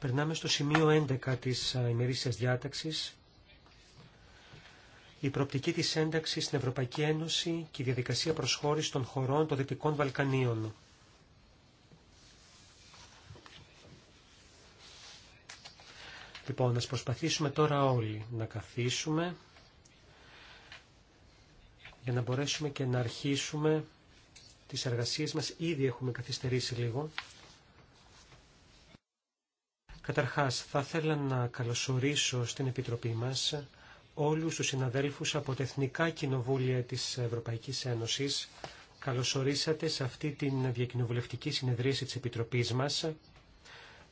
Περνάμε στο σημείο 11 της ημερήσιας διάταξης. Η προοπτική της ένταξης στην Ευρωπαϊκή Ένωση και η διαδικασία προσχώρησης των χωρών των Δυτικών Βαλκανίων. Λοιπόν, να προσπαθήσουμε τώρα όλοι να καθίσουμε για να μπορέσουμε και να αρχίσουμε τις εργασίες μας. Ήδη έχουμε καθυστερήσει λίγο. Καταρχάς, θα ήθελα να καλωσορίσω στην Επιτροπή μας όλους τους συναδέλφους από τα Εθνικά Κοινοβούλια της Ευρωπαϊκής Ένωσης. Καλωσορίσατε σε αυτή την διακοινοβουλευτική συνεδρίαση της Επιτροπής μας,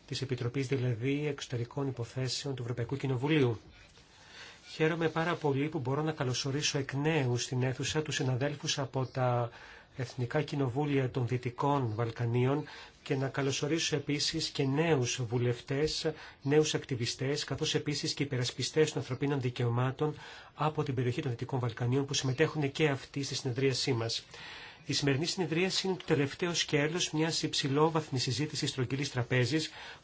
της Επιτροπής δηλαδή Εξωτερικών Υποθέσεων του Ευρωπαϊκού Κοινοβουλίου. Χαίρομαι πάρα πολύ που μπορώ να καλωσορίσω εκ νέου στην αίθουσα τους συναδέλφους από τα Εθνικά Κοινοβούλια των Δυτικών Βαλκανίων και να καλωσορίσω επίσης και νέους βουλευτές, νέους ακτιβιστές, καθώς επίσης και υπερασπιστές των ανθρωπίνων δικαιωμάτων από την περιοχή των Δυτικών Βαλκανίων που συμμετέχουν και αυτοί στη συνεδρίασή μας. Η σημερινή συνεδρίαση είναι το τελευταίο σκέλο μια υψηλόβαθμη συζήτηση στρογγυλή τραπέζη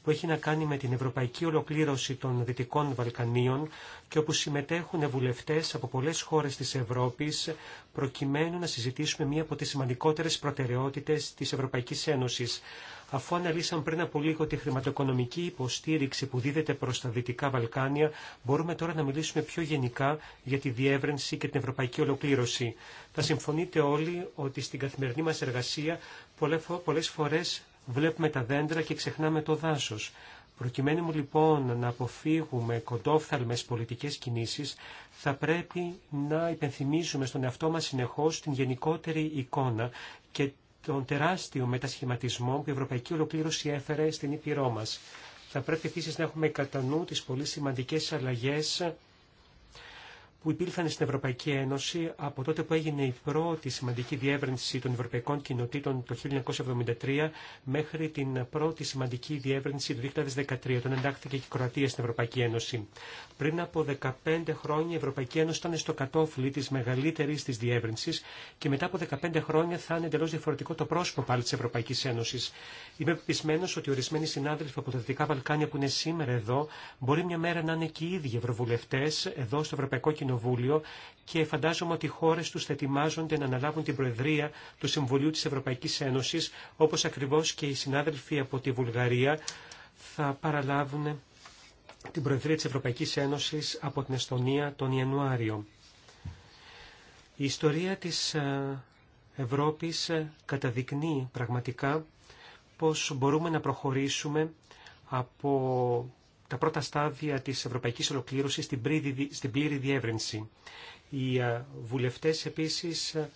που έχει να κάνει με την ευρωπαϊκή ολοκλήρωση των Δυτικών Βαλκανίων, και όπου συμμετέχουν βουλευτές από πολλές χώρες της Ευρώπης προκειμένου να συζητήσουμε μία από τις σημαντικότερες προτεραιότητες της Ευρωπαϊκής Ένωσης. Αφού αναλύσαμε πριν από λίγο τη χρηματοοικονομική υποστήριξη που δίδεται προς τα Δυτικά Βαλκάνια, μπορούμε τώρα να μιλήσουμε πιο γενικά για τη διεύρυνση και την ευρωπαϊκή ολοκλήρωση. Θα συμφωνείτε όλοι ότι στην καθημερινή μας εργασία πολλές φορές βλέπουμε τα δέντρα και ξεχνάμε το δάσος. Προκειμένου λοιπόν να αποφύγουμε κοντόφθαλμες πολιτικές κινήσεις, θα πρέπει να υπενθυμίζουμε στον εαυτό μας συνεχώς την γενικότερη εικόνα και τον τεράστιο μετασχηματισμό που η Ευρωπαϊκή Ολοκλήρωση έφερε στην Ήπειρό μας. Θα πρέπει επίσης να έχουμε κατά νου τις πολύ σημαντικές αλλαγές που υπήρχαν στην Ευρωπαϊκή Ένωση από τότε που έγινε η πρώτη σημαντική διεύρυνση των Ευρωπαϊκών Κοινοτήτων το 1973 μέχρι την πρώτη σημαντική διεύρυνση το 2013, όταν εντάχθηκε και η Κροατία στην Ευρωπαϊκή Ένωση. Πριν από 15 χρόνια η Ευρωπαϊκή Ένωση ήταν στο κατόφλι της μεγαλύτερης της διεύρυνσης και μετά από 15 χρόνια θα είναι εντελώς διαφορετικό το πρόσωπο πάλι της Ευρωπαϊκής Ένωσης. Είμαι πεπισμένο ότι ορισμένοι συνάδελφοι από τα Δυτικά Βαλκάνια που είναι σήμερα εδώ μπορεί μια μέρα να είναι και οι ίδιοι εδώ στο Ευρωπαϊκό και φαντάζομαι ότι οι χώρες τους θα ετοιμάζονται να αναλάβουν την Προεδρία του Συμβουλίου της Ευρωπαϊκής Ένωσης, όπως ακριβώς και οι συνάδελφοι από τη Βουλγαρία θα παραλάβουν την Προεδρία της Ευρωπαϊκής Ένωσης από την Εστονία τον Ιανουάριο. Η ιστορία της ε, Ευρώπης ε, καταδεικνύει πραγματικά πώς μπορούμε να προχωρήσουμε από τα πρώτα στάδια της ευρωπαϊκής ολοκλήρωσης στην πλήρη, στην πλήρη διεύρυνση. Οι ε, βουλευτές επίσης ε,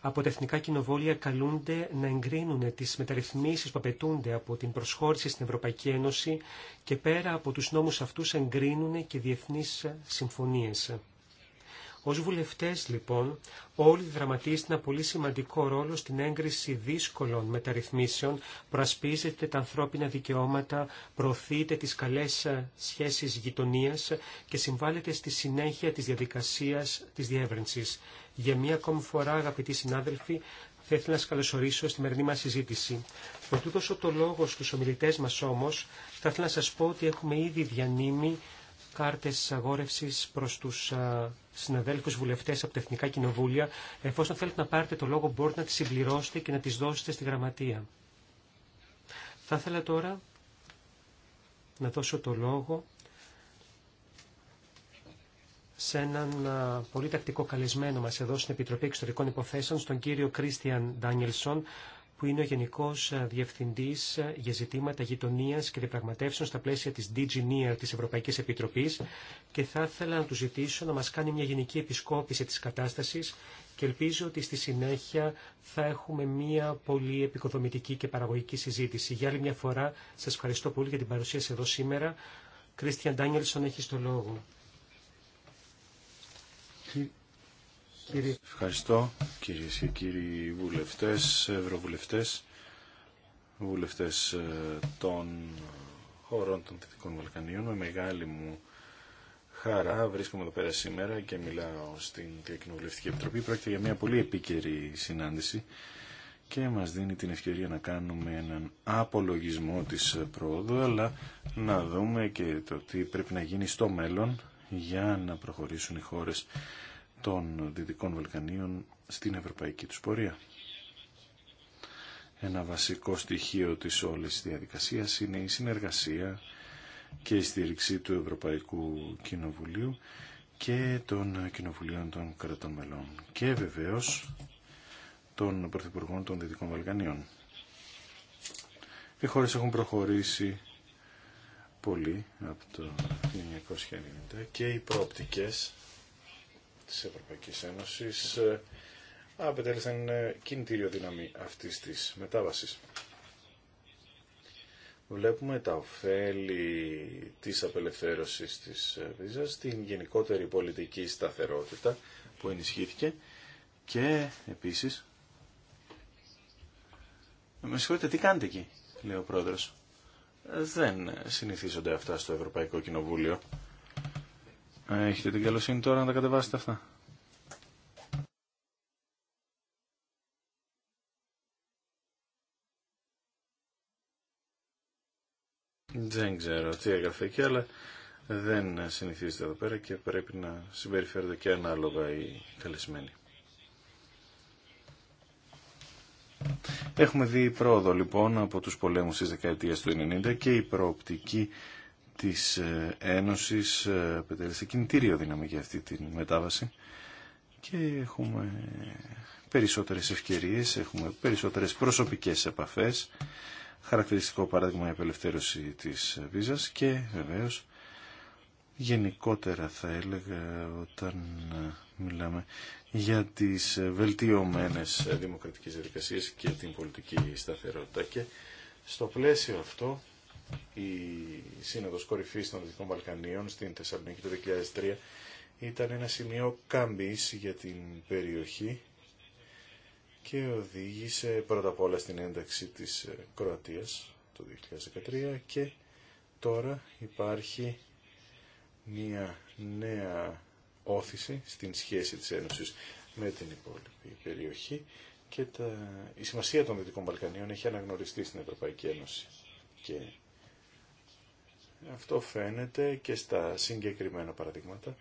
από τα εθνικά κοινοβόλια καλούνται να εγκρίνουν τις μεταρρυθμίσεις που απαιτούνται από την προσχώρηση στην Ευρωπαϊκή Ένωση και πέρα από τους νόμους αυτούς εγκρίνουν και διεθνείς ε, συμφωνίες. Ως βουλευτές, λοιπόν, όλοι δραματίζετε ένα πολύ σημαντικό ρόλο στην έγκριση δύσκολων μεταρρυθμίσεων, προασπίζετε τα ανθρώπινα δικαιώματα, προωθείτε τις καλές ε, σχέσεις γειτονίας και συμβάλλετε στη συνέχεια της διαδικασίας της διεύρυνσης. Για μία ακόμη φορά, αγαπητοί συνάδελφοι, θα ήθελα να σα καλωσορίσω στη μερινή μα συζήτηση. Προτού δώσω το λόγο στου ομιλητέ μα όμω, θα ήθελα να σα πω ότι έχουμε ήδη διανύμει κάρτες αγόρευση προς τους συναδέλφου βουλευτές από τα Εθνικά Κοινοβούλια. Εφόσον θέλετε να πάρετε το λόγο μπορείτε να τι συμπληρώσετε και να τι δώσετε στη γραμματεία. Θα ήθελα τώρα να δώσω το λόγο σε έναν πολύ τακτικό καλεσμένο μας εδώ στην Επιτροπή Εξωτερικών Υποθέσεων, στον κύριο Κρίστιαν Ντάνιελσον, που είναι ο Γενικός Διευθυντής για ζητήματα γειτονίας και διαπραγματεύσεων στα πλαίσια της DG NEAR της Ευρωπαϊκής Επιτροπής και θα ήθελα να του ζητήσω να μας κάνει μια γενική επισκόπηση της κατάστασης και ελπίζω ότι στη συνέχεια θα έχουμε μια πολύ επικοδομητική και παραγωγική συζήτηση. Για άλλη μια φορά σας ευχαριστώ πολύ για την παρουσίαση εδώ σήμερα. Κρίστιαν Ντάνιελσον έχει το λόγο. Ευχαριστώ κυρίες και κύριοι βουλευτές, ευρωβουλευτές, βουλευτές ε, των χωρών των Δυτικών Βαλκανίων. Με μεγάλη μου χαρά βρίσκομαι εδώ πέρα σήμερα και μιλάω στην Διακοινοβουλευτική Επιτροπή. Πρόκειται για μια πολύ επίκαιρη συνάντηση και μας δίνει την ευκαιρία να κάνουμε έναν απολογισμό της πρόοδου, αλλά να δούμε και το τι πρέπει να γίνει στο μέλλον για να προχωρήσουν οι χώρες των Δυτικών Βαλκανίων στην ευρωπαϊκή τους πορεία. Ένα βασικό στοιχείο της όλης διαδικασίας είναι η συνεργασία και η στήριξη του Ευρωπαϊκού Κοινοβουλίου και των Κοινοβουλίων των Κρατών Μελών και βεβαίως των Πρωθυπουργών των Δυτικών Βαλκανίων. Οι χώρες έχουν προχωρήσει πολύ από το 1990 και οι προοπτικές της Ευρωπαϊκής Ένωσης ε, απετέλεσαν ε, κινητήριο δύναμη αυτής της μετάβασης. Βλέπουμε τα ωφέλη της απελευθέρωσης της βίζας, ε, την γενικότερη πολιτική σταθερότητα που ενισχύθηκε και επίσης... Με συγχωρείτε, τι κάνετε εκεί, λέει ο πρόεδρος. Δεν συνηθίζονται αυτά στο Ευρωπαϊκό Κοινοβούλιο. Έχετε την καλοσύνη τώρα να τα κατεβάσετε αυτά. Δεν ξέρω τι έγραφε εκεί, αλλά δεν συνηθίζεται εδώ πέρα και πρέπει να συμπεριφέρονται και ανάλογα οι καλεσμένοι. Έχουμε δει πρόοδο λοιπόν από τους πολέμους της δεκαετίας του 90 και η προοπτική της ε, Ένωσης ε, πετέλεσε κινητήριο δύναμη για αυτή τη μετάβαση και έχουμε περισσότερες ευκαιρίες, έχουμε περισσότερες προσωπικές επαφές, χαρακτηριστικό παράδειγμα η απελευθέρωση της βίζας και βεβαίως γενικότερα θα έλεγα όταν ε, μιλάμε για τις βελτιωμένες δημοκρατικές διαδικασίες και την πολιτική σταθερότητα και στο πλαίσιο αυτό η Σύνοδος Κορυφής των Δυτικών Βαλκανίων στην Θεσσαλονίκη το 2003 ήταν ένα σημείο κάμπης για την περιοχή και οδήγησε πρώτα απ' όλα στην ένταξη της ε, Κροατίας το 2013 και τώρα υπάρχει μια νέα όθηση στην σχέση της Ένωσης με την υπόλοιπη περιοχή και τα... η σημασία των Δυτικών Βαλκανίων έχει αναγνωριστεί στην Ευρωπαϊκή Ένωση και αυτό φαίνεται και στα συγκεκριμένα παραδείγματα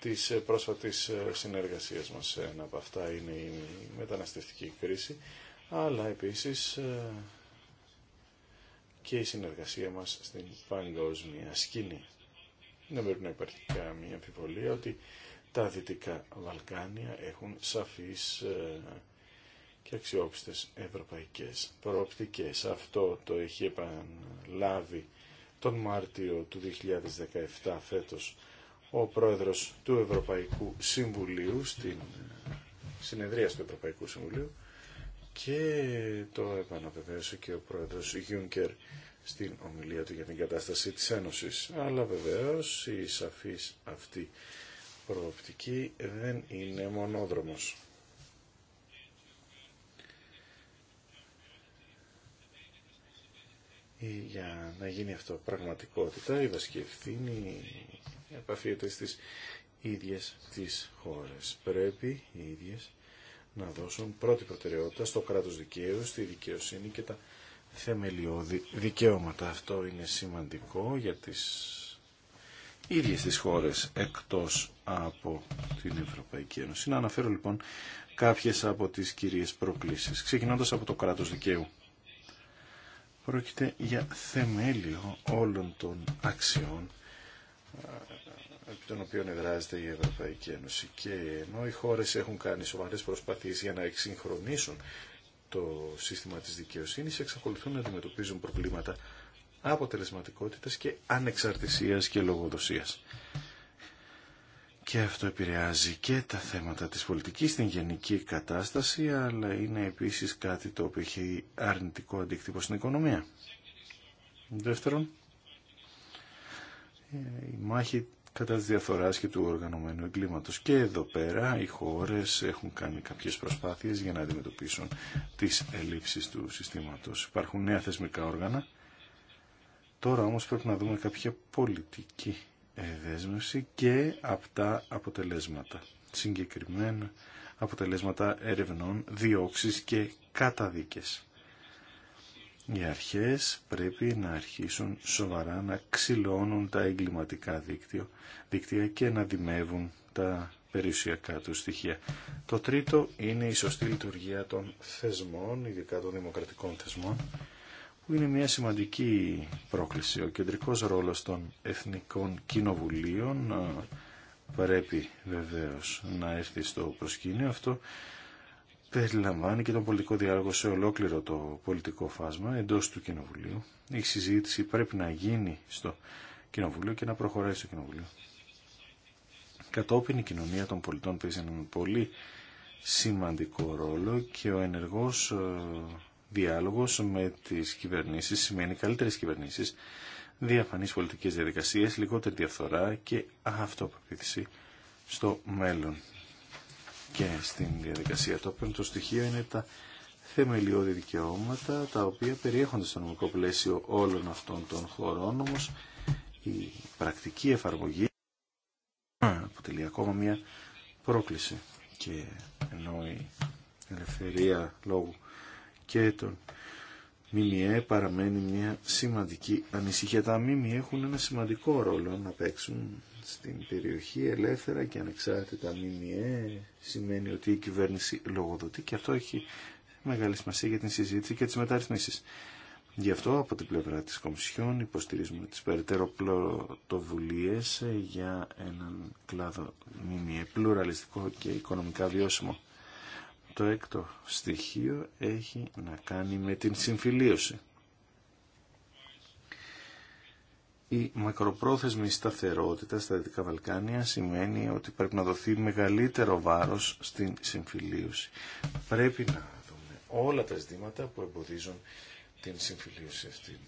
της ε, πρόσφατης ε, συνεργασίας μας. Ένα από αυτά είναι η μεταναστευτική κρίση, αλλά επίσης ε, και η συνεργασία μας στην παγκόσμια σκηνή. Δεν πρέπει να υπάρχει καμία αμφιβολία ότι τα Δυτικά Βαλκάνια έχουν σαφείς και αξιόπιστες ευρωπαϊκές προοπτικές. Αυτό το έχει επαναλάβει τον Μάρτιο του 2017 φέτος ο πρόεδρος του Ευρωπαϊκού Συμβουλίου στην συνεδρία του Ευρωπαϊκού Συμβουλίου και το επαναβεβαίωσε και ο πρόεδρος Γιούνκερ στην ομιλία του για την κατάσταση της Ένωσης. Αλλά βεβαίως η σαφής αυτή προοπτική δεν είναι μονόδρομος. Ε, για να γίνει αυτό πραγματικότητα η βασική ευθύνη επαφίεται στις ίδιες τις χώρες. Πρέπει οι ίδιες να δώσουν πρώτη προτεραιότητα στο κράτος δικαίου, στη δικαιοσύνη και τα θεμελιώδη δικαιώματα. Αυτό είναι σημαντικό για τις ίδιες τις χώρες εκτός από την Ευρωπαϊκή Ένωση. Να αναφέρω λοιπόν κάποιες από τις κυρίες προκλήσεις, ξεκινώντας από το κράτος δικαίου πρόκειται για θεμέλιο όλων των αξιών ε, επί των οποίων εδράζεται η Ευρωπαϊκή Ένωση. Και ενώ οι χώρες έχουν κάνει σοβαρές προσπαθείς για να εξυγχρονίσουν το σύστημα της δικαιοσύνης, εξακολουθούν να αντιμετωπίζουν προβλήματα αποτελεσματικότητας και ανεξαρτησίας και λογοδοσίας. Και αυτό επηρεάζει και τα θέματα της πολιτικής στην γενική κατάσταση, αλλά είναι επίσης κάτι το οποίο έχει αρνητικό αντίκτυπο στην οικονομία. Δεύτερον, ε, η μάχη κατά της διαφοράς και του οργανωμένου εγκλήματος. Και εδώ πέρα οι χώρες έχουν κάνει κάποιες προσπάθειες για να αντιμετωπίσουν τις ελλείψεις του συστήματος. Υπάρχουν νέα θεσμικά όργανα. Τώρα όμως πρέπει να δούμε κάποια πολιτική δέσμευση και τα αποτελέσματα. Συγκεκριμένα αποτελέσματα ερευνών, διώξεις και καταδίκες. Οι αρχές πρέπει να αρχίσουν σοβαρά να ξυλώνουν τα εγκληματικά δίκτυο, δίκτυα και να δημεύουν τα περιουσιακά του στοιχεία. Το τρίτο είναι η σωστή λειτουργία των θεσμών, ειδικά των δημοκρατικών θεσμών, που είναι μια σημαντική πρόκληση. Ο κεντρικός ρόλος των εθνικών κοινοβουλίων ε, πρέπει βεβαίως να έρθει στο προσκήνιο. Αυτό περιλαμβάνει και τον πολιτικό διάλογο σε ολόκληρο το πολιτικό φάσμα εντός του Κοινοβουλίου. Η συζήτηση πρέπει να γίνει στο Κοινοβουλίο και να προχωράει στο Κοινοβουλίο. Κατόπιν η κοινωνία των πολιτών παίζει έναν πολύ σημαντικό ρόλο και ο ενεργός ε, Διάλογο με τις κυβερνήσεις σημαίνει καλύτερες κυβερνήσεις, διαφανείς πολιτικέ διαδικασίε, λιγότερη διαφθορά και αυτοπεποίθηση στο μέλλον. Και στην διαδικασία το πέμπτο στοιχείο είναι τα θεμελιώδη δικαιώματα, τα οποία περιέχονται στο νομικό πλαίσιο όλων αυτών των χωρών, όμως η πρακτική εφαρμογή αποτελεί ακόμα μια πρόκληση και ενώ η ελευθερία λόγου και τον ΜΜΕ παραμένει μια σημαντική ανησυχία. Τα ΜΜΕ έχουν ένα σημαντικό ρόλο να παίξουν στην περιοχή ελεύθερα και ανεξάρτητα ΜΜΕ σημαίνει ότι η κυβέρνηση λογοδοτεί και αυτό έχει μεγάλη σημασία για την συζήτηση και τις μεταρρυθμίσεις. Γι' αυτό από την πλευρά της Κομισιόν υποστηρίζουμε τις περαιτέρω πρωτοβουλίε για έναν κλάδο ΜΜΕ πλουραλιστικό και οικονομικά βιώσιμο. Το έκτο στοιχείο έχει να κάνει με την συμφιλίωση. Η μακροπρόθεσμη σταθερότητα στα Δυτικά Βαλκάνια σημαίνει ότι πρέπει να δοθεί μεγαλύτερο βάρος στην συμφιλίωση. Πρέπει να δούμε όλα τα ζητήματα που εμποδίζουν την συμφιλίωση αυτή.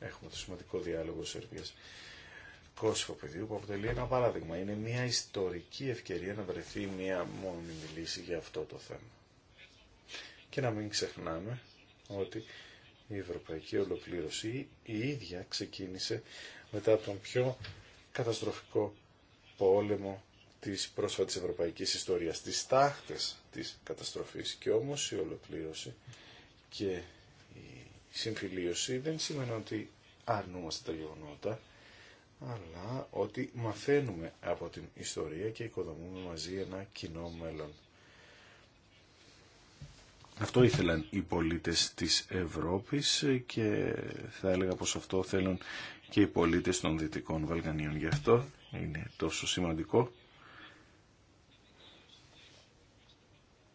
Έχουμε το σημαντικό διάλογο Σερβίας παιδί που αποτελεί ένα παράδειγμα. Είναι μια ιστορική ευκαιρία να βρεθεί μια μόνιμη λύση για αυτό το θέμα. Και να μην ξεχνάμε ότι η ευρωπαϊκή ολοκλήρωση η ίδια ξεκίνησε μετά τον πιο καταστροφικό πόλεμο της πρόσφατης ευρωπαϊκής ιστορίας, τις τάχτες της καταστροφής. Και όμως η ολοκλήρωση και η συμφιλίωση δεν σημαίνει ότι αρνούμαστε τα γεγονότα, αλλά ότι μαθαίνουμε από την ιστορία και οικοδομούμε μαζί ένα κοινό μέλλον. Αυτό ήθελαν οι πολίτες της Ευρώπης και θα έλεγα πως αυτό θέλουν και οι πολίτες των Δυτικών Βαλκανίων. Γι' αυτό είναι τόσο σημαντικό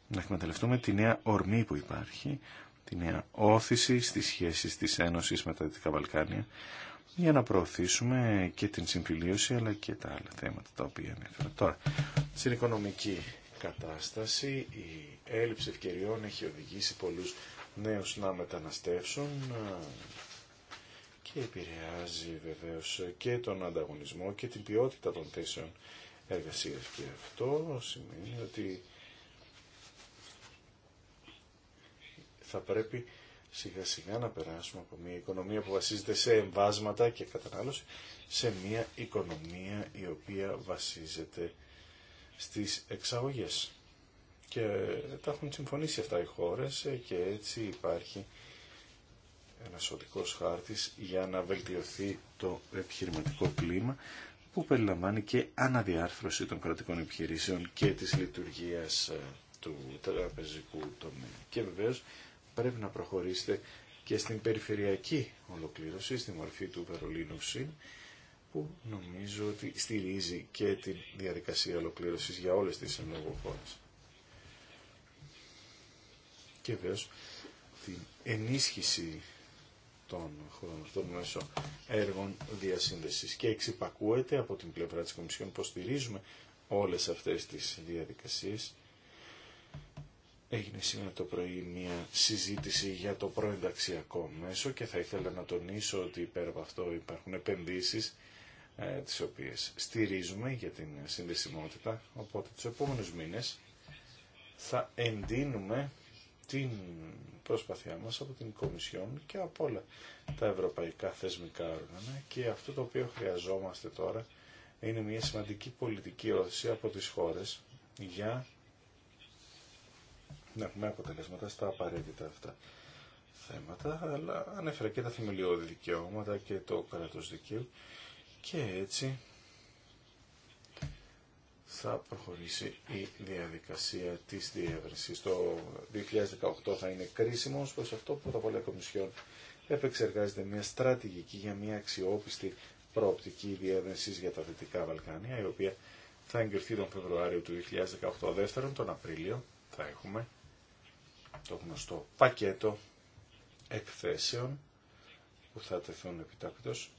να εκμεταλλευτούμε τη νέα ορμή που υπάρχει, τη νέα όθηση στις σχέσεις της Ένωσης με τα Δυτικά Βαλκάνια, για να προωθήσουμε και την συμφιλίωση αλλά και τα άλλα θέματα τα οποία ανέφερα τώρα. Στην οικονομική κατάσταση η έλλειψη ευκαιριών έχει οδηγήσει πολλούς νέους να μεταναστεύσουν ε, και επηρεάζει βεβαίως και τον ανταγωνισμό και την ποιότητα των θέσεων εργασίας και αυτό σημαίνει ότι θα πρέπει σιγά σιγά να περάσουμε από μια οικονομία που βασίζεται σε εμβάσματα και κατανάλωση σε μια οικονομία η οποία βασίζεται στις εξαγωγές. Και τα έχουν συμφωνήσει αυτά οι χώρες και έτσι υπάρχει ένα σωτικός χάρτης για να βελτιωθεί το επιχειρηματικό κλίμα που περιλαμβάνει και αναδιάρθρωση των κρατικών επιχειρήσεων και της λειτουργίας ε, του τραπεζικού τομέα. Και βεβαίως πρέπει να προχωρήσετε και στην περιφερειακή ολοκλήρωση, στη μορφή του Βερολίνου ΣΥΝ, που νομίζω ότι στηρίζει και τη διαδικασία ολοκλήρωσης για όλες τις ενλογοφόρες. Και βέβαια την ενίσχυση των χωρών μέσω έργων διασύνδεσης. Και εξυπακούεται από την πλευρά της Κομισιόν πως στηρίζουμε όλες αυτές τις διαδικασίες Έγινε σήμερα το πρωί μια συζήτηση για το προενταξιακό μέσο και θα ήθελα να τονίσω ότι πέρα από αυτό υπάρχουν επενδύσεις ε, τις οποίες στηρίζουμε για την συνδεσιμότητα, οπότε τους επόμενους μήνες θα εντείνουμε την προσπάθειά μας από την Κομισιόν και από όλα τα ευρωπαϊκά θεσμικά όργανα και αυτό το οποίο χρειαζόμαστε τώρα είναι μια σημαντική πολιτική όθηση από τις χώρες για να έχουμε αποτελέσματα στα απαραίτητα αυτά θέματα, αλλά ανέφερα και τα θεμελιώδη δικαιώματα και το κράτος δικαίου και έτσι θα προχωρήσει η διαδικασία της διεύρυνσης. Το 2018 θα είναι κρίσιμο προς αυτό που τα πολλά κομισιόν επεξεργάζεται μια στρατηγική για μια αξιόπιστη προοπτική διεύρυνσης για τα Δυτικά Βαλκάνια, η οποία θα εγκριθεί τον Φεβρουάριο του 2018. Δεύτερον, τον Απρίλιο θα έχουμε το γνωστό πακέτο εκθέσεων που θα τεθούν επιτάπητος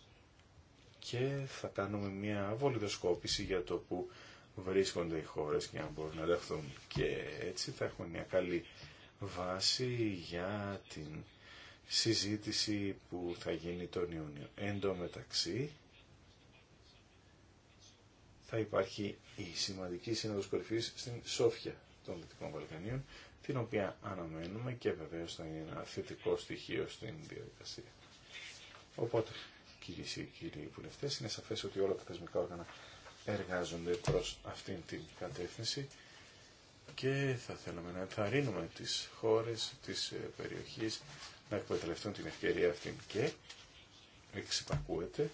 και θα κάνουμε μια βολιδοσκόπηση για το που βρίσκονται οι χώρες και αν μπορούν να δεχθούν Και έτσι θα έχουμε μια καλή βάση για την συζήτηση που θα γίνει τον Ιούνιο. Εν τω μεταξύ θα υπάρχει η σημαντική σύνοδος κορυφής στην Σόφια των Δυτικών Βαλκανίων την οποία αναμένουμε και βεβαίω θα είναι ένα θετικό στοιχείο στην διαδικασία. Οπότε, κυρίε και κύριοι βουλευτέ, είναι σαφέ ότι όλα τα θεσμικά όργανα εργάζονται προ αυτήν την κατεύθυνση και θα θέλουμε να ενθαρρύνουμε τι χώρε τη ε, περιοχή να εκμεταλλευτούν την ευκαιρία αυτή και εξυπακούεται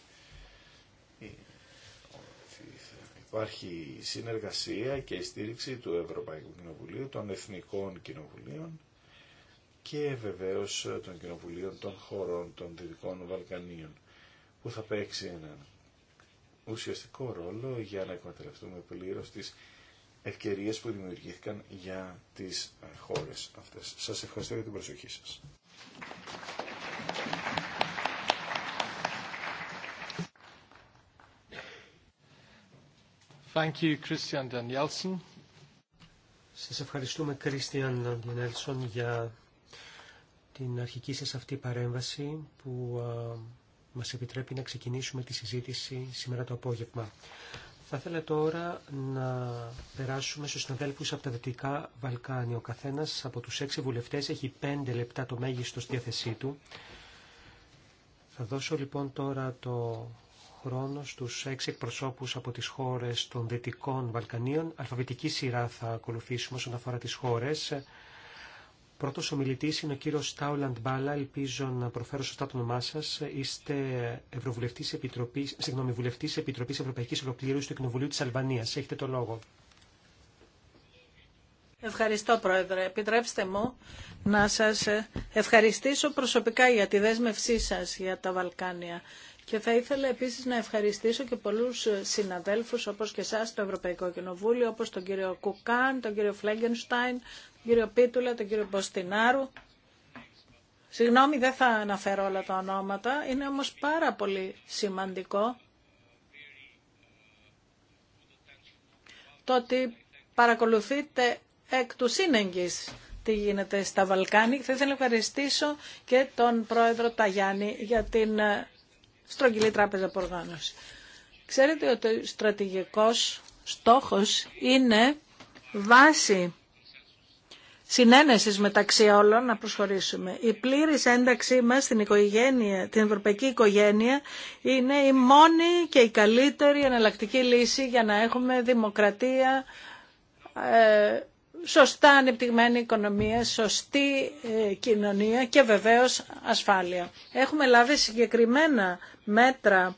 ότι θα υπάρχει συνεργασία και στήριξη του Ευρωπαϊκού Κοινοβουλίου, των Εθνικών Κοινοβουλίων και βεβαίως των Κοινοβουλίων των χωρών των Δυτικών Βαλκανίων που θα παίξει έναν ουσιαστικό ρόλο για να εκμεταλλευτούμε πλήρως τις ευκαιρίες που δημιουργήθηκαν για τις χώρες αυτές. Σας ευχαριστώ για την προσοχή σας. Thank Σας ευχαριστούμε, Κρίστιαν Ντανιέλσον, για την αρχική σας αυτή παρέμβαση που μας επιτρέπει να ξεκινήσουμε τη συζήτηση σήμερα το απόγευμα. Θα ήθελα τώρα να περάσουμε στους συναδέλφους από τα Δυτικά Βαλκάνια. Ο καθένας από τους έξι βουλευτές έχει πέντε λεπτά το μέγιστο στη διάθεσή του. Θα δώσω λοιπόν τώρα το χρόνος στους έξι εκπροσώπους από τις χώρες των Δυτικών Βαλκανίων. Αλφαβητική σειρά θα ακολουθήσουμε όσον αφορά τις χώρες. Πρώτος ομιλητής είναι ο κύριος Τάουλαντ Μπάλα. Ελπίζω να προφέρω σωστά το όνομά σας. Είστε Ευρωβουλευτής Επιτροπής, συγγνώμη, Βουλευτής Επιτροπής Ευρωπαϊκής Ολοκλήρωσης του Κοινοβουλίου της Αλβανίας. Έχετε το λόγο. Ευχαριστώ Πρόεδρε. Επιτρέψτε μου να σας ευχαριστήσω προσωπικά για τη δέσμευσή σας για τα Βαλκάνια. Και θα ήθελα επίσης να ευχαριστήσω και πολλούς συναδέλφους όπως και εσάς στο Ευρωπαϊκό Κοινοβούλιο, όπως τον κύριο Κουκάν, τον κύριο Φλέγγενστάιν, τον κύριο Πίτουλα, τον κύριο Μποστινάρου. Συγγνώμη, δεν θα αναφέρω όλα τα ονόματα, είναι όμως πάρα πολύ σημαντικό το ότι παρακολουθείτε εκ του σύνεγγης τι γίνεται στα Βαλκάνη. Θα ήθελα να ευχαριστήσω και τον πρόεδρο Ταγιάννη για την στρογγυλή τράπεζα από Ξέρετε ότι ο στρατηγικός στόχος είναι βάση συνένεσης μεταξύ όλων να προσχωρήσουμε. Η πλήρης ένταξή μας στην, οικογένεια, την ευρωπαϊκή οικογένεια είναι η μόνη και η καλύτερη εναλλακτική λύση για να έχουμε δημοκρατία, ε, σωστά ανεπτυγμένη οικονομία, σωστή ε, κοινωνία και βεβαίως ασφάλεια. Έχουμε λάβει συγκεκριμένα μέτρα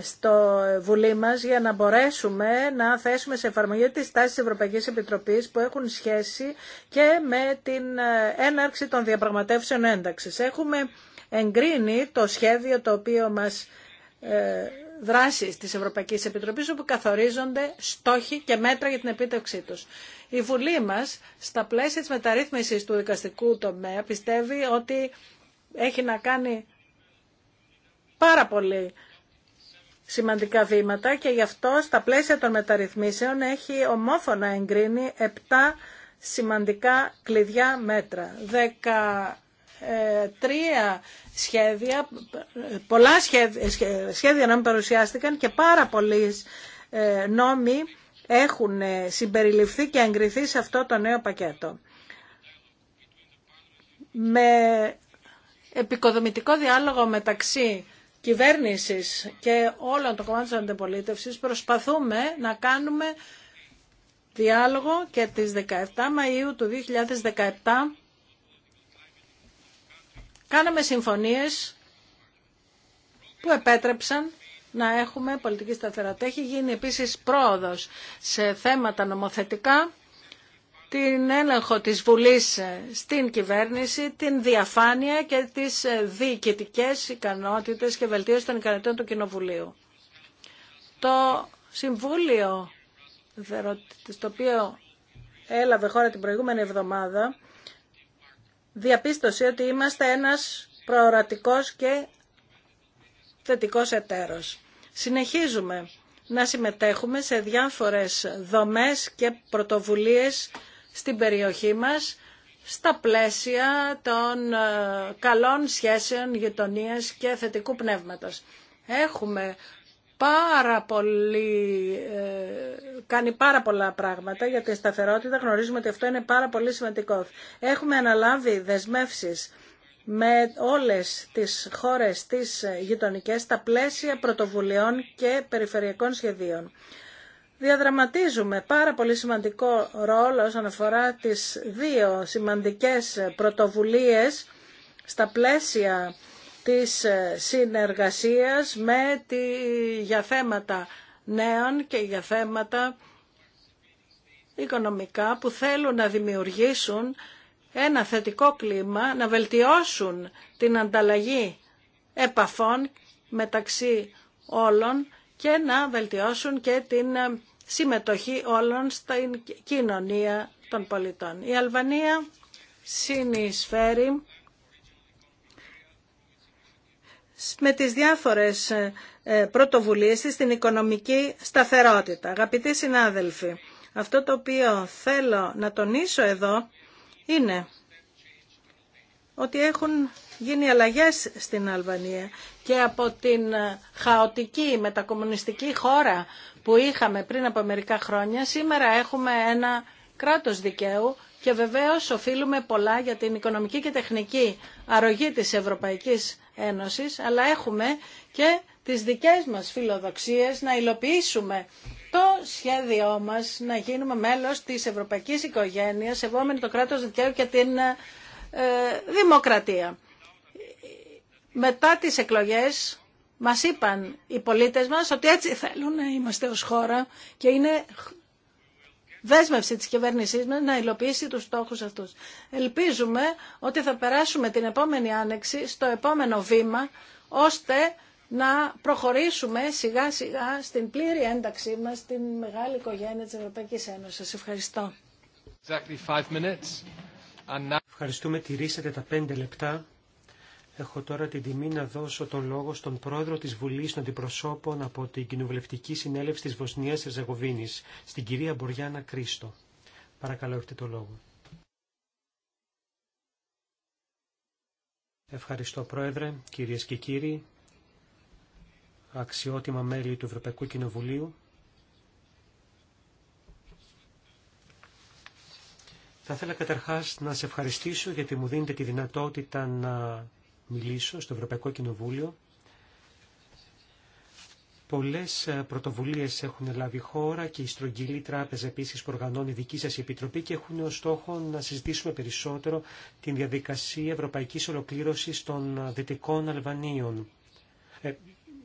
στο Βουλή μας για να μπορέσουμε να θέσουμε σε εφαρμογή τις τάσεις της Ευρωπαϊκής Επιτροπής που έχουν σχέση και με την ε, έναρξη των διαπραγματεύσεων ένταξης. Έχουμε εγκρίνει το σχέδιο το οποίο μας ε, δράσεις της Ευρωπαϊκής Επιτροπής όπου καθορίζονται στόχοι και μέτρα για την επίτευξή τους. Η Βουλή μας, στα πλαίσια της μεταρρύθμισης του δικαστικού τομέα, πιστεύει ότι έχει να κάνει πάρα πολύ σημαντικά βήματα και γι' αυτό στα πλαίσια των μεταρρυθμίσεων έχει ομόφωνα εγκρίνει επτά σημαντικά κλειδιά μέτρα. δέκα τρία σχέδια, πολλά σχέδια, σχέδια να μην παρουσιάστηκαν και πάρα πολλοί ε, νόμοι έχουν ε, συμπεριληφθεί και εγκριθεί σε αυτό το νέο πακέτο. Με επικοδομητικό διάλογο μεταξύ κυβέρνησης και όλων των κομμάτων της αντιπολίτευσης προσπαθούμε να κάνουμε διάλογο και τις 17 Μαΐου του 2017 κάναμε συμφωνίες που επέτρεψαν να έχουμε πολιτική σταθερότητα. Έχει γίνει επίσης πρόοδος σε θέματα νομοθετικά, την έλεγχο της Βουλής στην κυβέρνηση, την διαφάνεια και τις διοικητικές ικανότητες και βελτίωση των ικανότητων του Κοινοβουλίου. Το Συμβούλιο, το οποίο έλαβε χώρα την προηγούμενη εβδομάδα, διαπίστωσε ότι είμαστε ένας προορατικός και θετικός εταίρος. Συνεχίζουμε να συμμετέχουμε σε διάφορες δομές και πρωτοβουλίες στην περιοχή μας, στα πλαίσια των ε, καλών σχέσεων γειτονίας και θετικού πνεύματος. Έχουμε πάρα πολύ, ε, κάνει πάρα πολλά πράγματα για τη σταθερότητα. Γνωρίζουμε ότι αυτό είναι πάρα πολύ σημαντικό. Έχουμε αναλάβει δεσμεύσεις με όλες τις χώρες τις γειτονικέ στα πλαίσια πρωτοβουλειών και περιφερειακών σχεδίων. Διαδραματίζουμε πάρα πολύ σημαντικό ρόλο όσον αφορά τις δύο σημαντικές πρωτοβουλίες στα πλαίσια της συνεργασίας με τη, για θέματα νέων και για θέματα οικονομικά που θέλουν να δημιουργήσουν ένα θετικό κλίμα, να βελτιώσουν την ανταλλαγή επαφών μεταξύ όλων και να βελτιώσουν και την ε, συμμετοχή όλων στην κοινωνία των πολιτών. Η Αλβανία συνεισφέρει με τις διάφορες ε, ε, πρωτοβουλίες της στην οικονομική σταθερότητα. Αγαπητοί συνάδελφοι, αυτό το οποίο θέλω να τονίσω εδώ είναι ότι έχουν γίνει αλλαγές στην Αλβανία και από την ε, χαοτική μετακομμουνιστική χώρα που είχαμε πριν από μερικά χρόνια, σήμερα έχουμε ένα κράτος δικαίου και βεβαίως οφείλουμε πολλά για την οικονομική και τεχνική αρρωγή της Ευρωπαϊκής Ένωσης, αλλά έχουμε και τις δικές μας φιλοδοξίες να υλοποιήσουμε το σχέδιό μας να γίνουμε μέλος της Ευρωπαϊκής Οικογένειας, σεβόμενη το κράτος δικαίου και την ε, δημοκρατία. Μετά τις εκλογές μας είπαν οι πολίτες μας ότι έτσι θέλουν να είμαστε ως χώρα και είναι δέσμευση της κυβέρνησής μας να υλοποιήσει τους στόχους αυτούς. Ελπίζουμε ότι θα περάσουμε την επόμενη άνοιξη στο επόμενο βήμα ώστε να προχωρήσουμε σιγά σιγά στην πλήρη ένταξή μας στην μεγάλη οικογένεια της Ευρωπαϊκής Ένωσης. Σας ευχαριστώ. Exactly Ευχαριστούμε. Τηρήσατε τα πέντε λεπτά. Έχω τώρα την τιμή να δώσω τον λόγο στον πρόεδρο της Βουλής των Αντιπροσώπων από την Κοινοβουλευτική Συνέλευση της Βοσνίας Ερζεγοβίνης, στην κυρία Μποριάνα Κρίστο. Παρακαλώ, έχετε το λόγο. Ευχαριστώ, Πρόεδρε, κυρίες και κύριοι αξιότιμα μέλη του Ευρωπαϊκού Κοινοβουλίου. Θα ήθελα καταρχάς να σε ευχαριστήσω γιατί μου δίνετε τη δυνατότητα να μιλήσω στο Ευρωπαϊκό Κοινοβούλιο. Πολλές ε, πρωτοβουλίες έχουν λάβει χώρα και η Στρογγυλή Τράπεζα επίσης που οργανώνει δική σας επιτροπή και έχουν ως στόχο να συζητήσουμε περισσότερο την διαδικασία ευρωπαϊκής ολοκλήρωσης των ε, Δυτικών Αλβανίων. Ε,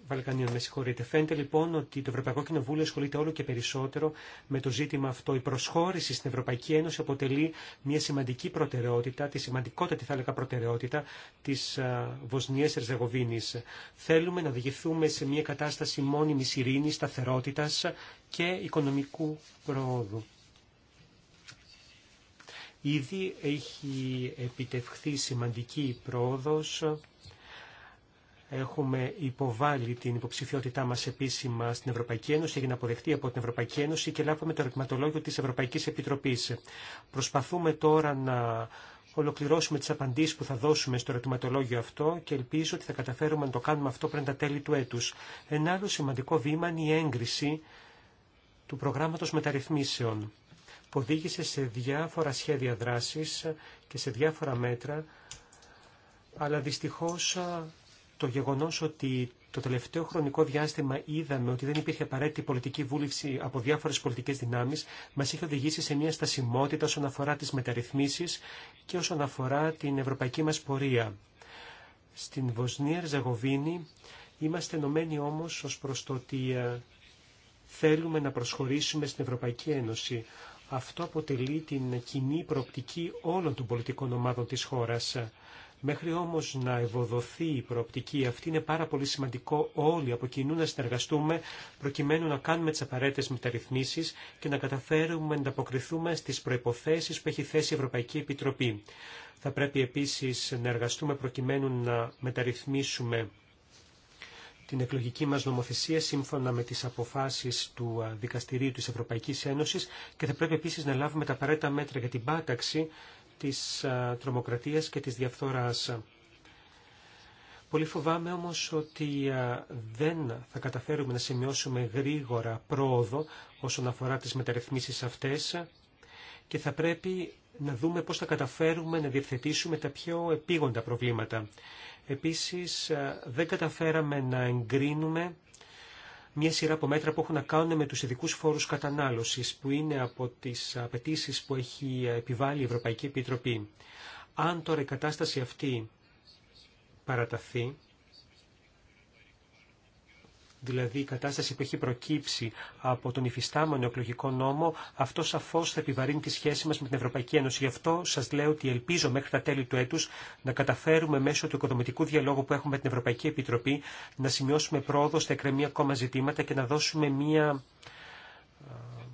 Βαλκανίων, με συγχωρείτε. Φαίνεται λοιπόν ότι το Ευρωπαϊκό Κοινοβούλιο ασχολείται όλο και περισσότερο με το ζήτημα αυτό. Η προσχώρηση στην Ευρωπαϊκή Ένωση αποτελεί μια σημαντική προτεραιότητα, τη σημαντικότατη θα έλεγα προτεραιότητα τη Βοσνία Ερζεγοβίνη. Θέλουμε να διηγηθούμε σε μια κατάσταση μόνιμη ειρήνη, σταθερότητα και οικονομικού προόδου. Ήδη έχει επιτευχθεί σημαντική πρόοδος Έχουμε υποβάλει την υποψηφιότητά μα επίσημα στην Ευρωπαϊκή Ένωση, έγινε αποδεκτή από την Ευρωπαϊκή Ένωση και λάβαμε το ερωτηματολόγιο τη Ευρωπαϊκή Επιτροπή. Προσπαθούμε τώρα να ολοκληρώσουμε τις απαντήσεις που θα δώσουμε στο ερωτηματολόγιο αυτό και ελπίζω ότι θα καταφέρουμε να το κάνουμε αυτό πριν τα τέλη του έτους. Ένα άλλο σημαντικό βήμα είναι η έγκριση του προγράμματος μεταρρυθμίσεων που οδήγησε σε διάφορα σχέδια δράσης και σε διάφορα μέτρα αλλά δυστυχώς το γεγονός ότι το τελευταίο χρονικό διάστημα είδαμε ότι δεν υπήρχε απαραίτητη πολιτική βούληση από διάφορε πολιτικέ δυνάμει, μα έχει οδηγήσει σε μια στασιμότητα όσον αφορά τι μεταρρυθμίσει και όσον αφορά την ευρωπαϊκή μα πορεία. Στην Βοσνία Ριζαγοβίνη είμαστε ενωμένοι όμω ω προ το ότι ε, θέλουμε να προσχωρήσουμε στην Ευρωπαϊκή Ένωση. Αυτό αποτελεί την κοινή προοπτική όλων των πολιτικών ομάδων της χώρας. Μέχρι όμως να ευοδοθεί η προοπτική αυτή είναι πάρα πολύ σημαντικό όλοι από κοινού να συνεργαστούμε προκειμένου να κάνουμε τις απαραίτητες μεταρρυθμίσεις και να καταφέρουμε να ανταποκριθούμε στις προϋποθέσεις που έχει θέσει η Ευρωπαϊκή Επιτροπή. Θα πρέπει επίσης να εργαστούμε προκειμένου να μεταρρυθμίσουμε την εκλογική μας νομοθεσία σύμφωνα με τις αποφάσεις του Δικαστηρίου της Ευρωπαϊκής Ένωσης και θα πρέπει επίσης να λάβουμε τα απαραίτητα μέτρα για την πάταξη της ε, τρομοκρατίας και της διαφθοράς. Πολύ φοβάμαι όμως ότι ε, δεν θα καταφέρουμε να σημειώσουμε γρήγορα πρόοδο όσον αφορά τις μεταρρυθμίσεις αυτές και θα πρέπει να δούμε πώς θα καταφέρουμε να διευθετήσουμε τα πιο επίγοντα προβλήματα. Επίσης, ε, δεν καταφέραμε να εγκρίνουμε μια σειρά από μέτρα που έχουν να κάνουν με τους ειδικούς φόρους κατανάλωσης, που είναι από τις απαιτήσει που έχει επιβάλει η Ευρωπαϊκή Επιτροπή. Αν τώρα η κατάσταση αυτή παραταθεί, δηλαδή η κατάσταση που έχει προκύψει από τον υφιστάμενο εκλογικό νόμο, αυτό σαφώ θα επιβαρύνει τη σχέση μα με την Ευρωπαϊκή Ένωση. Γι' αυτό σα λέω ότι ελπίζω μέχρι τα τέλη του έτου να καταφέρουμε μέσω του οικοδομητικού διαλόγου που έχουμε με την Ευρωπαϊκή Επιτροπή να σημειώσουμε πρόοδο στα εκκρεμή ακόμα ζητήματα και να δώσουμε μία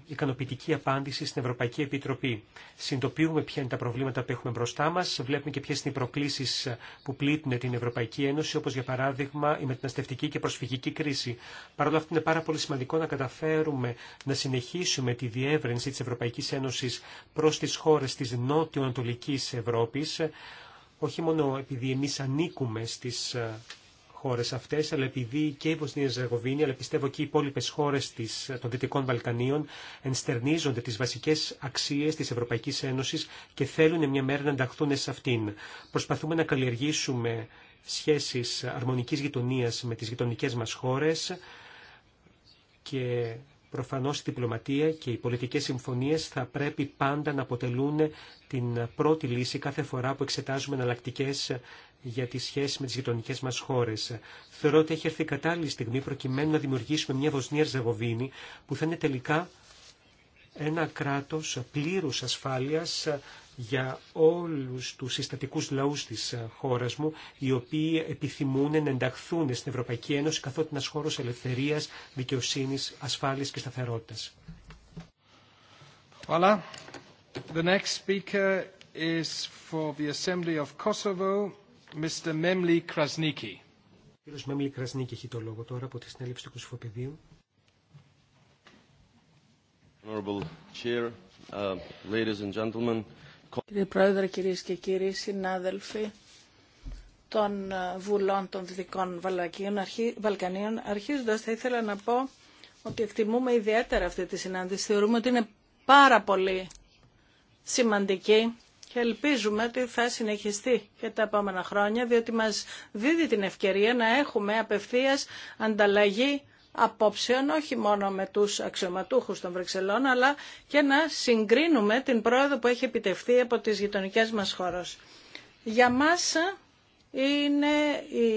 ικανοποιητική απάντηση στην Ευρωπαϊκή Επιτροπή. Συντοποιούμε ποια είναι τα προβλήματα που έχουμε μπροστά μα, βλέπουμε και ποιε είναι οι προκλήσει που πλήττουν την Ευρωπαϊκή Ένωση, όπω για παράδειγμα η μεταναστευτική και προσφυγική κρίση. Παρ' όλα αυτά, είναι πάρα πολύ σημαντικό να καταφέρουμε να συνεχίσουμε τη διεύρυνση τη Ευρωπαϊκή Ένωση προ τι χώρε τη νότιο-ανατολική Ευρώπη, όχι μόνο επειδή εμεί ανήκουμε στι. Ε, χώρες αλλά επειδή και η Βοσνία Ζεγοβίνη, αλλά πιστεύω και οι υπόλοιπε χώρες των Δυτικών Βαλκανίων ενστερνίζονται τις βασικές αξίες της Ευρωπαϊκής Ένωσης και θέλουν μια μέρα να ενταχθούν σε αυτήν. Προσπαθούμε να καλλιεργήσουμε σχέσεις αρμονικής γειτονίας με τις γειτονικές μας χώρες και προφανώς η διπλωματία και οι πολιτικές συμφωνίες θα πρέπει πάντα να αποτελούν την πρώτη λύση κάθε φορά που εξετάζουμε εναλλακτικέ για τη σχέση με τις γειτονικέ μας χώρες. Θεωρώ ότι έχει έρθει κατάλληλη στιγμή προκειμένου να δημιουργήσουμε μια Βοσνία Ζεγοβίνη που θα είναι τελικά ένα κράτος πλήρου ασφάλειας για όλους τους συστατικούς λαούς της χώρας μου, οι οποίοι επιθυμούν να ενταχθούν στην Ευρωπαϊκή Ένωση καθότι ένα χώρο ελευθερίας, δικαιοσύνης, ασφάλειας και σταθερότητας. Voilà. The next speaker is for the Assembly of Kosovo. Κύριε Πρόεδρε, κυρίες και κύριοι, συνάδελφοι των uh, Βουλών των Δυτικών Βαλκανίων, Βαλκανίων αρχίζοντας θα ήθελα να πω ότι εκτιμούμε ιδιαίτερα αυτή τη συνάντηση. Θεωρούμε ότι είναι πάρα πολύ σημαντική και ελπίζουμε ότι θα συνεχιστεί και τα επόμενα χρόνια, διότι μας δίδει την ευκαιρία να έχουμε απευθείας ανταλλαγή απόψεων, όχι μόνο με τους αξιωματούχους των Βρυξελών, αλλά και να συγκρίνουμε την πρόοδο που έχει επιτευχθεί από τις γειτονικές μας χώρες. Για μας είναι η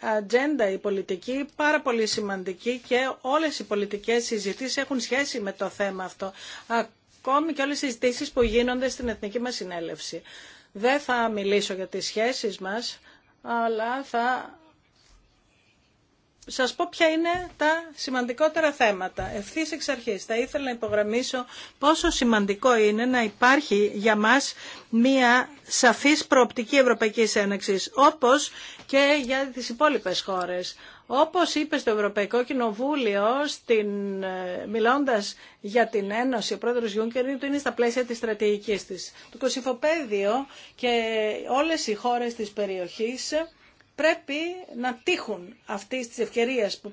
ατζέντα, η πολιτική, πάρα πολύ σημαντική και όλες οι πολιτικές συζητήσεις έχουν σχέση με το θέμα αυτό ακόμη και όλες οι συζητήσεις που γίνονται στην Εθνική μας Συνέλευση. Δεν θα μιλήσω για τις σχέσεις μας, αλλά θα σας πω ποια είναι τα σημαντικότερα θέματα. Ευθύ εξ αρχής θα ήθελα να υπογραμμίσω πόσο σημαντικό είναι να υπάρχει για μας μία σαφής προοπτική ευρωπαϊκής Ένωση, όπως και για τις υπόλοιπες χώρες. Όπως είπε στο Ευρωπαϊκό Κοινοβούλιο, στην, ε, μιλώντας για την Ένωση, ο πρόεδρος Γιούνκερ είναι στα πλαίσια της στρατηγικής της. Το Κωσυφοπαίδιο και όλες οι χώρες της περιοχής πρέπει να τύχουν αυτή τη ευκαιρία που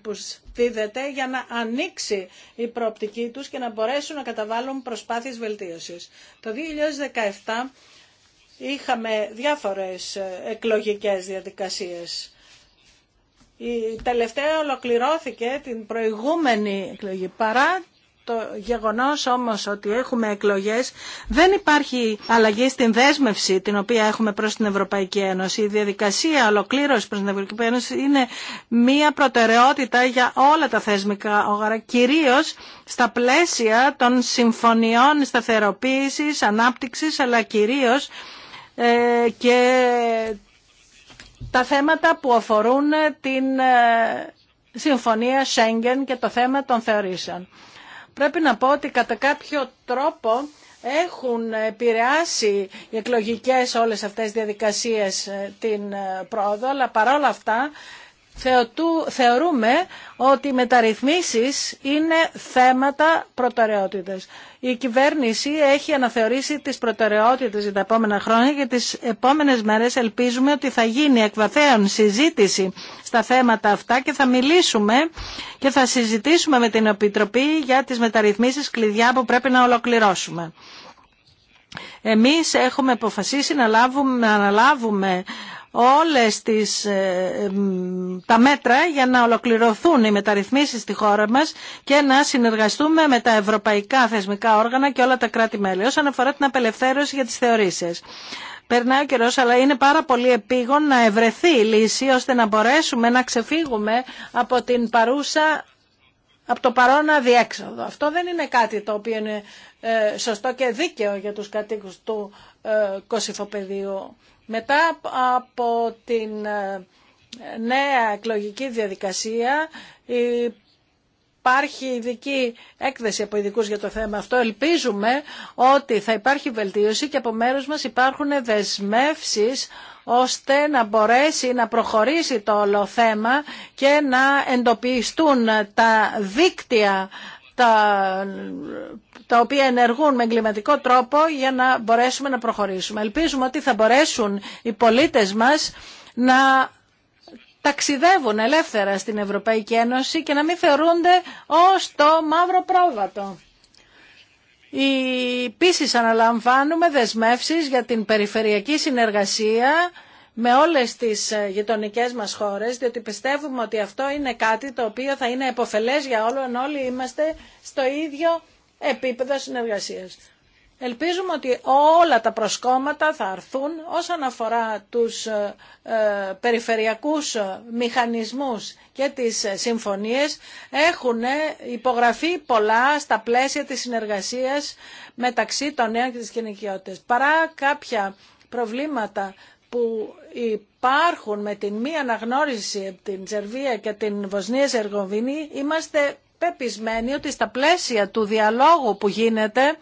δίδεται για να ανοίξει η προοπτική τους και να μπορέσουν να καταβάλουν προσπάθειες βελτίωσης. Το 2017 είχαμε διάφορες ε, εκλογικές διαδικασίες η τελευταία ολοκληρώθηκε την προηγούμενη εκλογή. Παρά το γεγονός όμως ότι έχουμε εκλογές δεν υπάρχει αλλαγή στην δέσμευση την οποία έχουμε προς την Ευρωπαϊκή Ένωση. Η διαδικασία ολοκλήρωση προς την Ευρωπαϊκή Ένωση είναι μία προτεραιότητα για όλα τα θεσμικά όγαρα, κυρίως στα πλαίσια των συμφωνιών σταθεροποίησης, ανάπτυξης, αλλά κυρίως ε, και τα θέματα που αφορούν ε, την ε, Συμφωνία Σέγγεν και το θέμα των θεωρήσεων. Πρέπει να πω ότι κατά κάποιο τρόπο έχουν επηρεάσει οι εκλογικές όλες αυτές τις διαδικασίες ε, την πρόοδο, αλλά παρόλα αυτά θεωρούμε ότι οι μεταρρυθμίσεις είναι θέματα προτεραιότητας. Η κυβέρνηση έχει αναθεωρήσει τις προτεραιότητες για τα επόμενα χρόνια και τις επόμενες μέρες ελπίζουμε ότι θα γίνει εκβαθέων συζήτηση στα θέματα αυτά και θα μιλήσουμε και θα συζητήσουμε με την Επιτροπή για τις μεταρρυθμίσεις κλειδιά που πρέπει να ολοκληρώσουμε. Εμείς έχουμε αποφασίσει να, να αναλάβουμε όλες τις, ε, τα μέτρα για να ολοκληρωθούν οι μεταρρυθμίσεις στη χώρα μας και να συνεργαστούμε με τα ευρωπαϊκά θεσμικά όργανα και όλα τα κράτη-μέλη όσον αφορά την απελευθέρωση για τις θεωρήσεις. Περνάει ο καιρός, αλλά είναι πάρα πολύ επίγον να ευρεθεί η λύση ώστε να μπορέσουμε να ξεφύγουμε από την παρούσα από το παρόν αδιέξοδο. Αυτό δεν είναι κάτι το οποίο είναι ε, σωστό και δίκαιο για τους κατοίκους του ε, μετά από την ε, νέα εκλογική διαδικασία υπάρχει ειδική έκθεση από ειδικού για το θέμα αυτό. Ελπίζουμε ότι θα υπάρχει βελτίωση και από μέρους μας υπάρχουν δεσμεύσεις ώστε να μπορέσει να προχωρήσει το όλο θέμα και να εντοπιστούν τα δίκτυα τα τα οποία ενεργούν με εγκληματικό τρόπο για να μπορέσουμε να προχωρήσουμε. Ελπίζουμε ότι θα μπορέσουν οι πολίτες μας να ταξιδεύουν ελεύθερα στην Ευρωπαϊκή Ένωση και να μην θεωρούνται ως το μαύρο πρόβατο. Επίση αναλαμβάνουμε δεσμεύσεις για την περιφερειακή συνεργασία με όλες τις ε, γειτονικέ μας χώρες, διότι πιστεύουμε ότι αυτό είναι κάτι το οποίο θα είναι επωφελές για όλο, αν όλοι είμαστε στο ίδιο επίπεδα συνεργασίας. Ελπίζουμε ότι όλα τα προσκόμματα θα αρθούν όσον αφορά τους ε, ε περιφερειακούς ε, μηχανισμούς και τις ε, συμφωνίες. Έχουν υπογραφεί πολλά στα πλαίσια της συνεργασίας μεταξύ των νέων και της κοινωνικότητας. Παρά κάποια προβλήματα που υπάρχουν με την μη αναγνώριση από την Σερβία και την Βοσνία Σεργοβίνη, είμαστε πεπισμένη ότι στα πλαίσια του διαλόγου που γίνεται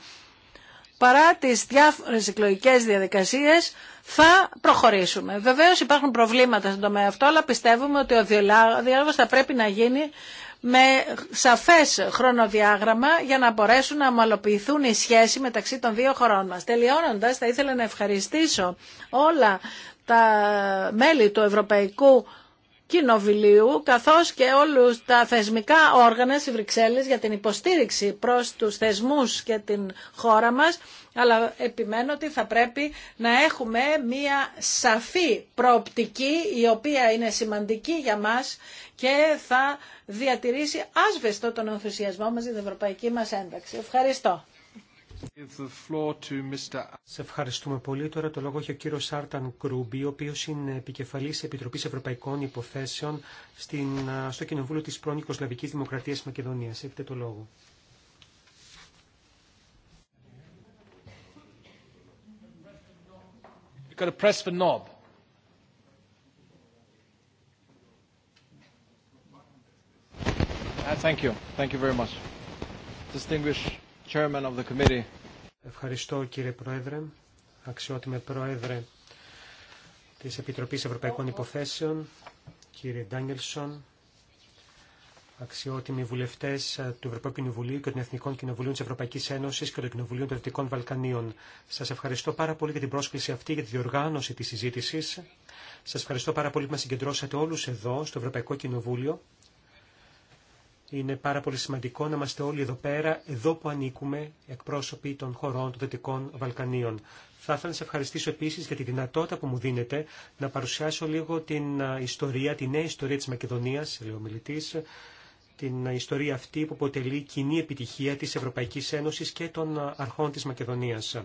παρά τις διάφορες εκλογικέ διαδικασίες θα προχωρήσουμε. Βεβαίως υπάρχουν προβλήματα στον τομέα αυτό, αλλά πιστεύουμε ότι ο διάλογος θα πρέπει να γίνει με σαφές χρονοδιάγραμμα για να μπορέσουν να ομαλοποιηθούν οι σχέσεις μεταξύ των δύο χωρών μας. Τελειώνοντας, θα ήθελα να ευχαριστήσω όλα τα μέλη του Ευρωπαϊκού Κοινοβουλίου καθώς και όλους τα θεσμικά όργανα στι Βρυξέλλες για την υποστήριξη προς τους θεσμούς και την χώρα μας αλλά επιμένω ότι θα πρέπει να έχουμε μία σαφή προοπτική η οποία είναι σημαντική για μας και θα διατηρήσει άσβεστο τον ενθουσιασμό μας για την ευρωπαϊκή μας ένταξη. Ευχαριστώ. Σε ευχαριστούμε πολύ. Τώρα το λόγο έχει ο κύριο Σάρταν Κρούμπι, ο οποίο είναι επικεφαλή Επιτροπή Ευρωπαϊκών Υποθέσεων στην, στο Κοινοβούλιο τη πρώην Οικοσλαβική Δημοκρατία Μακεδονία. Έχετε το λόγο. got to press the uh, Thank you. Thank you very much. Distinguished Chairman of the Committee, Ευχαριστώ κύριε Πρόεδρε, αξιότιμε Πρόεδρε της Επιτροπής Ευρωπαϊκών Υποθέσεων, κύριε Ντάγγελσον, αξιότιμοι βουλευτές του Ευρωπαϊκού Κοινοβουλίου και των Εθνικών Κοινοβουλίων της Ευρωπαϊκής Ένωσης και των Κοινοβουλίων των Δυτικών Βαλκανίων. Σας ευχαριστώ πάρα πολύ για την πρόσκληση αυτή, για τη διοργάνωση της συζήτησης. Σας ευχαριστώ πάρα πολύ που μα συγκεντρώσατε όλους εδώ, στο Ευρωπαϊκό Κοινοβούλιο είναι πάρα πολύ σημαντικό να είμαστε όλοι εδώ πέρα, εδώ που ανήκουμε, εκπρόσωποι των χωρών των Δυτικών Βαλκανίων. Θα ήθελα να σε ευχαριστήσω επίση για τη δυνατότητα που μου δίνετε να παρουσιάσω λίγο την ε, ιστορία, τη νέα ιστορία τη Μακεδονία, λέει ο την ιστορία αυτή που αποτελεί κοινή επιτυχία της Ευρωπαϊκής Ένωσης και των αρχών της Μακεδονίας.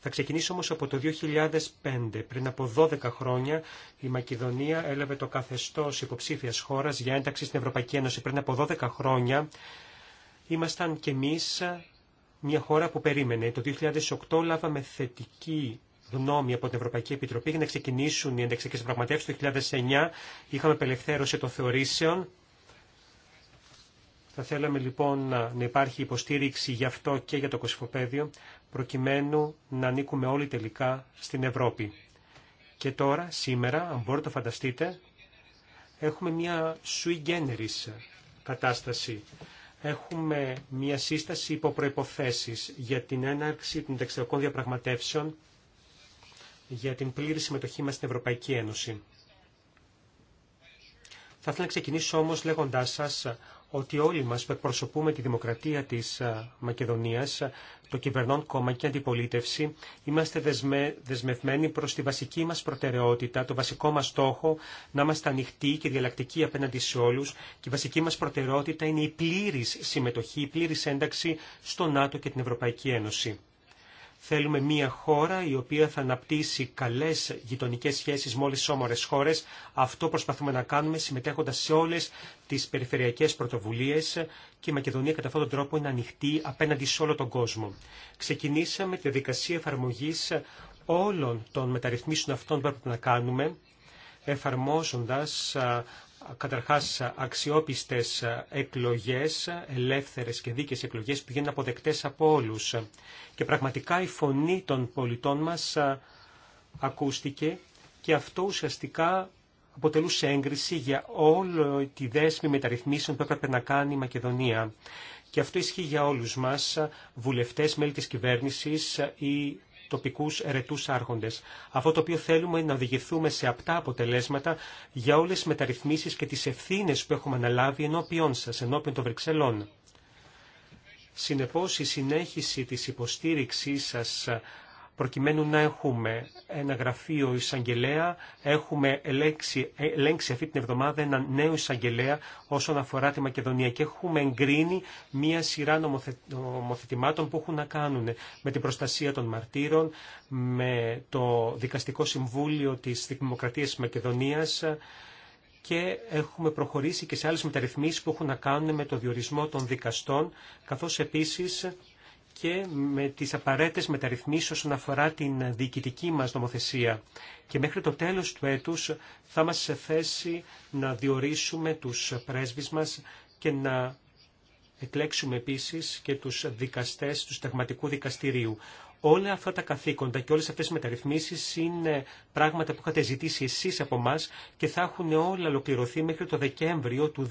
Θα ξεκινήσω όμως από το 2005. Πριν από 12 χρόνια η Μακεδονία έλαβε το καθεστώς υποψήφιας χώρας για ένταξη στην Ευρωπαϊκή Ένωση. Πριν από 12 χρόνια ήμασταν κι εμείς μια χώρα που περίμενε. Το 2008 λάβαμε θετική γνώμη από την Ευρωπαϊκή Επιτροπή για να ξεκινήσουν οι ενταξιακές πραγματεύσεις. Το 2009 είχαμε απελευθέρωση των θεωρήσεων θα θέλαμε λοιπόν να υπάρχει υποστήριξη γι' αυτό και για το κοσυφοπαίδιο, προκειμένου να ανήκουμε όλοι τελικά στην Ευρώπη. Και τώρα, σήμερα, αν μπορείτε να φανταστείτε, έχουμε μια sui generis κατάσταση. Έχουμε μια σύσταση υπό προϋποθέσεις για την έναρξη των δεξιωτικών διαπραγματεύσεων για την πλήρη συμμετοχή μας στην Ευρωπαϊκή Ένωση. Θα ήθελα να ξεκινήσω όμως λέγοντάς σας ότι όλοι μας που εκπροσωπούμε τη δημοκρατία της ε, Μακεδονίας, ε, το κυβερνόν κόμμα και αντιπολίτευση, είμαστε δεσμε... δεσμευμένοι προς τη βασική μας προτεραιότητα, το βασικό μας στόχο, να είμαστε ανοιχτοί και διαλλακτικοί απέναντι σε όλους και η βασική μας προτεραιότητα είναι η πλήρης συμμετοχή, η πλήρης ένταξη στο ΝΑΤΟ και την Ευρωπαϊκή Ένωση. Θέλουμε μια χώρα η οποία θα αναπτύσσει καλέ γειτονικέ σχέσει με όλε τι όμορε χώρε. Αυτό προσπαθούμε να κάνουμε συμμετέχοντα σε όλε τι περιφερειακέ πρωτοβουλίε και η Μακεδονία κατά αυτόν τον τρόπο είναι ανοιχτή απέναντι σε όλο τον κόσμο. Ξεκινήσαμε τη διαδικασία εφαρμογή όλων των μεταρρυθμίσεων αυτών που έπρεπε να κάνουμε εφαρμόζοντας καταρχάς αξιόπιστες εκλογές, ελεύθερες και δίκαιες εκλογές που γίνουν αποδεκτές από όλους. Και πραγματικά η φωνή των πολιτών μας ακούστηκε και αυτό ουσιαστικά αποτελούσε έγκριση για όλη τη δέσμη μεταρρυθμίσεων που έπρεπε να κάνει η Μακεδονία. Και αυτό ισχύει για όλους μας, βουλευτές, μέλη της κυβέρνησης ή τοπικού ερετού άρχοντε. Αυτό το οποίο θέλουμε είναι να οδηγηθούμε σε απτά αποτελέσματα για όλε τι μεταρρυθμίσει και τι ευθύνε που έχουμε αναλάβει ενώπιον σα, ενώπιον των Βρυξελών. Συνεπώς η συνέχιση της υποστήριξής σας προκειμένου να έχουμε ένα γραφείο εισαγγελέα. Έχουμε ελέξει, ελέγξει αυτή την εβδομάδα ένα νέο εισαγγελέα όσον αφορά τη Μακεδονία και έχουμε εγκρίνει μία σειρά νομοθετημάτων που έχουν να κάνουν με την προστασία των μαρτύρων, με το Δικαστικό Συμβούλιο της Δημοκρατίας της Μακεδονίας και έχουμε προχωρήσει και σε άλλες μεταρρυθμίσεις που έχουν να κάνουν με το διορισμό των δικαστών, καθώς επίσης και με τις απαραίτητες μεταρρυθμίσεις όσον αφορά την διοικητική μας νομοθεσία. Και μέχρι το τέλος του έτους θα μας σε θέση να διορίσουμε τους πρέσβεις μας και να εκλέξουμε επίσης και τους δικαστές του Σταγματικού Δικαστηρίου. Όλα αυτά τα καθήκοντα και όλες αυτές οι μεταρρυθμίσεις είναι πράγματα που είχατε ζητήσει εσείς από εμά και θα έχουν όλα ολοκληρωθεί μέχρι το Δεκέμβριο του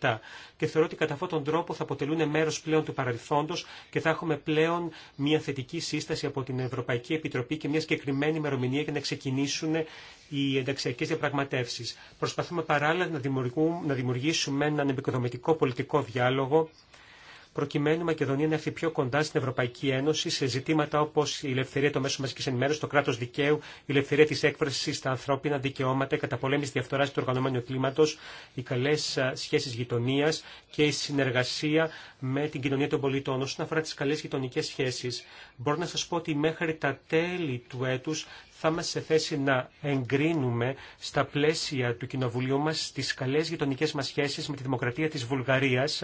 2017. Και θεωρώ ότι κατά αυτόν τον τρόπο θα αποτελούν μέρος πλέον του παρελθόντος και θα έχουμε πλέον μια θετική σύσταση από την Ευρωπαϊκή Επιτροπή και μια συγκεκριμένη ημερομηνία για να ξεκινήσουν οι ενταξιακέ διαπραγματεύσει. Προσπαθούμε παράλληλα να δημιουργήσουμε έναν επικοδομητικό πολιτικό διάλογο προκειμένου η Μακεδονία να έρθει πιο κοντά στην Ευρωπαϊκή Ένωση σε ζητήματα όπω η ελευθερία των μέσων μαζική ενημέρωση, το κράτο δικαίου, η ελευθερία τη έκφραση, τα ανθρώπινα δικαιώματα, η καταπολέμηση διαφθορά του οργανωμένου κλίματο, οι καλέ σχέσει γειτονία και η συνεργασία με την κοινωνία των πολιτών. Όσον αφορά τι καλέ γειτονικέ σχέσει, μπορώ να σα πω ότι μέχρι τα τέλη του έτου θα είμαστε σε θέση να εγκρίνουμε στα πλαίσια του Κοινοβουλίου μας τις καλές γειτονικές μας σχέσεις με τη Δημοκρατία της Βουλγαρίας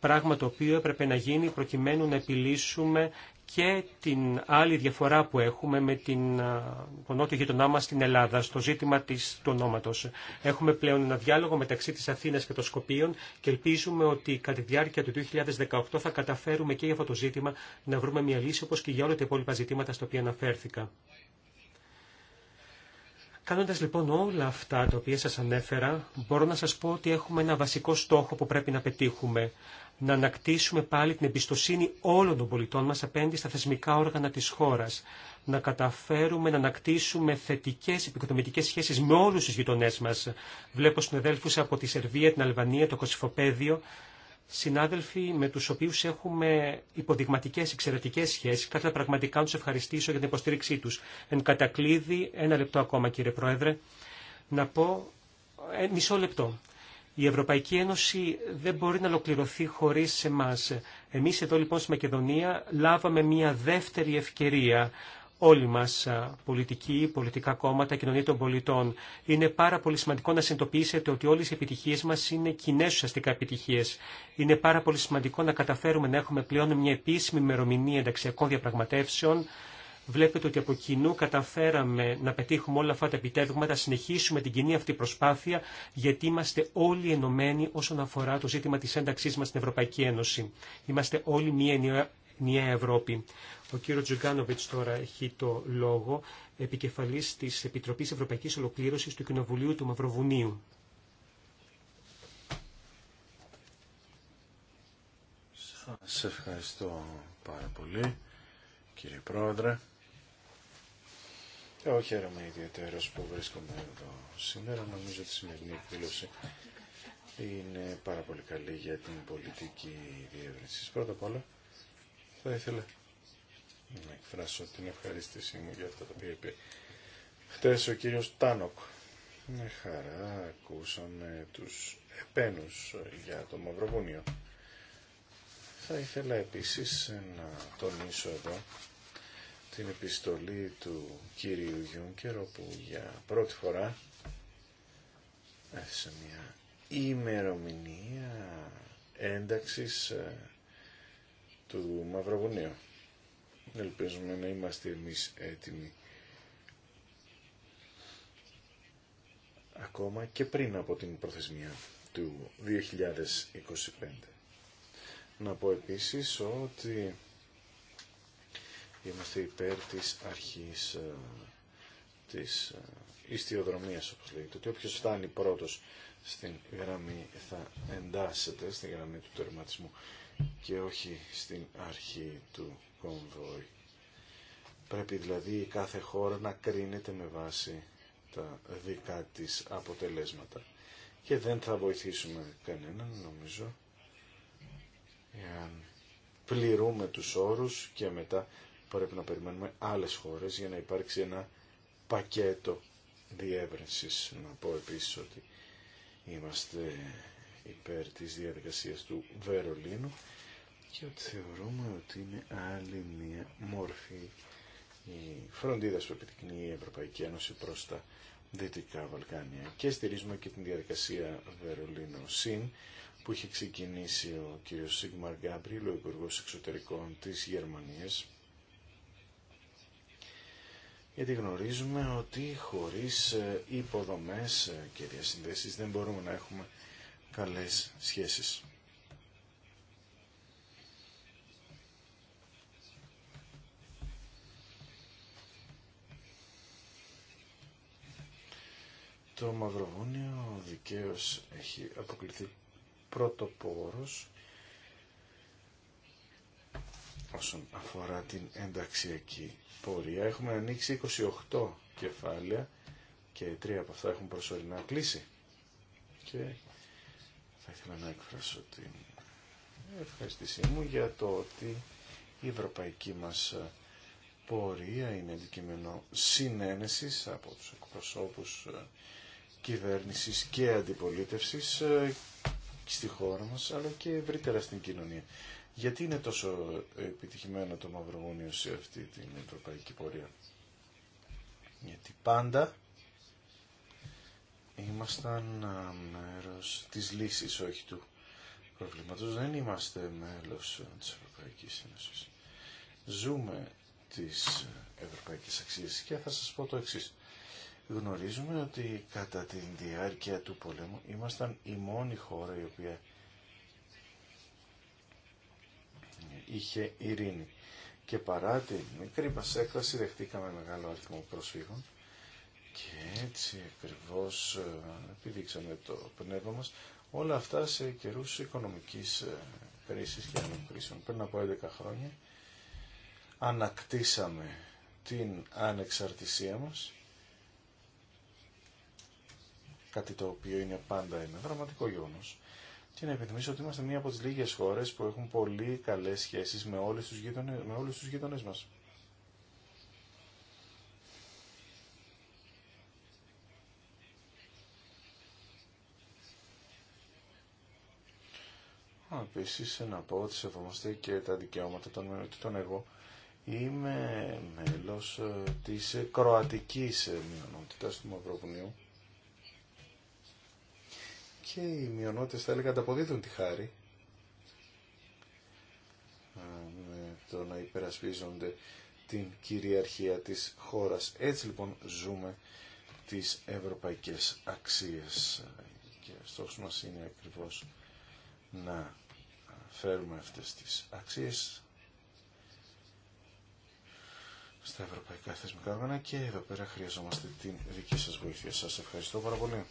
πράγμα το οποίο έπρεπε να γίνει προκειμένου να επιλύσουμε και την άλλη διαφορά που έχουμε με την, τον νότιο γειτονά μας στην Ελλάδα, στο ζήτημα της, του ονόματος. Έχουμε πλέον ένα διάλογο μεταξύ της Αθήνας και των Σκοπίων και ελπίζουμε ότι κατά τη διάρκεια του 2018 θα καταφέρουμε και για αυτό το ζήτημα να βρούμε μια λύση όπως και για όλα τα υπόλοιπα ζητήματα στα οποία αναφέρθηκα. Κάνοντας λοιπόν όλα αυτά τα οποία σας ανέφερα, μπορώ να σας πω ότι έχουμε ένα βασικό στόχο που πρέπει να πετύχουμε. Να ανακτήσουμε πάλι την εμπιστοσύνη όλων των πολιτών μας απέναντι στα θεσμικά όργανα της χώρας. Να καταφέρουμε να ανακτήσουμε θετικές επικοδομητικές σχέσεις με όλους τους γειτονές μας. Βλέπω συναδέλφους από τη Σερβία, την Αλβανία, το Κωσυφοπαίδιο συνάδελφοι με τους οποίους έχουμε υποδειγματικές, εξαιρετικές σχέσεις. Θα πραγματικά να τους ευχαριστήσω για την υποστήριξή τους. Εν κατακλείδη, ένα λεπτό ακόμα κύριε Πρόεδρε, να πω ε, μισό λεπτό. Η Ευρωπαϊκή Ένωση δεν μπορεί να ολοκληρωθεί χωρίς εμάς. Εμείς εδώ λοιπόν στη Μακεδονία λάβαμε μια δεύτερη ευκαιρία όλοι μας πολιτικοί, πολιτικά κόμματα, κοινωνία των πολιτών. Είναι πάρα πολύ σημαντικό να συνειδητοποιήσετε ότι όλες οι επιτυχίες μας είναι κοινέ ουσιαστικά επιτυχίες. Είναι πάρα πολύ σημαντικό να καταφέρουμε να έχουμε πλέον μια επίσημη ημερομηνία ενταξιακών διαπραγματεύσεων Βλέπετε ότι από κοινού καταφέραμε να πετύχουμε όλα αυτά τα επιτεύγματα, συνεχίσουμε την κοινή αυτή προσπάθεια, γιατί είμαστε όλοι ενωμένοι όσον αφορά το ζήτημα της ένταξής μας στην Ευρωπαϊκή Ένωση. Είμαστε όλοι μια Νέα Ευρώπη. Ο κύριος Τζουγκάνοβιτς τώρα έχει το λόγο, επικεφαλής της Επιτροπής Ευρωπαϊκής Ολοκλήρωσης του Κοινοβουλίου του Μαυροβουνίου. Σας ευχαριστώ πάρα πολύ, κύριε Πρόεδρε. Εγώ χαίρομαι ιδιαίτερος που βρίσκομαι εδώ σήμερα. Νομίζω ότι η σημερινή εκδήλωση είναι πάρα πολύ καλή για την πολιτική διεύρυνση. Πρώτα απ' όλα, θα ήθελα να εκφράσω την ευχαρίστησή μου για αυτά τα οποία είπε χτες ο κύριος Τάνοκ. Με χαρά ακούσαμε τους επένους για το Μαυροβούνιο. Θα ήθελα επίσης να τονίσω εδώ την επιστολή του κύριου Γιούνκερ όπου για πρώτη φορά έθεσε μια ημερομηνία ένταξης ε, του Μαυροβουνίου. Ελπίζουμε να είμαστε εμείς έτοιμοι. Ακόμα και πριν από την προθεσμία του 2025. Να πω επίσης ότι είμαστε υπέρ της αρχής ε, της ε, ιστιοδρομίας όπως λέγεται, ότι όποιος φτάνει πρώτος στην γραμμή θα εντάσσεται, στην γραμμή του τερματισμού και όχι στην αρχή του κομβόη. Πρέπει δηλαδή η κάθε χώρα να κρίνεται με βάση τα δικά της αποτελέσματα. Και δεν θα βοηθήσουμε κανέναν, νομίζω, εάν πληρούμε τους όρους και μετά πρέπει να περιμένουμε άλλες χώρες για να υπάρξει ένα πακέτο διεύρυνσης. Να πω επίσης ότι είμαστε υπέρ της διαδικασίας του Βερολίνου και ότι θεωρούμε ότι είναι άλλη μία μόρφη η φροντίδα που επιτυχνεί η Ευρωπαϊκή Ένωση προς τα Δυτικά Βαλκάνια. Και στηρίζουμε και την διαδικασία Βερολίνο ΣΥΝ που είχε ξεκινήσει ο κ. Σίγμαρ Γκάμπριλ, ο Υπουργό Εξωτερικών της Γερμανίας, γιατί γνωρίζουμε ότι χωρίς ε, υποδομές ε, και διασυνδέσεις δεν μπορούμε να έχουμε καλές σχέσεις. Το Μαυροβούνιο δικαίως έχει αποκλειθεί πρωτοπόρος όσον αφορά την ενταξιακή πορεία. Έχουμε ανοίξει 28 κεφάλαια και τρία από αυτά έχουν προσωρινά κλείσει. Και θα ήθελα να εκφράσω την ευχαριστήσή μου για το ότι η ευρωπαϊκή μας πορεία είναι αντικείμενο συνένεσης από τους εκπροσώπους κυβέρνησης και αντιπολίτευσης ε, στη χώρα μας αλλά και ευρύτερα στην κοινωνία. Γιατί είναι τόσο επιτυχημένο το Μαυρογόνιο σε αυτή την ευρωπαϊκή πορεία. Γιατί πάντα ήμασταν μέρος της λύσης, όχι του προβλήματος. Δεν είμαστε μέλος της Ευρωπαϊκής Ένωση. Ζούμε τις ευρωπαϊκές αξίες και θα σας πω το εξής. Γνωρίζουμε ότι κατά τη διάρκεια του πολέμου ήμασταν η μόνη χώρα η οποία είχε ειρήνη. Και παρά την μικρή μας έκταση δεχτήκαμε μεγάλο αριθμό προσφύγων και έτσι ακριβώς ε, επιδείξαμε το πνεύμα μας όλα αυτά σε καιρούς οικονομικής ε, κρίσης και ανακρίσεων. Πριν από 11 χρόνια ανακτήσαμε την ανεξαρτησία μας κάτι το οποίο είναι πάντα ένα δραματικό γεγονός. Και να επιθυμίσω ότι είμαστε μία από τις λίγες χώρες που έχουν πολύ καλές σχέσεις με όλους τους γείτονες, με όλους τους γείτονες μας. Επίση να πω ότι σεβόμαστε και τα δικαιώματα των μειονοτήτων εγώ. Είμαι μέλος ε, της κροατικής ε, μειονότητας του Μαυροβουνίου και οι μειονότητε, θα έλεγα ανταποδίδουν τη χάρη ε, με το να υπερασπίζονται την κυριαρχία της χώρας. Έτσι λοιπόν ζούμε τις ευρωπαϊκές αξίες και στόχος μας είναι ακριβώς να φέρουμε αυτές τις αξίες στα ευρωπαϊκά θεσμικά όργανα και εδώ πέρα χρειαζόμαστε την δική σας βοήθεια. Σας ευχαριστώ πάρα πολύ.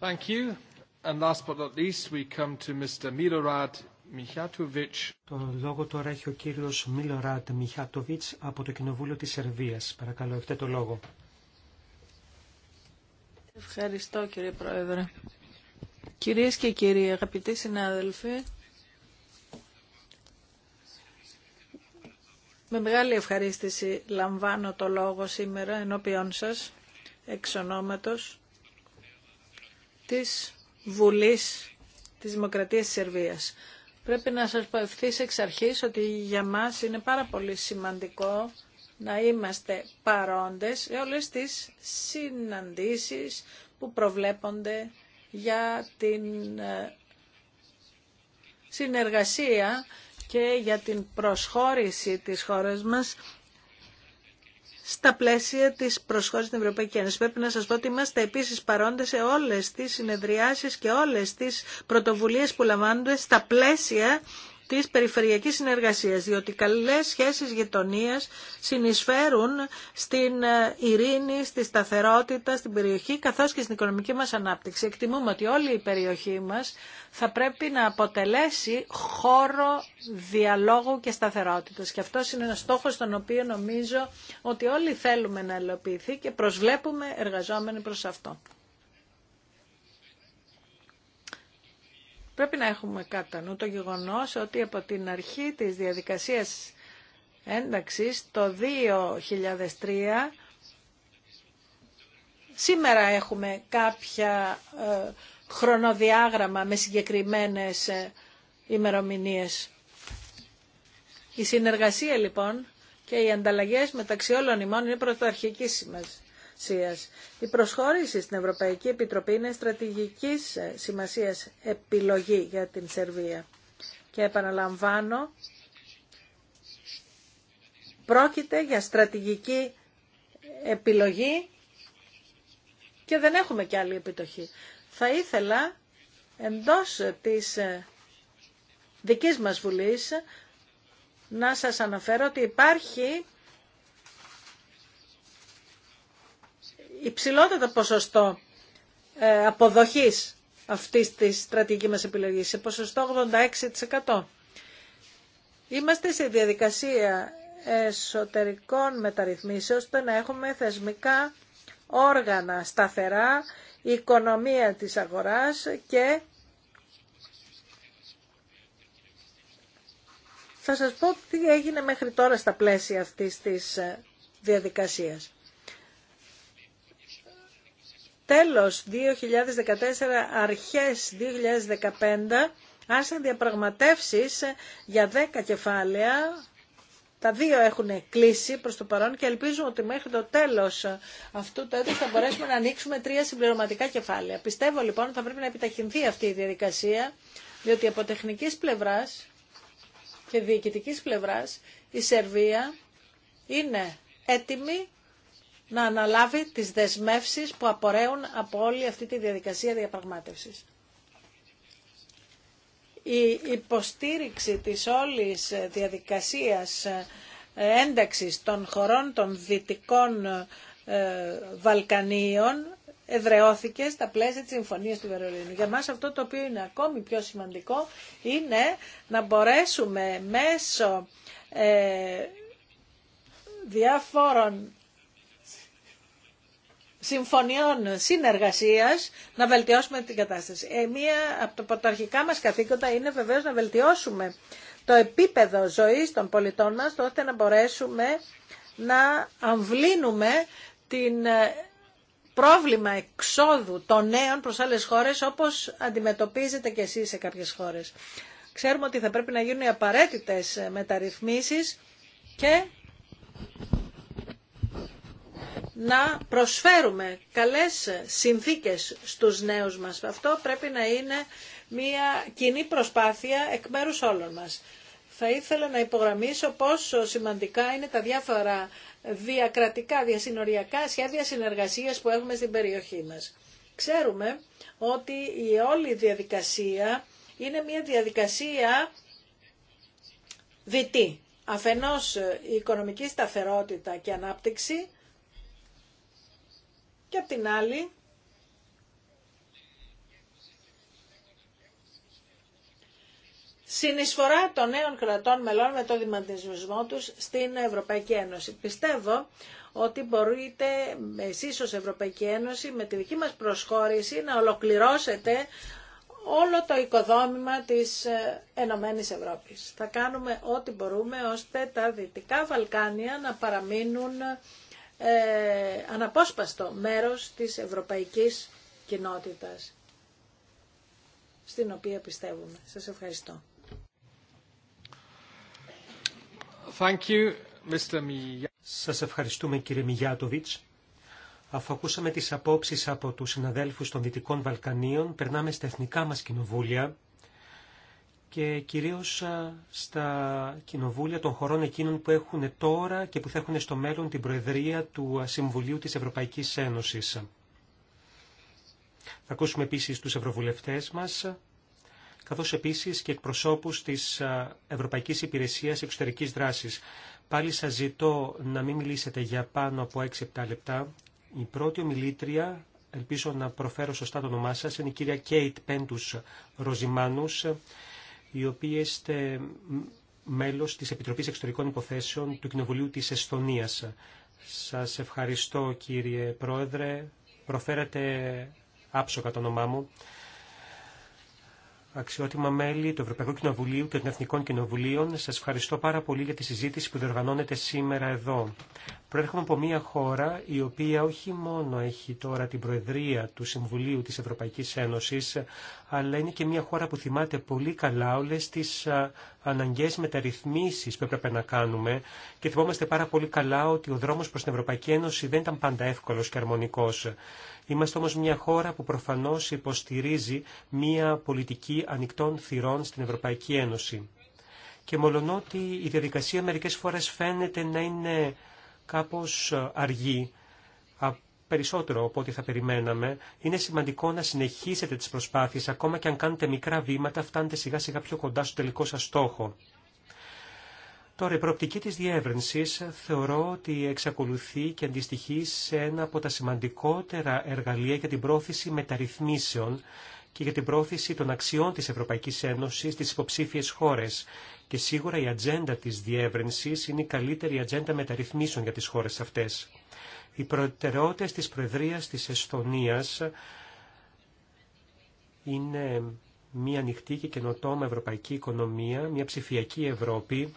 Thank you. And last but not least, we come to Mr. Milorad Mihatovic. Το λόγο τώρα έχει ο κύριος Milorad Μιχάτοβιτς από το Κοινοβούλιο της Σερβίας. Παρακαλώ, έχετε το λόγο. Ευχαριστώ κύριε Πρόεδρε. Κυρίες και κύριοι, αγαπητοί συνάδελφοι, Με μεγάλη ευχαρίστηση λαμβάνω το λόγο σήμερα ενώπιόν σας, εξ ονόματος της Βουλής της Δημοκρατίας της Σερβίας. Πρέπει να σας πω ευθύς εξ αρχής ότι για μας είναι πάρα πολύ σημαντικό να είμαστε παρόντες σε όλες τις συναντήσεις που προβλέπονται για την ε, συνεργασία και για την προσχώρηση της χώρας μας στα πλαίσια της προσχώρησης στην Ευρωπαϊκή Ένωση. Πρέπει να σας πω ότι είμαστε επίσης παρόντες σε όλες τις συνεδριάσεις και όλες τις πρωτοβουλίες που λαμβάνονται στα πλαίσια της περιφερειακής συνεργασίας, διότι καλές σχέσεις γειτονίας συνεισφέρουν στην ε, ειρήνη, στη σταθερότητα, στην περιοχή, καθώς και στην οικονομική μας ανάπτυξη. Εκτιμούμε ότι όλη η περιοχή μας θα πρέπει να αποτελέσει χώρο διαλόγου και σταθερότητας. Και αυτό είναι ένα στόχος τον οποίο νομίζω ότι όλοι θέλουμε να ελοποιηθεί και προσβλέπουμε εργαζόμενοι προς αυτό. Πρέπει να έχουμε κατά νου το γεγονός ότι από την αρχή της διαδικασίας ένταξης το 2003 σήμερα έχουμε κάποια ε, χρονοδιάγραμμα με συγκεκριμένες ε, ημερομηνίες. Η συνεργασία λοιπόν και οι ανταλλαγές μεταξύ όλων ημών είναι πρωτοαρχικής σημασία. Η προσχώρηση στην Ευρωπαϊκή Επιτροπή είναι στρατηγικής ε, σημασίας επιλογή για την Σερβία. Και επαναλαμβάνω, πρόκειται για στρατηγική επιλογή και δεν έχουμε και άλλη επιτοχή. Θα ήθελα εντός της ε, δικής μας Βουλής να σας αναφέρω ότι υπάρχει υψηλότερο ποσοστό ε, αποδοχής αυτής της στρατηγικής μας επιλογής, σε ποσοστό 86%. Είμαστε σε διαδικασία εσωτερικών μεταρρυθμίσεων ώστε να έχουμε θεσμικά όργανα σταθερά, η οικονομία της αγοράς και θα σας πω τι έγινε μέχρι τώρα στα πλαίσια αυτής της διαδικασίας τέλος 2014, αρχές 2015, άρχισαν διαπραγματεύσεις για 10 κεφάλαια. Τα δύο έχουν κλείσει προς το παρόν και ελπίζουμε ότι μέχρι το τέλος αυτού του έτους θα μπορέσουμε να ανοίξουμε τρία συμπληρωματικά κεφάλαια. Πιστεύω λοιπόν ότι θα πρέπει να επιταχυνθεί αυτή η διαδικασία, διότι από τεχνικής πλευράς και διοικητικής πλευράς η Σερβία είναι έτοιμη να αναλάβει τις δεσμεύσεις που απορρέουν από όλη αυτή τη διαδικασία διαπραγμάτευσης. Η υποστήριξη της όλης διαδικασίας ένταξης των χωρών των Δυτικών ε, Βαλκανίων εδρεώθηκε στα πλαίσια της Συμφωνίας του Βερολίνου. Για μας αυτό το οποίο είναι ακόμη πιο σημαντικό είναι να μπορέσουμε μέσω ε, διάφορων συμφωνιών συνεργασίας να βελτιώσουμε την κατάσταση. Ε, μία από τα αρχικά μας καθήκοντα είναι βεβαίως να βελτιώσουμε το επίπεδο ζωής των πολιτών μας, ώστε να μπορέσουμε να αμβλύνουμε την ε, πρόβλημα εξόδου των νέων προς άλλες χώρες, όπως αντιμετωπίζετε και εσείς σε κάποιες χώρες. Ξέρουμε ότι θα πρέπει να γίνουν οι απαραίτητες μεταρρυθμίσεις και να προσφέρουμε καλές συνθήκες στους νέους μας. Αυτό πρέπει να είναι μια κοινή προσπάθεια εκ μέρους όλων μας. Θα ήθελα να υπογραμμίσω πόσο σημαντικά είναι τα διάφορα διακρατικά, διασυνοριακά σχέδια συνεργασίας που έχουμε στην περιοχή μας. Ξέρουμε ότι η όλη διαδικασία είναι μια διαδικασία δυτή. Αφενός η οικονομική σταθερότητα και ανάπτυξη, και απ' την άλλη συνεισφορά των νέων κρατών μελών με το δημοτισμό τους στην Ευρωπαϊκή Ένωση. Πιστεύω ότι μπορείτε εσείς ως Ευρωπαϊκή Ένωση με τη δική μας προσχώρηση να ολοκληρώσετε όλο το οικοδόμημα της ε, Ενωμένης Ευρώπης. Θα κάνουμε ό,τι μπορούμε ώστε τα Δυτικά Βαλκάνια να παραμείνουν ε, αναπόσπαστο μέρος της ευρωπαϊκής κοινότητας στην οποία πιστεύουμε. Σας ευχαριστώ. Thank you, Mr. Σας ευχαριστούμε κύριε Μιγιάτοβιτς. Αφού ακούσαμε τις απόψεις από τους συναδέλφους των Δυτικών Βαλκανίων, περνάμε στα εθνικά μας κοινοβούλια και κυρίως στα κοινοβούλια των χωρών εκείνων που έχουν τώρα και που θα έχουν στο μέλλον την Προεδρία του Συμβουλίου της Ευρωπαϊκής Ένωσης. Θα ακούσουμε επίσης τους ευρωβουλευτές μας, καθώς επίσης και εκπροσώπους της Ευρωπαϊκής Υπηρεσίας Εξωτερικής Δράσης. Πάλι σας ζητώ να μην μιλήσετε για πάνω από 6-7 λεπτά. Η πρώτη ομιλήτρια, ελπίζω να προφέρω σωστά το όνομά σας, είναι η κυρία Κέιτ Πέντους Ροζιμάνους, η οποία είστε μέλος της Επιτροπής Εξωτερικών Υποθέσεων του Κοινοβουλίου της Εσθονίας. Σας ευχαριστώ κύριε Πρόεδρε. Προφέρατε άψογα το όνομά μου. Αξιότιμα μέλη του Ευρωπαϊκού Κοινοβουλίου και των Εθνικών Κοινοβουλίων, σα ευχαριστώ πάρα πολύ για τη συζήτηση που διοργανώνεται σήμερα εδώ. Προέρχομαι από μια χώρα η οποία όχι μόνο έχει τώρα την Προεδρία του Συμβουλίου της Ευρωπαϊκής Ένωσης, αλλά είναι και μια χώρα που θυμάται πολύ καλά όλες τις αναγκαίες μεταρρυθμίσεις που έπρεπε να κάνουμε και θυμόμαστε πάρα πολύ καλά ότι ο δρόμος προς την Ευρωπαϊκή Ένωση δεν ήταν πάντα εύκολος και αρμονικός. Είμαστε όμως μια χώρα που προφανώς υποστηρίζει μια πολιτική ανοιχτών θυρών στην Ευρωπαϊκή Ένωση. Και μολονότι η διαδικασία μερικές φορές φαίνεται να είναι κάπως αργή, περισσότερο από ό,τι θα περιμέναμε, είναι σημαντικό να συνεχίσετε τις προσπάθειες, ακόμα και αν κάνετε μικρά βήματα, φτάνετε σιγά σιγά πιο κοντά στο τελικό σας στόχο. Τώρα, η προοπτική της διεύρυνσης θεωρώ ότι εξακολουθεί και αντιστοιχεί σε ένα από τα σημαντικότερα εργαλεία για την πρόθεση μεταρρυθμίσεων και για την πρόθεση των αξιών της Ευρωπαϊκής Ένωσης στις υποψήφιες χώρες. Και σίγουρα η ατζέντα της διεύρυνσης είναι η καλύτερη ατζέντα μεταρρυθμίσεων για τις χώρες αυτές. Οι προτεραιότητες της Προεδρίας της Εσθονίας είναι μια ανοιχτή και καινοτόμα ευρωπαϊκή οικονομία, μια ψηφιακή Ευρώπη,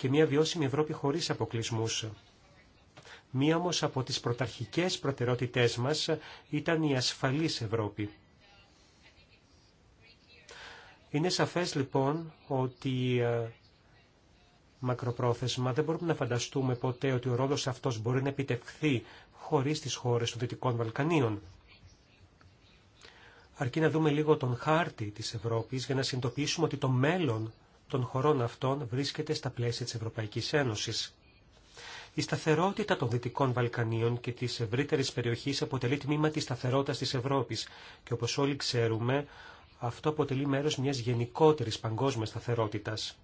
και μια βιώσιμη Ευρώπη χωρίς αποκλεισμούς. Μία όμως από τις πρωταρχικές προτεραιότητές μας ήταν η ασφαλής Ευρώπη. Είναι σαφές λοιπόν ότι ε, μακροπρόθεσμα δεν μπορούμε να φανταστούμε ποτέ ότι ο ρόλος αυτός μπορεί να επιτευχθεί χωρίς τις χώρες των Δυτικών Βαλκανίων. Αρκεί να δούμε λίγο τον χάρτη της Ευρώπης για να συνειδητοποιήσουμε ότι το μέλλον των χωρών αυτών βρίσκεται στα πλαίσια της Ευρωπαϊκής Ένωσης. Η σταθερότητα των Δυτικών Βαλκανίων και της ευρύτερη περιοχής αποτελεί τμήμα της σταθερότητας της Ευρώπης και όπως όλοι ξέρουμε αυτό αποτελεί μέρος μιας γενικότερης παγκόσμιας σταθερότητας.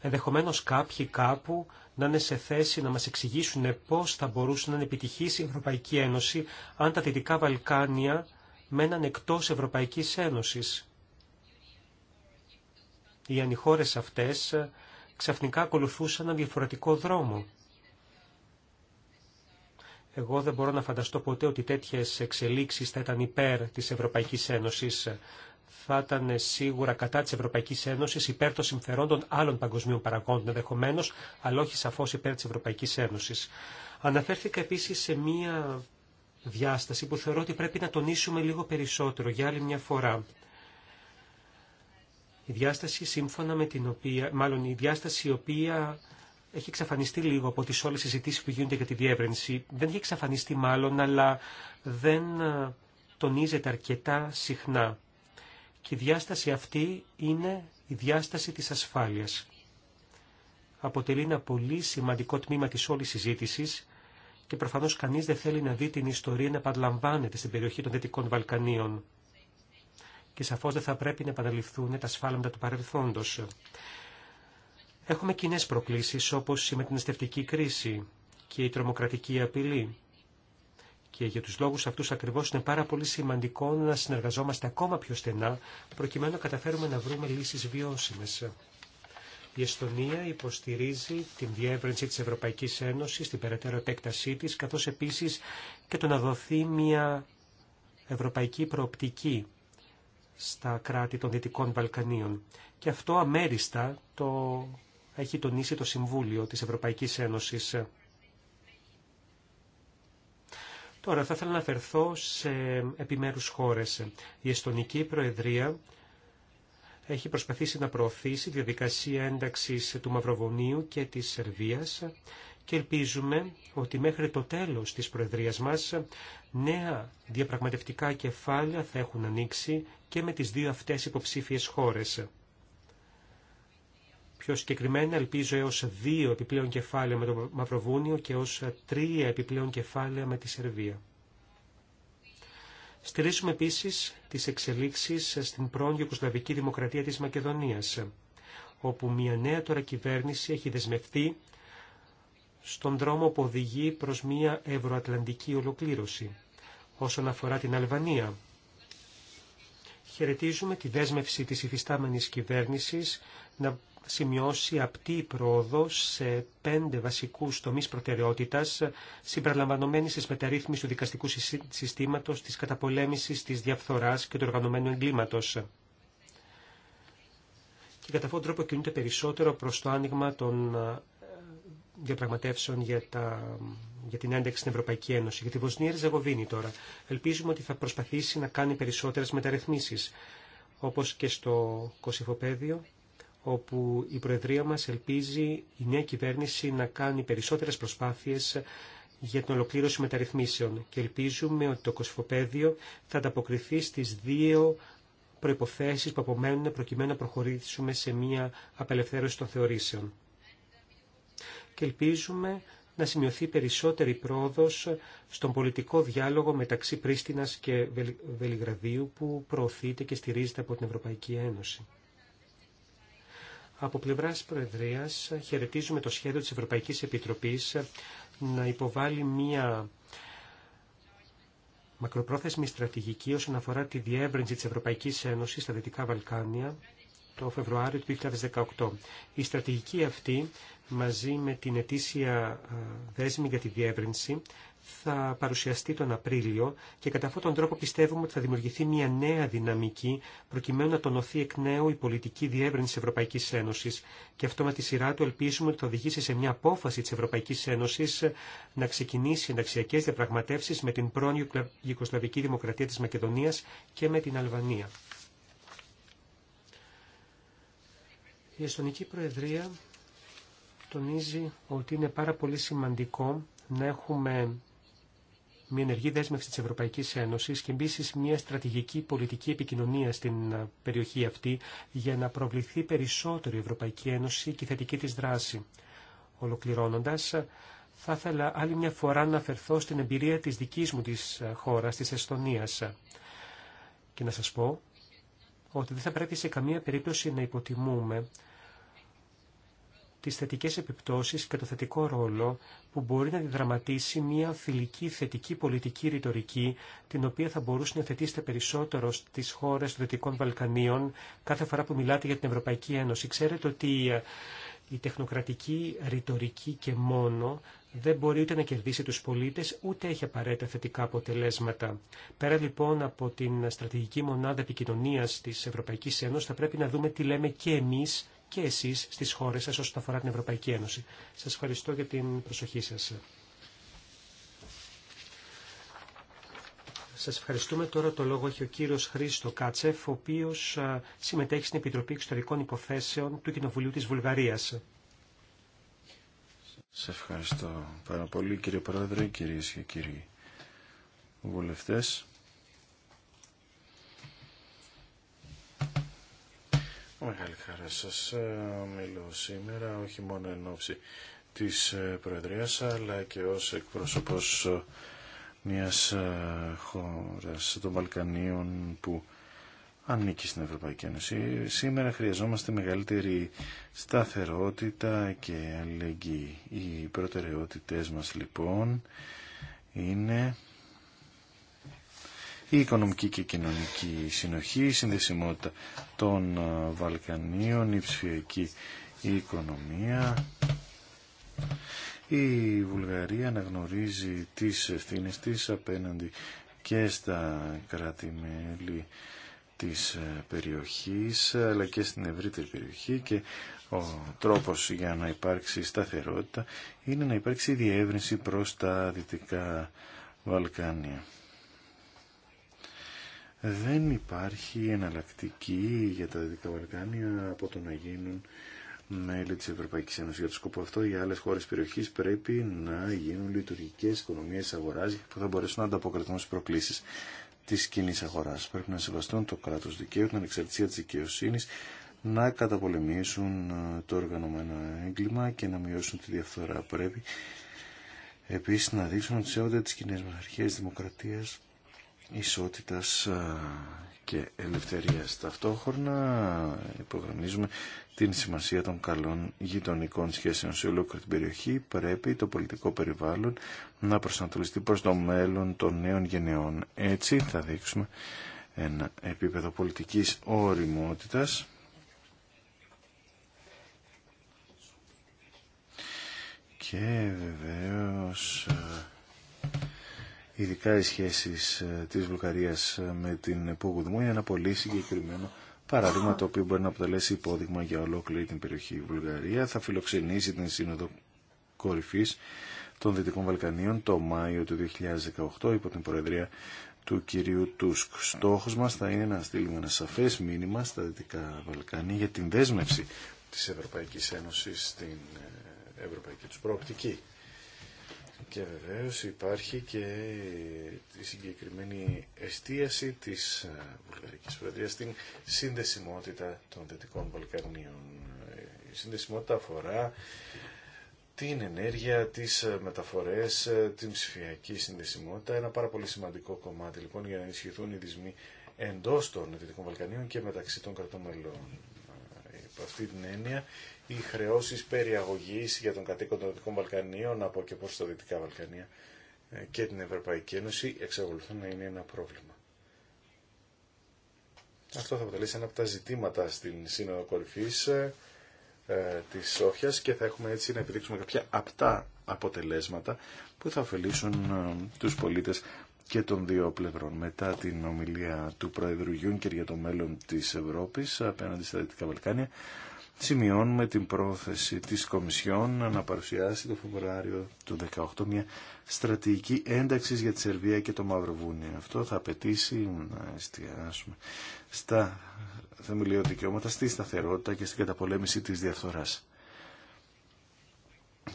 Ενδεχομένως κάποιοι κάπου να είναι σε θέση να μας εξηγήσουν πώς θα μπορούσε να επιτυχήσει η Ευρωπαϊκή Ένωση αν τα Δυτικά Βαλκάνια μέναν εκτός Ευρωπαϊκής Ένωσης οι ανηχώρες αυτές ξαφνικά ακολουθούσαν έναν διαφορετικό δρόμο. Εγώ δεν μπορώ να φανταστώ ποτέ ότι τέτοιες εξελίξεις θα ήταν υπέρ της Ευρωπαϊκής Ένωσης. Θα ήταν σίγουρα κατά της Ευρωπαϊκής Ένωσης, υπέρ των συμφερόντων άλλων παγκοσμίων παραγόντων ενδεχομένω, αλλά όχι σαφώς υπέρ της Ευρωπαϊκής Ένωσης. Αναφέρθηκα επίσης σε μία διάσταση που θεωρώ ότι πρέπει να τονίσουμε λίγο περισσότερο για άλλη μια φορά η διάσταση σύμφωνα με την οποία, μάλλον η διάσταση η οποία έχει εξαφανιστεί λίγο από τις όλες τις συζητήσεις που γίνονται για τη διεύρυνση. Δεν έχει εξαφανιστεί μάλλον, αλλά δεν ε, τονίζεται αρκετά συχνά. Και η διάσταση αυτή είναι η διάσταση της ασφάλειας. Αποτελεί ένα πολύ σημαντικό τμήμα της όλης συζήτησης και προφανώς κανείς δεν θέλει να δει την ιστορία να παραλαμβάνεται στην περιοχή των Δυτικών Βαλκανίων και σαφώ δεν θα πρέπει να επαναληφθούν τα σφάλματα του παρελθόντος. Έχουμε κοινέ προκλήσεις όπως η μεταναστευτική κρίση και η τρομοκρατική απειλή. Και για τους λόγους αυτούς ακριβώς είναι πάρα πολύ σημαντικό να συνεργαζόμαστε ακόμα πιο στενά, προκειμένου να καταφέρουμε να βρούμε λύσεις βιώσιμες. Η Εστονία υποστηρίζει την διεύρυνση της Ευρωπαϊκής Ένωσης, την περαιτέρω επέκτασή της, καθώς επίσης και το να δοθεί μια ευρωπαϊκή προοπτική στα κράτη των Δυτικών Βαλκανίων. Και αυτό αμέριστα το έχει τονίσει το Συμβούλιο της Ευρωπαϊκής Ένωσης. Τώρα θα ήθελα να αφαιρθώ σε επιμέρους χώρες. Η Εστονική Προεδρία έχει προσπαθήσει να προωθήσει διαδικασία ένταξης του Μαυροβονίου και της Σερβίας και ελπίζουμε ότι μέχρι το τέλος της Προεδρίας μας νέα διαπραγματευτικά κεφάλαια θα έχουν ανοίξει και με τις δύο αυτές υποψήφιες χώρες. Πιο συγκεκριμένα ελπίζω έως δύο επιπλέον κεφάλαια με το Μαυροβούνιο και έως τρία επιπλέον κεφάλαια με τη Σερβία. Στηρίζουμε επίσης τις εξελίξεις στην πρώην Ιουκοσλαβική Δημοκρατία της Μακεδονίας, όπου μια νέα τώρα κυβέρνηση έχει δεσμευτεί στον δρόμο που οδηγεί προς μια ευρωατλαντική ολοκλήρωση. Όσον αφορά την Αλβανία, χαιρετίζουμε τη δέσμευση της υφιστάμενης κυβέρνησης να σημειώσει απτή πρόοδο σε πέντε βασικούς τομείς προτεραιότητας, συμπεριλαμβανομένης της μεταρρύθμισης του δικαστικού συστήματος, της καταπολέμησης της διαφθοράς και του οργανωμένου εγκλήματος και κατά αυτόν τον τρόπο κινούνται περισσότερο προς το άνοιγμα των διαπραγματεύσεων για, τα, για την ένταξη στην Ευρωπαϊκή Ένωση, για τη Βοσνία Ριζαγοβίνη τώρα. Ελπίζουμε ότι θα προσπαθήσει να κάνει περισσότερε μεταρρυθμίσεις, όπω και στο Κωσυφοπαίδιο, όπου η Προεδρία μα ελπίζει η νέα κυβέρνηση να κάνει περισσότερε προσπάθειες για την ολοκλήρωση μεταρρυθμίσεων και ελπίζουμε ότι το Κωσυφοπαίδιο θα ανταποκριθεί στι δύο προϋποθέσεις που απομένουν προκειμένου να προχωρήσουμε σε μια απελευθέρωση των θεωρήσεων και ελπίζουμε να σημειωθεί περισσότερη πρόοδος στον πολιτικό διάλογο μεταξύ Πρίστινας και Βελιγραδίου που προωθείται και στηρίζεται από την Ευρωπαϊκή Ένωση. Από πλευράς Προεδρίας χαιρετίζουμε το σχέδιο της Ευρωπαϊκής Επιτροπής να υποβάλει μία μακροπρόθεσμη στρατηγική όσον αφορά τη διεύρυνση της Ευρωπαϊκής Ένωσης στα Δυτικά Βαλκάνια το Φεβρουάριο του 2018. Η στρατηγική αυτή μαζί με την ετήσια δέσμη για τη διεύρυνση θα παρουσιαστεί τον Απρίλιο και κατά αυτόν τον τρόπο πιστεύουμε ότι θα δημιουργηθεί μια νέα δυναμική προκειμένου να τονωθεί εκ νέου η πολιτική διεύρυνση Ευρωπαϊκής Ένωσης και αυτό με τη σειρά του ελπίζουμε ότι θα οδηγήσει σε μια απόφαση της Ευρωπαϊκής Ένωσης να ξεκινήσει ενταξιακέ διαπραγματεύσεις με την πρώην Ιουκοσλαβική Δημοκρατία της Μακεδονίας και με την Αλβανία. Η Εστονική Προεδρία τονίζει ότι είναι πάρα πολύ σημαντικό να έχουμε μια ενεργή δέσμευση της Ευρωπαϊκής Ένωσης και επίση μια στρατηγική πολιτική επικοινωνία στην περιοχή αυτή για να προβληθεί περισσότερο η Ευρωπαϊκή Ένωση και η θετική της δράση. Ολοκληρώνοντας, θα ήθελα άλλη μια φορά να αφαιρθώ στην εμπειρία της δικής μου της χώρας, της Εστονίας. Και να σας πω ότι δεν θα πρέπει σε καμία περίπτωση να υποτιμούμε τις θετικές επιπτώσεις και το θετικό ρόλο που μπορεί να διδραματίσει μια φιλική θετική πολιτική ρητορική, την οποία θα μπορούσε να θετήσετε περισσότερο στις χώρες των Δυτικών Βαλκανίων κάθε φορά που μιλάτε για την Ευρωπαϊκή Ένωση. Ξέρετε ότι ε, η τεχνοκρατική ρητορική και μόνο δεν μπορεί ούτε να κερδίσει τους πολίτες, ούτε έχει απαραίτητα θετικά αποτελέσματα. Πέρα λοιπόν από την στρατηγική μονάδα επικοινωνίας της Ευρωπαϊκής Ένωση θα πρέπει να δούμε τι λέμε και εμείς και εσείς στις χώρες σας όσον αφορά την Ευρωπαϊκή Ένωση. Σας ευχαριστώ για την προσοχή σας. Σας ευχαριστούμε. Τώρα το λόγο έχει ο κύριος Χρήστο Κάτσεφ, ο οποίος συμμετέχει στην Επιτροπή Εξωτερικών Υποθέσεων του Κοινοβουλίου της Βουλγαρίας. Σας ευχαριστώ πάρα πολύ κύριε Πρόεδρε, κυρίες και κύριοι βουλευτές. Μεγάλη χαρά σας ε, μιλώ σήμερα, όχι μόνο εν ώψη της ε, Προεδρίας, αλλά και ως εκπρόσωπος ε, μιας χώρας των Βαλκανίων που ανήκει στην Ευρωπαϊκή Ένωση. Σήμερα χρειαζόμαστε μεγαλύτερη σταθερότητα και αλληλεγγύη. Οι προτεραιότητες μας λοιπόν είναι η οικονομική και κοινωνική συνοχή, η συνδεσιμότητα των ε, Βαλκανίων, η ψηφιακή οικονομία. Η Βουλγαρία αναγνωρίζει τις ευθύνε της απέναντι και στα κράτη-μέλη της ε, περιοχής αλλά και στην ευρύτερη περιοχή και ο τρόπος για να υπάρξει σταθερότητα είναι να υπάρξει διεύρυνση προς τα Δυτικά Βαλκάνια δεν υπάρχει εναλλακτική για τα Δυτικά Βαλκάνια από το να γίνουν μέλη της Ευρωπαϊκής Ένωσης. Για το σκοπό αυτό οι άλλες χώρες περιοχής πρέπει να γίνουν λειτουργικές οικονομίες αγοράς που θα μπορέσουν να ανταποκριθούν στις προκλήσεις της κοινή αγοράς. Πρέπει να σεβαστούν το κράτος δικαίου, την ανεξαρτησία της δικαιοσύνη, να καταπολεμήσουν ε, το οργανωμένο έγκλημα και να μειώσουν τη διαφθορά. Πρέπει επίσης να δείξουν ότι σέβονται τις κοινέ μας αρχές δημοκρατίας, ισότητας και ελευθερίας. Ταυτόχρονα υπογραμμίζουμε την σημασία των καλών γειτονικών σχέσεων σε ολόκληρη την περιοχή. Πρέπει το πολιτικό περιβάλλον να προσανατολιστεί προς το μέλλον των νέων γενεών. Έτσι θα δείξουμε ένα επίπεδο πολιτικής όριμότητας και βεβαίως ειδικά οι σχέσεις ε, της Βουλγαρίας ε, με την Πούγουδμού είναι ένα πολύ συγκεκριμένο παράδειγμα το οποίο μπορεί να αποτελέσει υπόδειγμα για ολόκληρη την περιοχή. Βουλγαρία θα φιλοξενήσει την Σύνοδο Κορυφής των Δυτικών Βαλκανίων το Μάιο του 2018 υπό την Προεδρία του κυρίου Τούσκ. Στόχος μα. θα είναι να στείλουμε ένα σαφέ μήνυμα στα Δυτικά Βαλκάνια για την δέσμευση τη ε, Ευρωπαϊκή Ένωση στην ευρωπαϊκή του προοπτική. Και βεβαίως υπάρχει και η συγκεκριμένη εστίαση της ε, Βουλγαρικής Προεδρίας στην συνδεσιμότητα των Δυτικών Βαλκανίων. Η συνδεσιμότητα αφορά την ενέργεια, τις ε, μεταφορές, ε, την ψηφιακή συνδεσιμότητα. Ένα πάρα πολύ σημαντικό κομμάτι λοιπόν για να ενισχυθούν οι δυσμοί εντός των Δυτικών Βαλκανίων και μεταξύ των κρατών μελών αυτή την έννοια οι χρεώσει περιαγωγή για τον κατοίκον των Δυτικών Βαλκανίων από και προ τα Δυτικά Βαλκανία ε, και την Ευρωπαϊκή Ένωση εξακολουθούν να είναι ένα πρόβλημα. Αυτό θα αποτελέσει ένα από τα ζητήματα στην Σύνοδο Κορυφή ε, ε τη Σόφια και θα έχουμε έτσι να επιδείξουμε κάποια απτά αποτελέσματα που θα ωφελήσουν ε, τους πολίτες και των δύο πλευρών. Μετά την ομιλία του Πρόεδρου Γιούνκερ για το μέλλον της Ευρώπης απέναντι στα Δυτικά Βαλκάνια, σημειώνουμε την πρόθεση της Κομισιόν να παρουσιάσει το Φεβρουάριο του 2018 μια στρατηγική ένταξη για τη Σερβία και το Μαυροβούνιο. Αυτό θα απαιτήσει να εστιάσουμε στα θεμελιώδη δικαιώματα, στη σταθερότητα και στην καταπολέμηση της διαφθοράς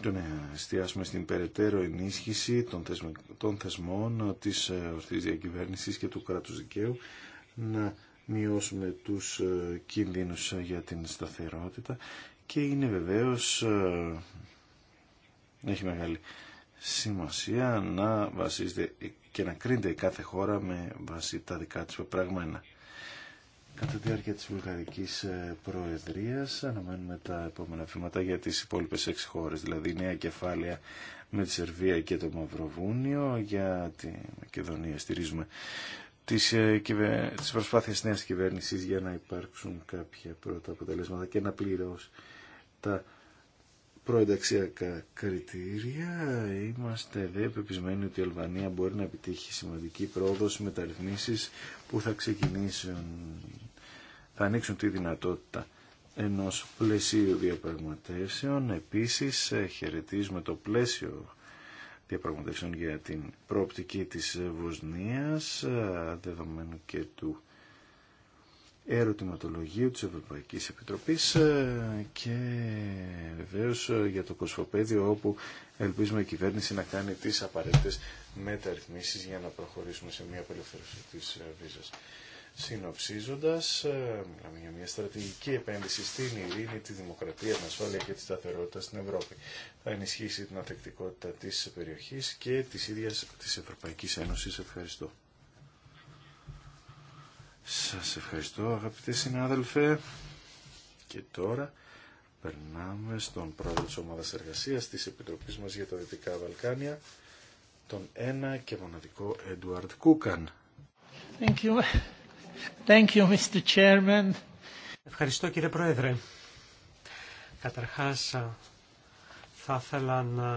το να εστιάσουμε στην περαιτέρω ενίσχυση των, θεσμών ε, της ορθής ε, διακυβέρνησης και του κράτους δικαίου, να μειώσουμε τους ε, κινδύνους για την σταθερότητα και είναι βεβαίως, έχει μεγάλη σημασία να βασίζεται και να κρίνεται η κάθε χώρα με βάση τα δικά της πράγματα κατά τη διάρκεια της Βουλγαρικής ε, Προεδρίας. Αναμένουμε τα επόμενα βήματα για τις υπόλοιπες έξι χώρες, δηλαδή νέα κεφάλαια με τη Σερβία και το Μαυροβούνιο. Για τη Μακεδονία στηρίζουμε τις, ε, τις προσπάθειες νέας κυβέρνησης για να υπάρξουν κάποια πρώτα αποτελέσματα και να πληρώσει τα προενταξιακά κριτήρια. Είμαστε δε πεπισμένοι ότι η Αλβανία μπορεί να επιτύχει σημαντική πρόοδο τα που θα ξεκινήσουν, θα ανοίξουν τη δυνατότητα ενός πλαισίου διαπραγματεύσεων. Επίσης ε, χαιρετίζουμε το πλαίσιο διαπραγματεύσεων για την προοπτική της Βοσνίας, ε, δεδομένου και του ερωτηματολογίου της Ευρωπαϊκής Επιτροπής ε, και βεβαίως ε, για το κοσφοπέδιο όπου ελπίζουμε η κυβέρνηση να κάνει τις απαραίτητες μεταρρυθμίσεις για να προχωρήσουμε σε μια απελευθέρωση της ε, βίζας. Συνοψίζοντας, μιλάμε για μια στρατηγική επένδυση στην ειρήνη, τη δημοκρατία, την ασφάλεια και τη σταθερότητα στην Ευρώπη. Θα ενισχύσει την ανθεκτικότητα της περιοχής και της ίδιας της Ευρωπαϊκής Ένωσης. Ευχαριστώ. Σας ευχαριστώ αγαπητοί συνάδελφε. Και τώρα περνάμε στον πρόεδρο της ομάδας εργασίας της Επιτροπής μας για τα Δυτικά Βαλκάνια, τον ένα και μοναδικό Έντουαρτ Κούκαν. Thank you. Thank you, Mr. Chairman. Ευχαριστώ κύριε Πρόεδρε. Καταρχάς θα ήθελα να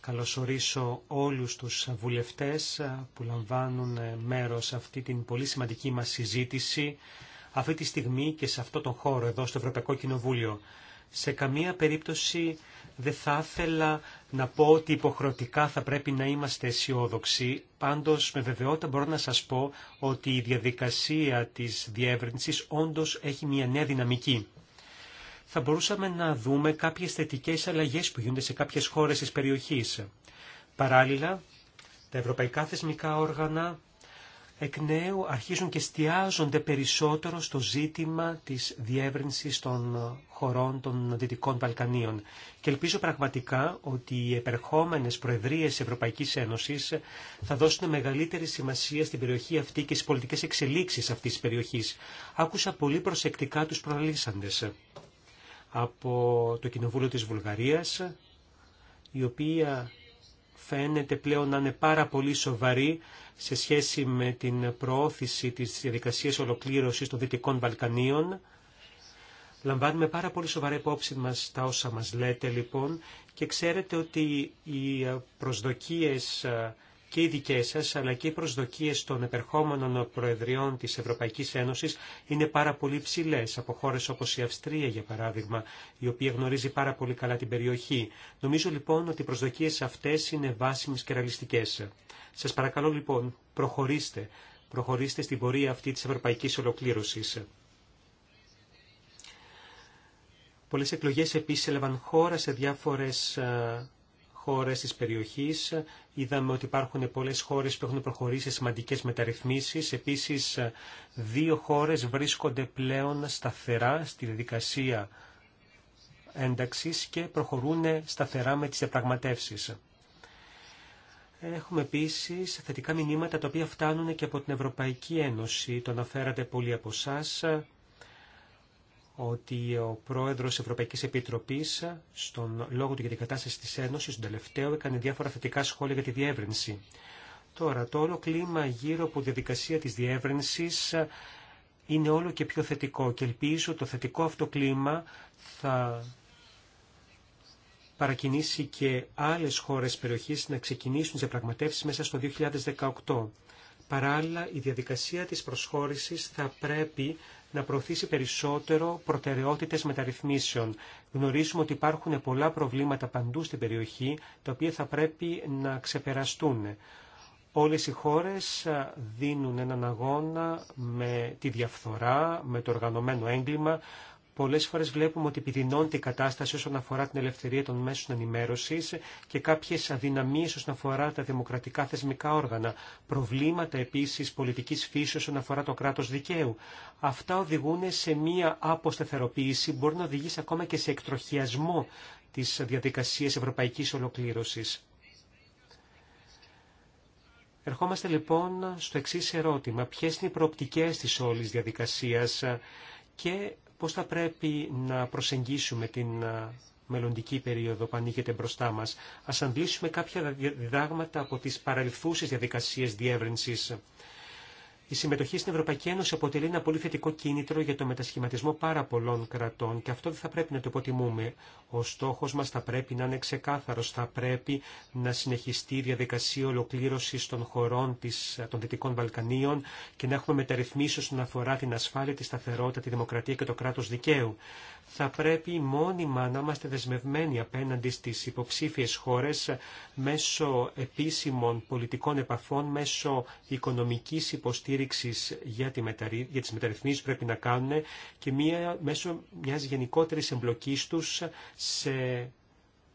καλωσορίσω όλους τους βουλευτές που λαμβάνουν μέρος σε αυτή την πολύ σημαντική μας συζήτηση αυτή τη στιγμή και σε αυτό τον χώρο εδώ στο Ευρωπαϊκό Κοινοβούλιο. Σε καμία περίπτωση δεν θα ήθελα να πω ότι υποχρεωτικά θα πρέπει να είμαστε αισιόδοξοι. Πάντως με βεβαιότητα μπορώ να σας πω ότι η διαδικασία της διεύρυνσης όντως έχει μια νέα δυναμική θα μπορούσαμε να δούμε κάποιες θετικές αλλαγές που γίνονται σε κάποιες χώρες της περιοχής. Παράλληλα, τα ευρωπαϊκά θεσμικά όργανα εκ νέου αρχίζουν και στιάζονται περισσότερο στο ζήτημα της διεύρυνσης των χωρών των Δυτικών Βαλκανίων. Και ελπίζω πραγματικά ότι οι επερχόμενες προεδρίες Ευρωπαϊκής Ένωσης θα δώσουν μεγαλύτερη σημασία στην περιοχή αυτή και στις πολιτικές εξελίξεις αυτής της περιοχής. Άκουσα πολύ προσεκτικά τους προαλήσαντες από το Κοινοβούλιο της Βουλγαρίας, η οποία φαίνεται πλέον να είναι πάρα πολύ σοβαρή σε σχέση με την προώθηση της διαδικασίας ολοκλήρωσης των Δυτικών Βαλκανίων. Λαμβάνουμε πάρα πολύ σοβαρά υπόψη μας τα όσα μας λέτε λοιπόν και ξέρετε ότι οι προσδοκίες και οι δικέ σα, αλλά και οι προσδοκίε των επερχόμενων προεδριών τη Ευρωπαϊκή Ένωση είναι πάρα πολύ ψηλέ από χώρε όπω η Αυστρία, για παράδειγμα, η οποία γνωρίζει πάρα πολύ καλά την περιοχή. Νομίζω λοιπόν ότι οι προσδοκίε αυτέ είναι βάσιμε και ρεαλιστικέ. Σα παρακαλώ λοιπόν, προχωρήστε. Προχωρήστε στην πορεία αυτή τη ευρωπαϊκή ολοκλήρωση. Πολλές εκλογές επίσης έλαβαν χώρα σε διάφορες χώρες της περιοχής. Είδαμε ότι υπάρχουν πολλές χώρες που έχουν προχωρήσει σημαντικές μεταρρυθμίσεις. Επίσης, δύο χώρες βρίσκονται πλέον σταθερά στη διαδικασία ένταξης και προχωρούν σταθερά με τις διαπραγματεύσεις. Έχουμε επίση θετικά μηνύματα τα οποία φτάνουν και από την Ευρωπαϊκή Ένωση. Το αναφέρατε πολλοί από εσά ότι ο πρόεδρος της Ευρωπαϊκής Επιτροπής στον λόγο του για την κατάσταση της Ένωσης, τον τελευταίο, έκανε διάφορα θετικά σχόλια για τη διεύρυνση. Τώρα, το όλο κλίμα γύρω από τη διαδικασία της διεύρυνσης είναι όλο και πιο θετικό και ελπίζω το θετικό αυτό κλίμα θα παρακινήσει και άλλες χώρες περιοχής να ξεκινήσουν τις διαπραγματεύσεις μέσα στο 2018. Παράλληλα, η διαδικασία της προσχώρησης θα πρέπει να προωθήσει περισσότερο προτεραιότητες μεταρρυθμίσεων. Γνωρίζουμε ότι υπάρχουν πολλά προβλήματα παντού στην περιοχή, τα οποία θα πρέπει να ξεπεραστούν. Όλες οι χώρες δίνουν έναν αγώνα με τη διαφθορά, με το οργανωμένο έγκλημα, Πολλές φορές βλέπουμε ότι επιδεινώνεται η κατάσταση όσον αφορά την ελευθερία των μέσων ενημέρωσης και κάποιες αδυναμίες όσον αφορά τα δημοκρατικά θεσμικά όργανα. Προβλήματα επίσης πολιτικής φύσης όσον αφορά το κράτος δικαίου. Αυτά οδηγούν σε μία αποσταθεροποίηση, μπορεί να οδηγήσει ακόμα και σε εκτροχιασμό της διαδικασίας ευρωπαϊκής ολοκλήρωσης. Ερχόμαστε λοιπόν στο εξή ερώτημα. Ποιες είναι οι προοπτικές της όλη διαδικασία και πώς θα πρέπει να προσεγγίσουμε την μελλοντική περίοδο που ανήκεται μπροστά μας. Ας αντλήσουμε κάποια διδάγματα από τις παρελθούσες διαδικασίες διεύρυνσης. Η συμμετοχή στην Ευρωπαϊκή Ένωση αποτελεί ένα πολύ θετικό κίνητρο για το μετασχηματισμό πάρα πολλών κρατών και αυτό δεν θα πρέπει να το υποτιμούμε. Ο στόχος μας θα πρέπει να είναι ξεκάθαρος, θα πρέπει να συνεχιστεί η διαδικασία ολοκλήρωσης των χωρών της, των Δυτικών Βαλκανίων και να έχουμε μεταρρυθμίσει όσον αφορά την ασφάλεια, τη σταθερότητα, τη δημοκρατία και το κράτος δικαίου θα πρέπει μόνιμα να είμαστε δεσμευμένοι απέναντι στις υποψήφιες χώρες μέσω επίσημων πολιτικών επαφών, μέσω οικονομικής υποστήριξης για, τη μεταρρυ... για τις μεταρρυθμίσεις που πρέπει να κάνουν και μία... μέσω μιας γενικότερης εμπλοκής τους σε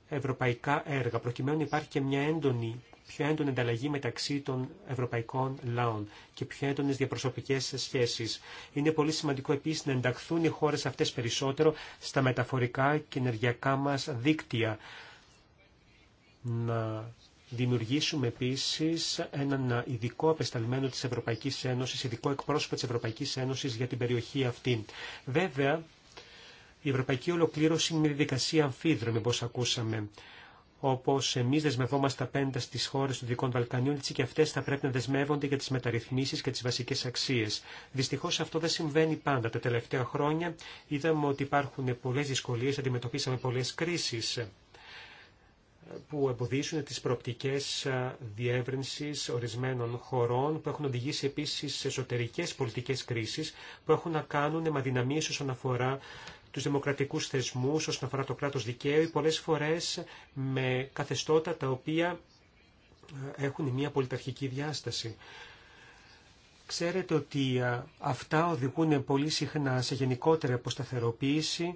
ευρωπαϊκά έργα, προκειμένου να υπάρχει και μια έντονη πιο έντονη ανταλλαγή μεταξύ των ευρωπαϊκών λαών και πιο έντονε διαπροσωπικέ σχέσει. Είναι πολύ σημαντικό επίση να ενταχθούν οι χώρε αυτέ περισσότερο στα μεταφορικά και ενεργειακά μα δίκτυα. Να Δημιουργήσουμε επίση έναν ειδικό απεσταλμένο τη Ευρωπαϊκή Ένωση, ειδικό εκπρόσωπο τη Ευρωπαϊκή Ένωση για την περιοχή αυτή. Βέβαια, η ευρωπαϊκή ολοκλήρωση είναι μια διαδικασία αμφίδρομη, όπω ακούσαμε όπως εμείς δεσμευόμαστε απέναντι στις χώρες των Δικών Βαλκανίων, έτσι και αυτές θα πρέπει να δεσμεύονται για τις μεταρρυθμίσεις και τις βασικές αξίες. Δυστυχώς αυτό δεν συμβαίνει πάντα. Τα τελευταία χρόνια είδαμε ότι υπάρχουν πολλές δυσκολίες, αντιμετωπίσαμε πολλές κρίσεις που εμποδίσουν τις προοπτικές διεύρυνσης ορισμένων χωρών που έχουν οδηγήσει επίσης σε εσωτερικές πολιτικές κρίσεις που έχουν να κάνουν με αδυναμίες όσον αφορά τους δημοκρατικούς θεσμούς όσον αφορά το κράτος δικαίου ή πολλές φορές με καθεστώτα τα οποία ε, έχουν μια πολιταρχική διάσταση. Ξέρετε ότι ε, αυτά οδηγούν πολύ συχνά σε γενικότερη αποσταθεροποίηση,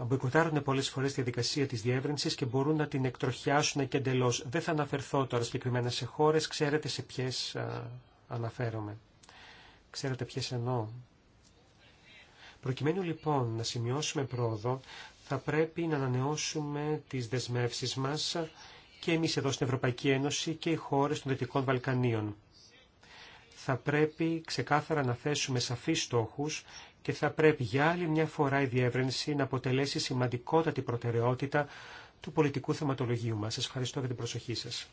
ε, μποϊκοτάρουν πολλές φορές τη διαδικασία της διεύρυνσης και μπορούν να την εκτροχιάσουν και εντελώ. Δεν θα αναφερθώ τώρα συγκεκριμένα σε χώρες, ξέρετε σε ποιες αναφέρομαι. Ξέρετε ποιες εννοώ. Προκειμένου λοιπόν να σημειώσουμε πρόοδο, θα πρέπει να ανανεώσουμε τις δεσμεύσεις μας και εμείς εδώ στην Ευρωπαϊκή Ένωση και οι χώρες των Δυτικών Βαλκανίων. Θα πρέπει ξεκάθαρα να θέσουμε σαφείς στόχους και θα πρέπει για άλλη μια φορά η διεύρυνση να αποτελέσει σημαντικότατη προτεραιότητα του πολιτικού θεματολογίου μας. Σας ευχαριστώ για την προσοχή σας.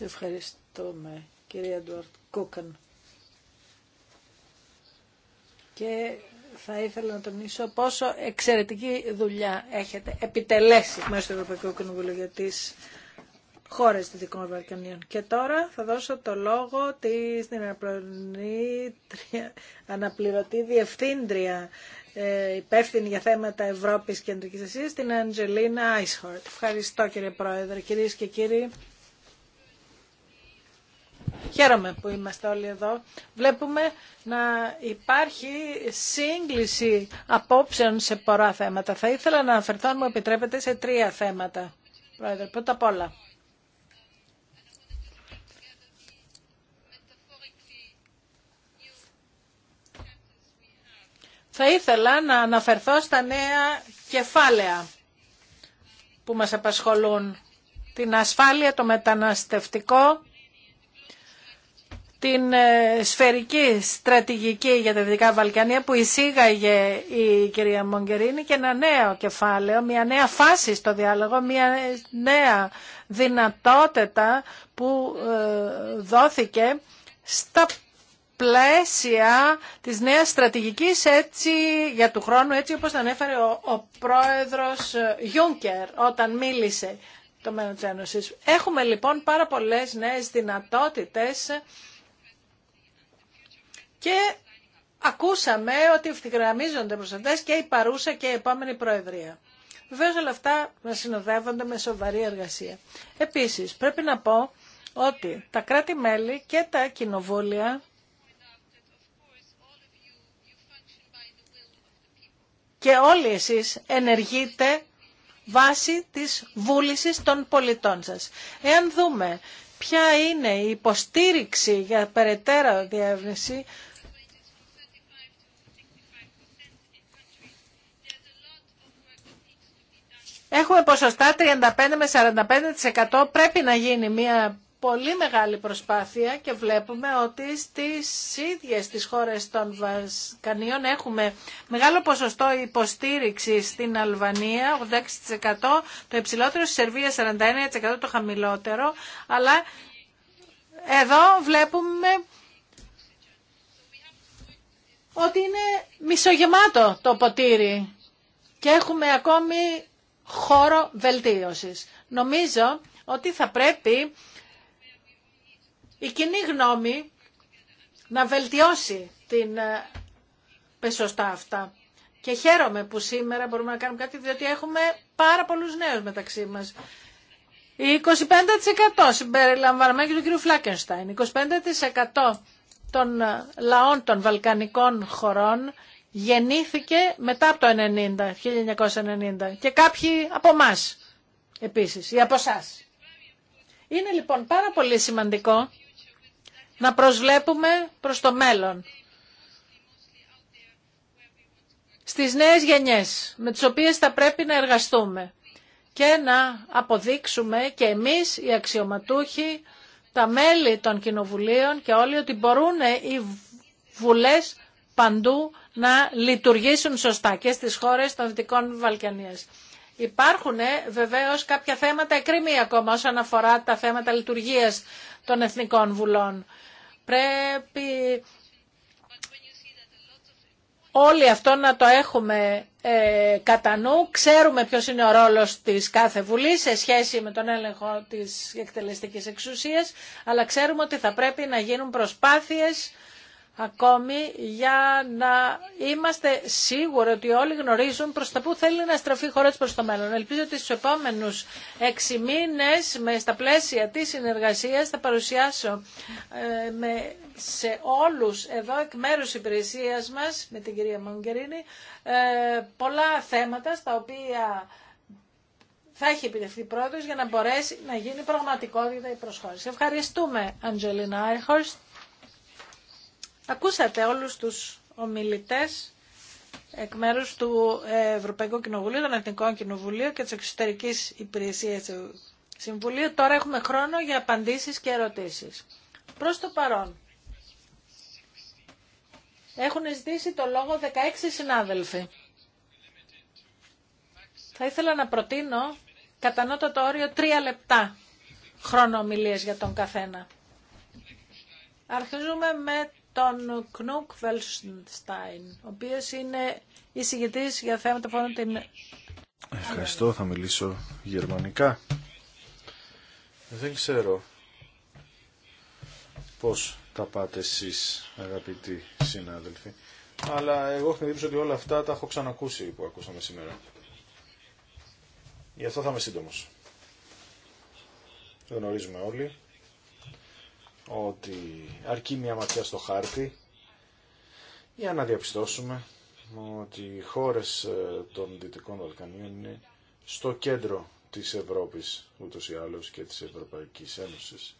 ευχαριστούμε, κύριε Έντουαρτ Κούκαν. Και θα ήθελα να τονίσω πόσο εξαιρετική δουλειά έχετε επιτελέσει μέσω του Ευρωπαϊκό Κοινοβούλιο για τις χώρες των Δυτικών Βαλκανίων. Και τώρα θα δώσω το λόγο της, στην αναπληρωτή διευθύντρια ε, υπεύθυνη για θέματα Ευρώπης και Αντρικής Ασίας, την Αντζελίνα Άισχορτ. Ευχαριστώ κύριε Πρόεδρε, κυρίες και κύριοι. Χαίρομαι που είμαστε όλοι εδώ. Βλέπουμε να υπάρχει σύγκληση απόψεων σε πολλά θέματα. Θα ήθελα να αναφερθώ, αν μου επιτρέπετε, σε τρία θέματα. πρώτα απ' όλα, Θα ήθελα να αναφερθώ στα νέα κεφάλαια που μας απασχολούν. Την ασφάλεια, το μεταναστευτικό, την ε, σφαιρική στρατηγική για τα Δυτικά Βαλκανία που εισήγαγε η κυρία Μογκερίνη και ένα νέο κεφάλαιο, μια νέα φάση στο διάλογο, μια νέα δυνατότητα που ε, δόθηκε στα πλαίσια της νέας στρατηγικής έτσι, για του χρόνου, έτσι όπως ανέφερε ο, ο πρόεδρος ε, Γιούνκερ όταν μίλησε το μέλλον της Ένωσης. Έχουμε λοιπόν πάρα πολλές νέες δυνατότητες και ακούσαμε ότι ευθυγραμμίζονται προς και η παρούσα και η επόμενη Προεδρία. Βεβαίω όλα αυτά να συνοδεύονται με σοβαρή εργασία. Επίσης πρέπει να πω ότι τα κράτη-μέλη και τα κοινοβούλια και όλοι εσείς ενεργείτε βάσει της βούλησης των πολιτών σας. Εάν δούμε ποια είναι η υποστήριξη για περαιτέρω διεύρυνση, Έχουμε ποσοστά 35 με 45% πρέπει να γίνει μια πολύ μεγάλη προσπάθεια και βλέπουμε ότι στις ίδιες τις χώρες των Βασκανίων έχουμε μεγάλο ποσοστό υποστήριξη στην Αλβανία, 86%, το υψηλότερο στη Σερβία 49% το χαμηλότερο, αλλά εδώ βλέπουμε ότι είναι μισογεμάτο το ποτήρι και έχουμε ακόμη χώρο βελτίωσης. Νομίζω ότι θα πρέπει η κοινή γνώμη να βελτιώσει την ε, πεσοστά αυτά. Και χαίρομαι που σήμερα μπορούμε να κάνουμε κάτι, διότι έχουμε πάρα πολλούς νέους μεταξύ μας. 25% συμπεριλαμβανομένου και του κύριου Φλάκενστάιν, 25% των ε, λαών των Βαλκανικών χωρών γεννήθηκε μετά από το 90, 1990 και κάποιοι από εμά επίσης ή από εσά. Είναι λοιπόν πάρα πολύ σημαντικό να προσβλέπουμε προς το μέλλον. Στις νέες γενιές με τις οποίες θα πρέπει να εργαστούμε και να αποδείξουμε και εμείς οι αξιωματούχοι, τα μέλη των κοινοβουλίων και όλοι ότι μπορούν οι βουλές παντού να λειτουργήσουν σωστά και στις χώρες των Δυτικών Βαλκανίας. Υπάρχουν βεβαίως κάποια θέματα εκκρεμή ακόμα όσον αφορά τα θέματα λειτουργίας των Εθνικών Βουλών. Πρέπει όλοι αυτό να το έχουμε ε, κατά νου. Ξέρουμε ποιος είναι ο ρόλος της κάθε Βουλής σε σχέση με τον έλεγχο της εκτελεστικής εξουσίας, αλλά ξέρουμε ότι θα πρέπει να γίνουν προσπάθειες ακόμη για να είμαστε σίγουροι ότι όλοι γνωρίζουν προς τα που θέλει να στραφεί η χώρα της προς το μέλλον. Ελπίζω ότι στους επόμενους έξι μήνες με στα πλαίσια της συνεργασίας θα παρουσιάσω ε, σε όλους εδώ εκ μέρους υπηρεσίας μας με την κυρία Μαγκερίνη ε, πολλά θέματα στα οποία θα έχει επιτευχθεί πρώτος για να μπορέσει να γίνει πραγματικότητα η προσχώρηση. Ευχαριστούμε, Αντζελίνα Άιχορστ. Ακούσατε όλους τους ομιλητές εκ μέρους του Ευρωπαϊκού Κοινοβουλίου, των Εθνικών Κοινοβουλίων και της Εξωτερικής Υπηρεσίας του Συμβουλίου. Τώρα έχουμε χρόνο για απαντήσεις και ερωτήσεις. Προς το παρόν. Έχουν ζητήσει το λόγο 16 συνάδελφοι. Θα ήθελα να προτείνω κατανότα το όριο 3 λεπτά χρόνο ομιλίες για τον καθένα. Αρχίζουμε με τον Κνούκ Βελσνστάιν, ο οποίο είναι εισηγητή για θέματα που την... Ευχαριστώ, θα μιλήσω γερμανικά. Δεν ξέρω πώς τα πάτε εσείς, αγαπητοί συνάδελφοι, αλλά εγώ έχω εντύπωση ότι όλα αυτά τα έχω ξανακούσει που ακούσαμε σήμερα. Γι' αυτό θα είμαι σύντομος. γνωρίζουμε όλοι ότι αρκεί μια ματιά στο χάρτη για να διαπιστώσουμε ότι οι χώρες ε, των Δυτικών Βαλκανίων είναι στο κέντρο της Ευρώπης ούτως ή άλλως και της Ευρωπαϊκής Ένωσης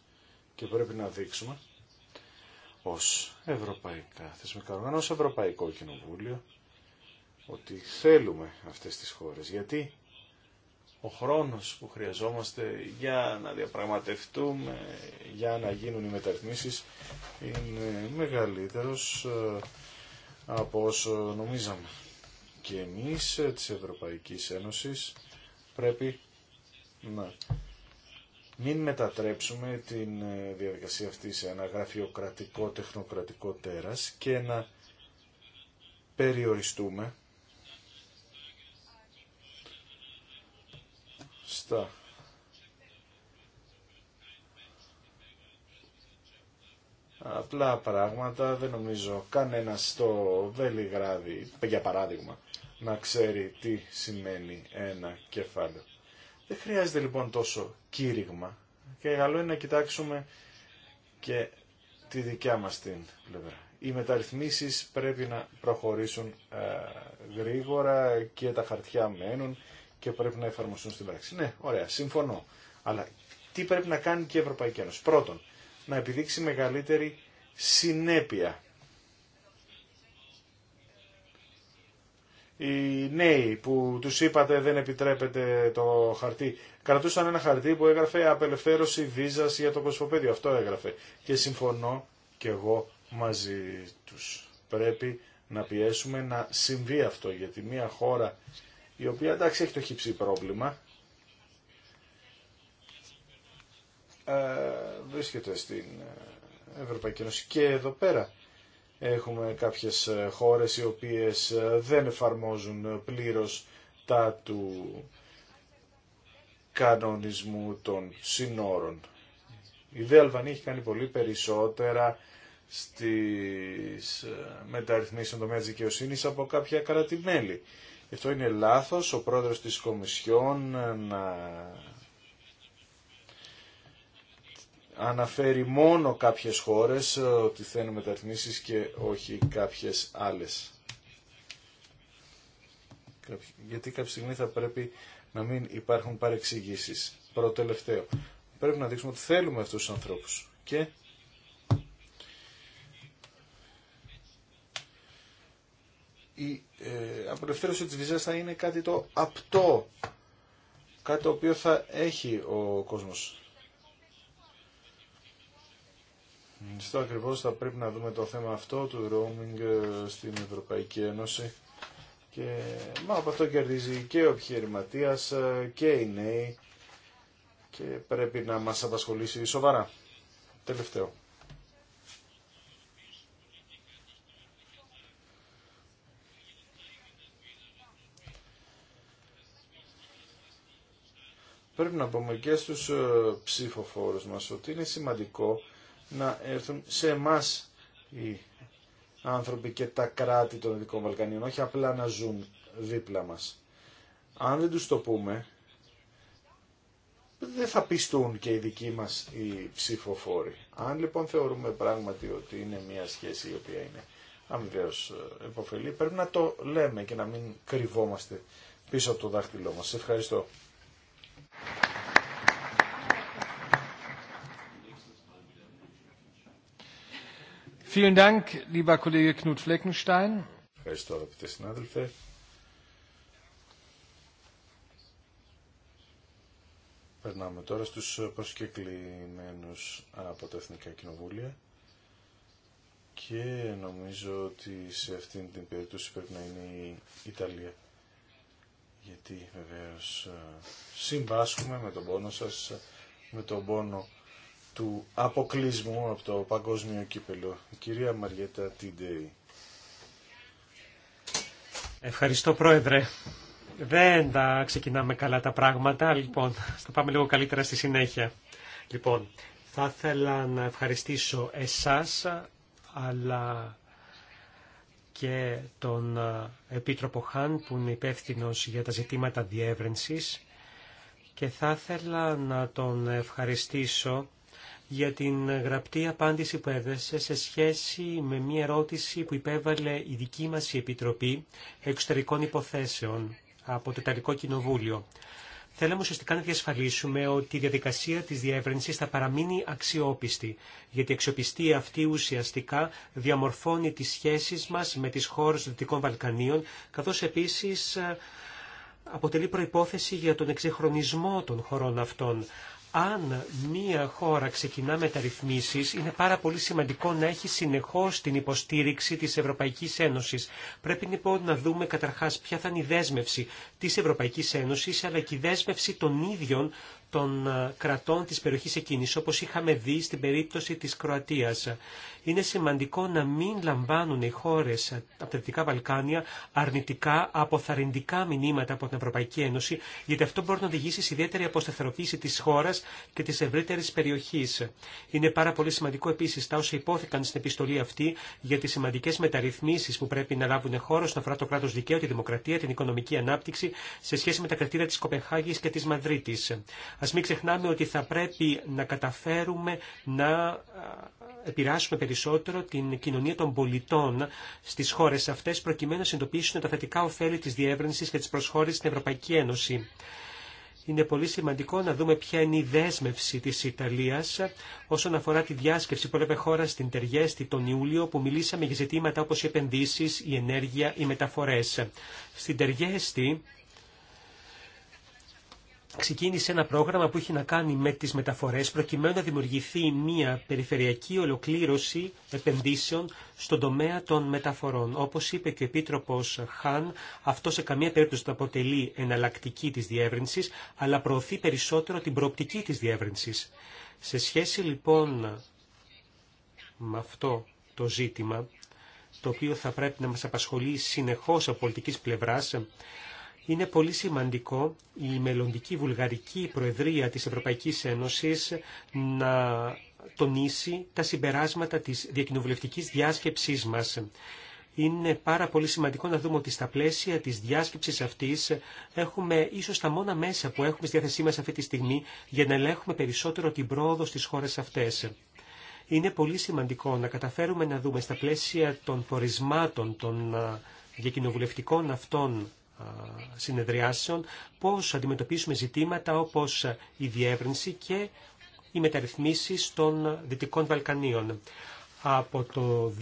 και πρέπει να δείξουμε ως ευρωπαϊκά θεσμικά Οργάνωση, Ευρωπαϊκό Κοινοβούλιο ότι θέλουμε αυτές τις χώρες γιατί ο χρόνος που χρειαζόμαστε για να διαπραγματευτούμε, για να γίνουν οι μεταρρυθμίσεις είναι μεγαλύτερος ε, από όσο νομίζαμε. Και εμείς ε, της Ευρωπαϊκής Ένωσης πρέπει να μην μετατρέψουμε την ε, διαδικασία αυτή σε ένα γραφειοκρατικό, τεχνοκρατικό τέρας και να περιοριστούμε στα απλά πράγματα. Δεν νομίζω κανένα στο Βελιγράδι, για παράδειγμα, να ξέρει τι σημαίνει ένα κεφάλαιο. Δεν χρειάζεται λοιπόν τόσο κήρυγμα και καλό είναι να κοιτάξουμε και τη δικιά μας την πλευρά. Οι μεταρρυθμίσεις πρέπει να προχωρήσουν ε, γρήγορα και τα χαρτιά μένουν και πρέπει να εφαρμοστούν στην πράξη. Ναι, ωραία, συμφωνώ. Αλλά τι πρέπει να κάνει και η Ευρωπαϊκή Ένωση. Πρώτον, να επιδείξει μεγαλύτερη συνέπεια. Οι νέοι που τους είπατε δεν επιτρέπεται το χαρτί, κρατούσαν ένα χαρτί που έγραφε απελευθέρωση βίζας για το κοσμοπέδιο. Αυτό έγραφε. Και συμφωνώ και εγώ μαζί τους. Πρέπει να πιέσουμε να συμβεί αυτό, γιατί μια χώρα η οποία εντάξει έχει το χύψη πρόβλημα, ε, βρίσκεται στην ε, Ευρωπαϊκή Ένωση. Και εδώ πέρα έχουμε κάποιες ε, χώρες οι οποίες δεν εφαρμόζουν πλήρως τα του κανονισμού των συνόρων. Η ΔΕ Αλβανία έχει κάνει πολύ περισσότερα στις μεταρρυθμίσεις των τομέα της δικαιοσύνης από κάποια μέλη. Γι' αυτό είναι λάθος ο πρόεδρος της Κομισιόν ε, να αναφέρει μόνο κάποιες χώρες ε, ότι θέλουν μεταρρυθμίσεις και όχι κάποιες άλλες. Γιατί κάποια στιγμή θα πρέπει να μην υπάρχουν παρεξηγήσεις. Προτελευταίο. Πρέπει να δείξουμε ότι θέλουμε αυτούς τους ανθρώπους. Και η ε, απελευθέρωση της βίζας θα είναι κάτι το απτό, κάτι το οποίο θα έχει ο κόσμος. Στο ακριβώς θα πρέπει να δούμε το θέμα αυτό του roaming ε, στην Ευρωπαϊκή Ένωση και μα, από αυτό κερδίζει και ο επιχειρηματία ε, και οι νέοι και πρέπει να μας απασχολήσει σοβαρά. Τελευταίο. πρέπει να πούμε και στους ε, ψηφοφόρους μας ότι είναι σημαντικό να έρθουν σε εμάς οι άνθρωποι και τα κράτη των Δυτικών Βαλκανίων, όχι απλά να ζουν δίπλα μας. Αν δεν τους το πούμε, δεν θα πιστούν και οι δικοί μας οι ψηφοφόροι. Αν λοιπόν θεωρούμε πράγματι ότι είναι μια σχέση η οποία είναι αμοιβαίως υποφελή, ε, πρέπει να το λέμε και να μην κρυβόμαστε πίσω από το δάχτυλό μας. Σε ευχαριστώ. Vielen Dank, lieber Kollege Knut Ευχαριστώ, αγαπητέ συνάδελφε. Περνάμε τώρα στου προσκεκλημένους από τα Εθνικά Κοινοβούλια και νομίζω ότι σε αυτήν την περίπτωση πρέπει να είναι η Ιταλία γιατί βεβαίως ε, συμβάσχουμε με τον πόνο σας, ε, με τον πόνο του αποκλεισμού από το παγκόσμιο κύπελο. Η κυρία Μαριέτα Τιντέη. Ευχαριστώ πρόεδρε. Δεν τα ξεκινάμε καλά τα πράγματα, λοιπόν, θα πάμε λίγο καλύτερα στη συνέχεια. Λοιπόν, θα ήθελα να ευχαριστήσω εσάς, αλλά και τον ε, Επίτροπο Χάν που είναι υπεύθυνο για τα ζητήματα διεύρυνσης και θα ήθελα να τον ευχαριστήσω για την γραπτή απάντηση που έδεσε σε σχέση με μια ερώτηση που υπέβαλε η δική μας η Επιτροπή Εξωτερικών Υποθέσεων από το Ιταλικό Κοινοβούλιο. Θέλαμε ουσιαστικά να διασφαλίσουμε ότι η διαδικασία της διεύρυνσης θα παραμείνει αξιόπιστη, γιατί η αξιοπιστία αυτή ουσιαστικά διαμορφώνει τις σχέσεις μας με τις χώρες των Δυτικών Βαλκανίων, καθώς επίσης ε, αποτελεί προϋπόθεση για τον εξεχρονισμό των χωρών αυτών αν μία χώρα ξεκινά μεταρρυθμίσεις, είναι πάρα πολύ σημαντικό να έχει συνεχώς την υποστήριξη της Ευρωπαϊκής Ένωσης. Πρέπει λοιπόν να δούμε καταρχάς ποια θα είναι η δέσμευση της Ευρωπαϊκής Ένωσης, αλλά και η δέσμευση των ίδιων των ε, κρατών της περιοχής εκείνης, όπως είχαμε δει στην περίπτωση της Κροατίας. Είναι σημαντικό να μην λαμβάνουν οι χώρες από τα Δυτικά Βαλκάνια αρνητικά, αποθαρρυντικά μηνύματα από την Ευρωπαϊκή Ένωση, γιατί αυτό μπορεί να οδηγήσει σε ιδιαίτερη αποσταθεροποίηση της χώρας και της ευρύτερη περιοχής. Είναι πάρα πολύ σημαντικό επίσης τα όσα υπόθηκαν στην επιστολή αυτή για τις σημαντικές μεταρρυθμίσεις που πρέπει να λάβουν χώρο όσον αφορά το κράτος δικαίου, τη δημοκρατία, την οικονομική ανάπτυξη σε σχέση με τα κριτήρια της Κοπεχάγης και της Μαδρίτης. Ας μην ξεχνάμε ότι θα πρέπει να καταφέρουμε να επηρεάσουμε περισσότερο την κοινωνία των πολιτών στις χώρες αυτές προκειμένου να συνειδητοποιήσουν τα θετικά ωφέλη της διεύρυνσης και της προσχώρησης στην Ευρωπαϊκή Ένωση. Είναι πολύ σημαντικό να δούμε ποια είναι η δέσμευση της Ιταλίας όσον αφορά τη διάσκεψη που έλαβε χώρα στην Τεργέστη τον Ιούλιο που μιλήσαμε για ζητήματα όπως οι επενδύσεις, η ενέργεια, οι μεταφορές. Στην Τεργέστη ξεκίνησε ένα πρόγραμμα που έχει να κάνει με τις μεταφορές προκειμένου να δημιουργηθεί μια περιφερειακή ολοκλήρωση επενδύσεων στον τομέα των μεταφορών. Όπως είπε και ο Επίτροπος Χαν, αυτό σε καμία περίπτωση δεν αποτελεί εναλλακτική της διεύρυνσης, αλλά προωθεί περισσότερο την προοπτική της διεύρυνσης. Σε σχέση λοιπόν με αυτό το ζήτημα, το οποίο θα πρέπει να μας απασχολεί συνεχώς από πολιτικής πλευράς, είναι πολύ σημαντικό η μελλοντική βουλγαρική προεδρία της Ευρωπαϊκής Ένωσης να τονίσει τα συμπεράσματα της διακοινοβουλευτικής διάσκεψής μας. Είναι πάρα πολύ σημαντικό να δούμε ότι στα πλαίσια της διάσκεψης αυτής έχουμε ίσως τα μόνα μέσα που έχουμε στη διάθεσή μας αυτή τη στιγμή για να ελέγχουμε περισσότερο την πρόοδο στις χώρες αυτές. Είναι πολύ σημαντικό να καταφέρουμε να δούμε στα πλαίσια των πορισμάτων των διακοινοβουλευτικών αυτών συνεδριάσεων πώς αντιμετωπίσουμε ζητήματα όπως η διεύρυνση και οι μεταρρυθμίσεις των Δυτικών Βαλκανίων. Από το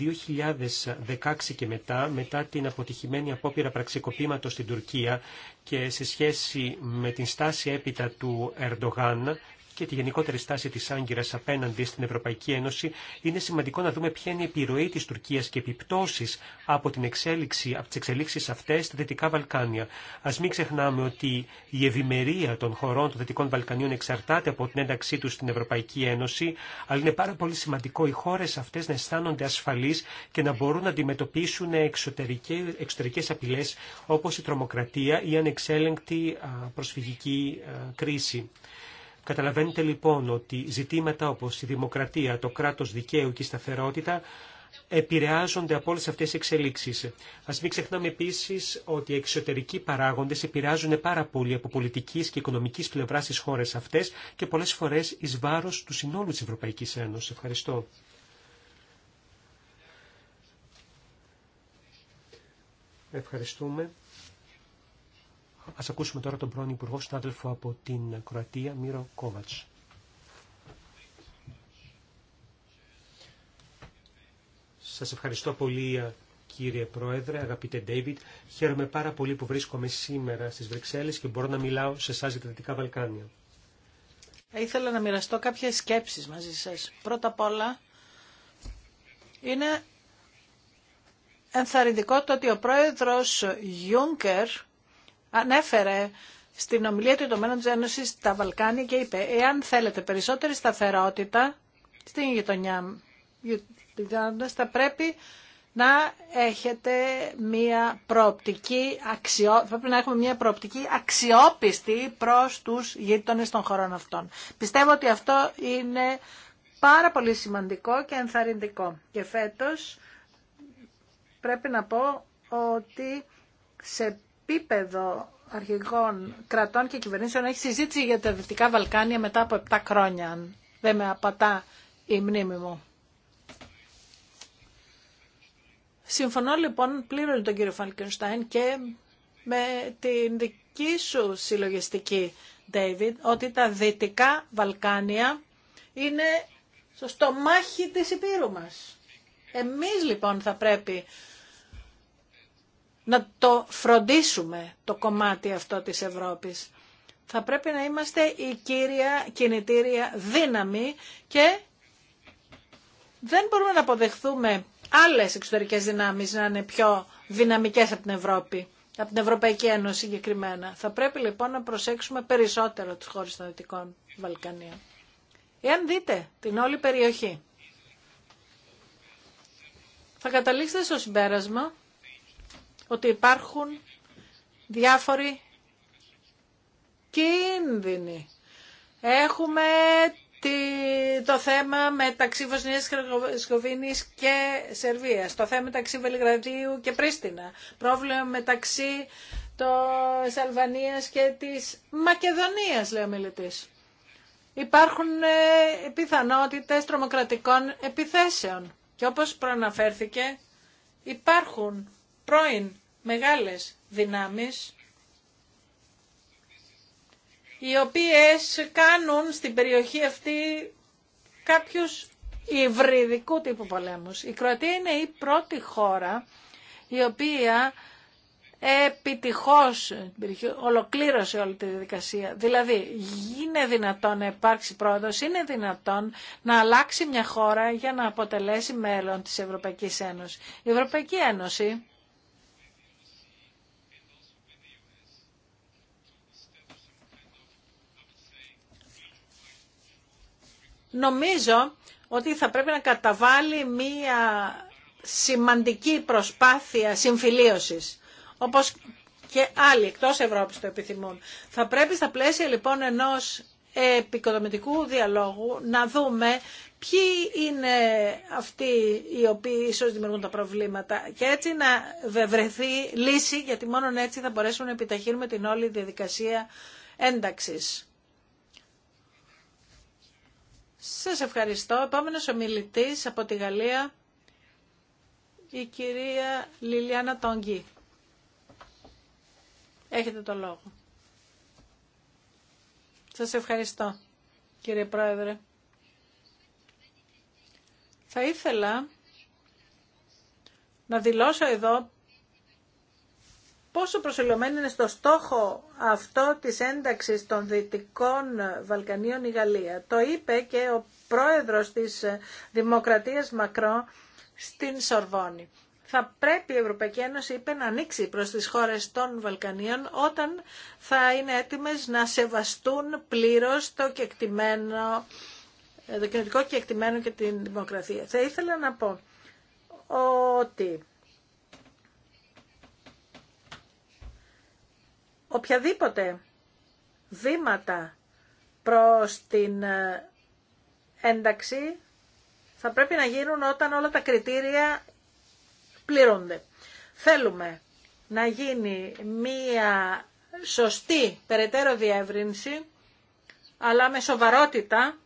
2016 και μετά, μετά την αποτυχημένη απόπειρα πραξικοπήματος στην Τουρκία και σε σχέση με την στάση έπειτα του Ερντογάν και τη γενικότερη στάση της Άγκυρας απέναντι στην Ευρωπαϊκή Ένωση, είναι σημαντικό να δούμε ποια είναι η επιρροή της Τουρκίας και επιπτώσεις από, την εξέλιξη, από τις εξελίξεις αυτές στα Δυτικά Βαλκάνια. Ας μην ξεχνάμε ότι η ευημερία των χωρών των Δυτικών Βαλκανίων εξαρτάται από την ένταξή τους στην Ευρωπαϊκή Ένωση, αλλά είναι πάρα πολύ σημαντικό οι χώρες αυτές να αισθάνονται ασφαλείς και να μπορούν να αντιμετωπίσουν εξωτερικές, απειλέ απειλές η τρομοκρατία ή ανεξέλεγκτη προσφυγική κρίση. Καταλαβαίνετε λοιπόν ότι ζητήματα όπως η δημοκρατία, το κράτος δικαίου και η σταθερότητα επηρεάζονται από όλε αυτές τις εξελίξεις. Ας μην ξεχνάμε επίσης ότι οι εξωτερικοί παράγοντες επηρεάζουν πάρα πολύ από πολιτικής και οικονομικής πλευρά στι χώρες αυτές και πολλές φορές εις βάρος του συνόλου της Ευρωπαϊκής Ένωσης. Ευχαριστώ. Ευχαριστούμε. Ας ακούσουμε τώρα τον πρώην Υπουργό Συνάδελφο από την Κροατία, Μύρο Κόβατς. Σας ευχαριστώ πολύ κύριε Πρόεδρε, αγαπητέ Ντέιβιτ. Χαίρομαι πάρα πολύ που βρίσκομαι σήμερα στις Βρυξέλλες και μπορώ να μιλάω σε εσά για τα Δυτικά Βαλκάνια. Θα ήθελα να μοιραστώ κάποιες σκέψεις μαζί σας. Πρώτα απ' όλα είναι ενθαρρυντικό το ότι ο πρόεδρος Γιούνκερ ανέφερε στην ομιλία του Ιντομένου της Ένωσης τα Βαλκάνια και είπε «Εάν θέλετε περισσότερη σταθερότητα στην γειτονιά, μου, θα πρέπει να έχετε μια προοπτική αξιό... πρέπει να έχουμε μια προοπτική αξιόπιστη προς τους γείτονες των χωρών αυτών. Πιστεύω ότι αυτό είναι πάρα πολύ σημαντικό και ενθαρρυντικό. Και φέτος πρέπει να πω ότι σε επίπεδο αρχηγών κρατών και κυβερνήσεων έχει συζήτηση για τα Δυτικά Βαλκάνια μετά από 7 χρόνια, δεν με απατά η μνήμη μου. Συμφωνώ λοιπόν πλήρω με τον κύριο Φαλκενστάιν και με την δική σου συλλογιστική, Ντέιβιντ ότι τα Δυτικά Βαλκάνια είναι στο μάχη της Υπήρου μας. Εμείς λοιπόν θα πρέπει να το φροντίσουμε το κομμάτι αυτό της Ευρώπης. Θα πρέπει να είμαστε η κύρια κινητήρια δύναμη και δεν μπορούμε να αποδεχθούμε άλλες εξωτερικές δυνάμεις να είναι πιο δυναμικές από την Ευρώπη, από την Ευρωπαϊκή Ένωση συγκεκριμένα. Θα πρέπει λοιπόν να προσέξουμε περισσότερο τις χώρες των Δυτικών Βαλκανίων. Εάν δείτε την όλη περιοχή, θα καταλήξετε στο συμπέρασμα ότι υπάρχουν διάφοροι κίνδυνοι. Έχουμε το θέμα μεταξύ Βοσνίας Σκοβίνης και Σερβίας, το θέμα μεταξύ Βελιγραδίου και Πρίστινα, πρόβλημα μεταξύ της Αλβανίας και της Μακεδονίας, λέει ο μιλητής. Υπάρχουν ε, πιθανότητες τρομοκρατικών επιθέσεων και όπως προαναφέρθηκε υπάρχουν πρώην μεγάλες δυνάμεις οι οποίες κάνουν στην περιοχή αυτή κάποιους υβριδικού τύπου πολέμους. Η Κροατία είναι η πρώτη χώρα η οποία επιτυχώς ολοκλήρωσε όλη τη διαδικασία. Δηλαδή, είναι δυνατόν να υπάρξει πρόοδος, είναι δυνατόν να αλλάξει μια χώρα για να αποτελέσει μέλλον της Ευρωπαϊκής Ένωσης. Η Ευρωπαϊκή Ένωση νομίζω ότι θα πρέπει να καταβάλει μία σημαντική προσπάθεια συμφιλίωσης, όπως και άλλοι εκτός Ευρώπης το επιθυμούν. Θα πρέπει στα πλαίσια λοιπόν ενός επικοδομητικού διαλόγου να δούμε ποιοι είναι αυτοί οι οποίοι ίσως δημιουργούν τα προβλήματα και έτσι να βρεθεί λύση γιατί μόνο έτσι θα μπορέσουμε να επιταχύνουμε την όλη διαδικασία ένταξης. Σας ευχαριστώ. Επόμενος ομιλητής από τη Γαλλία, η κυρία Λιλιάνα Τόγκη. Έχετε το λόγο. Σας ευχαριστώ, κύριε Πρόεδρε. Θα ήθελα να δηλώσω εδώ πόσο προσελωμένη είναι στο στόχο αυτό της ένταξης των Δυτικών Βαλκανίων η Γαλλία. Το είπε και ο πρόεδρος της Δημοκρατίας Μακρό στην Σορβόνη. Θα πρέπει η Ευρωπαϊκή Ένωση, είπε, να ανοίξει προς τις χώρες των Βαλκανίων όταν θα είναι έτοιμες να σεβαστούν πλήρως το κεκτημένο, το κοινωτικό κεκτημένο και την δημοκρατία. Θα ήθελα να πω ότι οποιαδήποτε βήματα προς την ε, ένταξη θα πρέπει να γίνουν όταν όλα τα κριτήρια πληρούνται. Θέλουμε να γίνει μία σωστή περαιτέρω διεύρυνση, αλλά με σοβαρότητα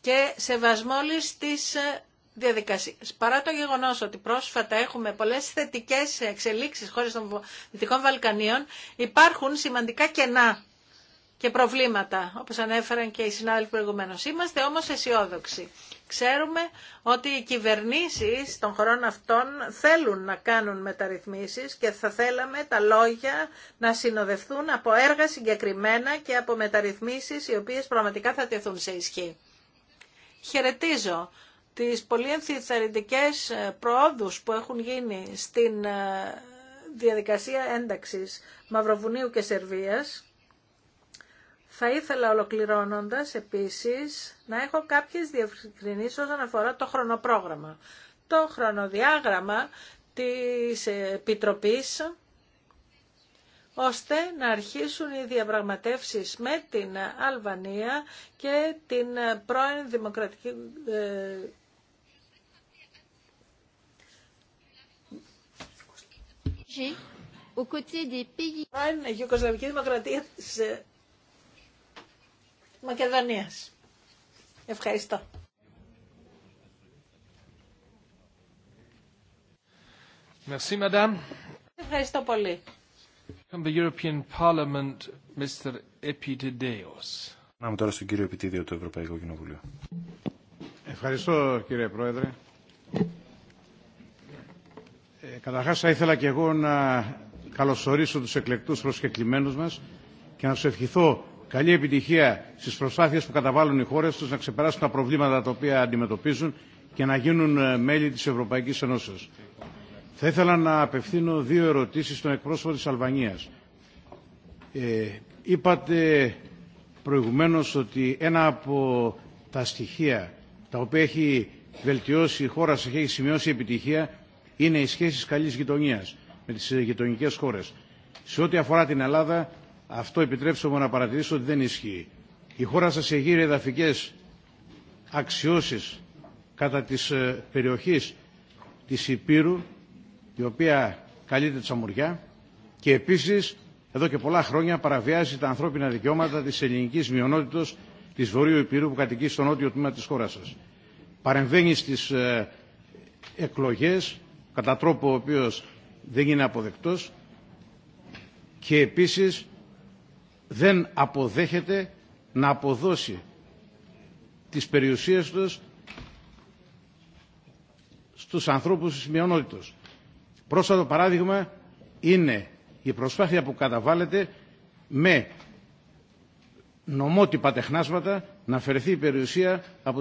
και σεβασμόλης της ε, διαδικασίες. Παρά το γεγονός ότι πρόσφατα έχουμε πολλές θετικές εξελίξεις χώρες των Δυτικών Βαλκανίων, υπάρχουν σημαντικά κενά και προβλήματα, όπως ανέφεραν και οι συνάδελφοι προηγουμένω. Είμαστε όμως αισιόδοξοι. Ξέρουμε ότι οι κυβερνήσεις των χωρών αυτών θέλουν να κάνουν μεταρρυθμίσεις και θα θέλαμε τα λόγια να συνοδευτούν από έργα συγκεκριμένα και από μεταρρυθμίσεις οι οποίες πραγματικά θα τεθούν σε ισχύ. Χαιρετίζω τις πολύ ενθαρρυντικές ε, προόδους που έχουν γίνει στην ε, διαδικασία ένταξης Μαυροβουνίου και Σερβίας, θα ήθελα ολοκληρώνοντας επίσης να έχω κάποιες διευκρινήσεις όσον αφορά το χρονοπρόγραμμα. Το χρονοδιάγραμμα της Επιτροπής ώστε να αρχίσουν οι διαπραγματεύσεις με την Αλβανία και την πρώην Δημοκρατική ε, engagée aux côtés des pays. Δημοκρατία ε, Ευχαριστώ. Merci, madame. Ευχαριστώ πολύ. From the European Parliament, Mr. Epitideos. Να μου τώρα στον κύριο Επιτίδιο του Ευρωπαϊκού Κοινοβουλίου. Ευχαριστώ κύριε Πρόεδρε. Καταρχάς θα ήθελα και εγώ να καλωσορίσω τους εκλεκτούς προσκεκλημένους μας και να τους ευχηθώ καλή επιτυχία στις προσπάθειες που καταβάλουν οι χώρες τους να ξεπεράσουν τα προβλήματα τα οποία αντιμετωπίζουν και να γίνουν ε, μέλη της Ευρωπαϊκής Ενώσεως. Θα ήθελα να απευθύνω δύο ερωτήσεις στον εκπρόσωπο της Αλβανίας. Ε, είπατε προηγουμένως ότι ένα από τα στοιχεία τα οποία έχει βελτιώσει η χώρα σας έχει σημειώσει επιτυχία είναι οι σχέσει καλή γειτονία με τι ε, γειτονικέ χώρε. Σε ό,τι αφορά την Ελλάδα, αυτό επιτρέψτε μου να παρατηρήσω ότι δεν ισχύει. Η χώρα σας εγείρει εδαφικέ αξιώσει κατά τη ε, περιοχή τη Υπήρου, η οποία καλείται τσαμουριά και επίση, εδώ και πολλά χρόνια παραβιάζει τα ανθρώπινα δικαιώματα τη ελληνική μειονότητα τη Βορείου Υπήρου που κατοικεί στο νότιο τμήμα τη χώρα σα. Παρεμβαίνει στις ε, εκλογές κατά τρόπο ο οποίος δεν είναι αποδεκτός και επίσης δεν αποδέχεται να αποδώσει τις περιουσίες τους στους ανθρώπους της μειονότητας. Πρόσφατο παράδειγμα είναι η προσπάθεια που καταβάλλεται με νομότυπα τεχνάσματα να αφαιρεθεί η περιουσία από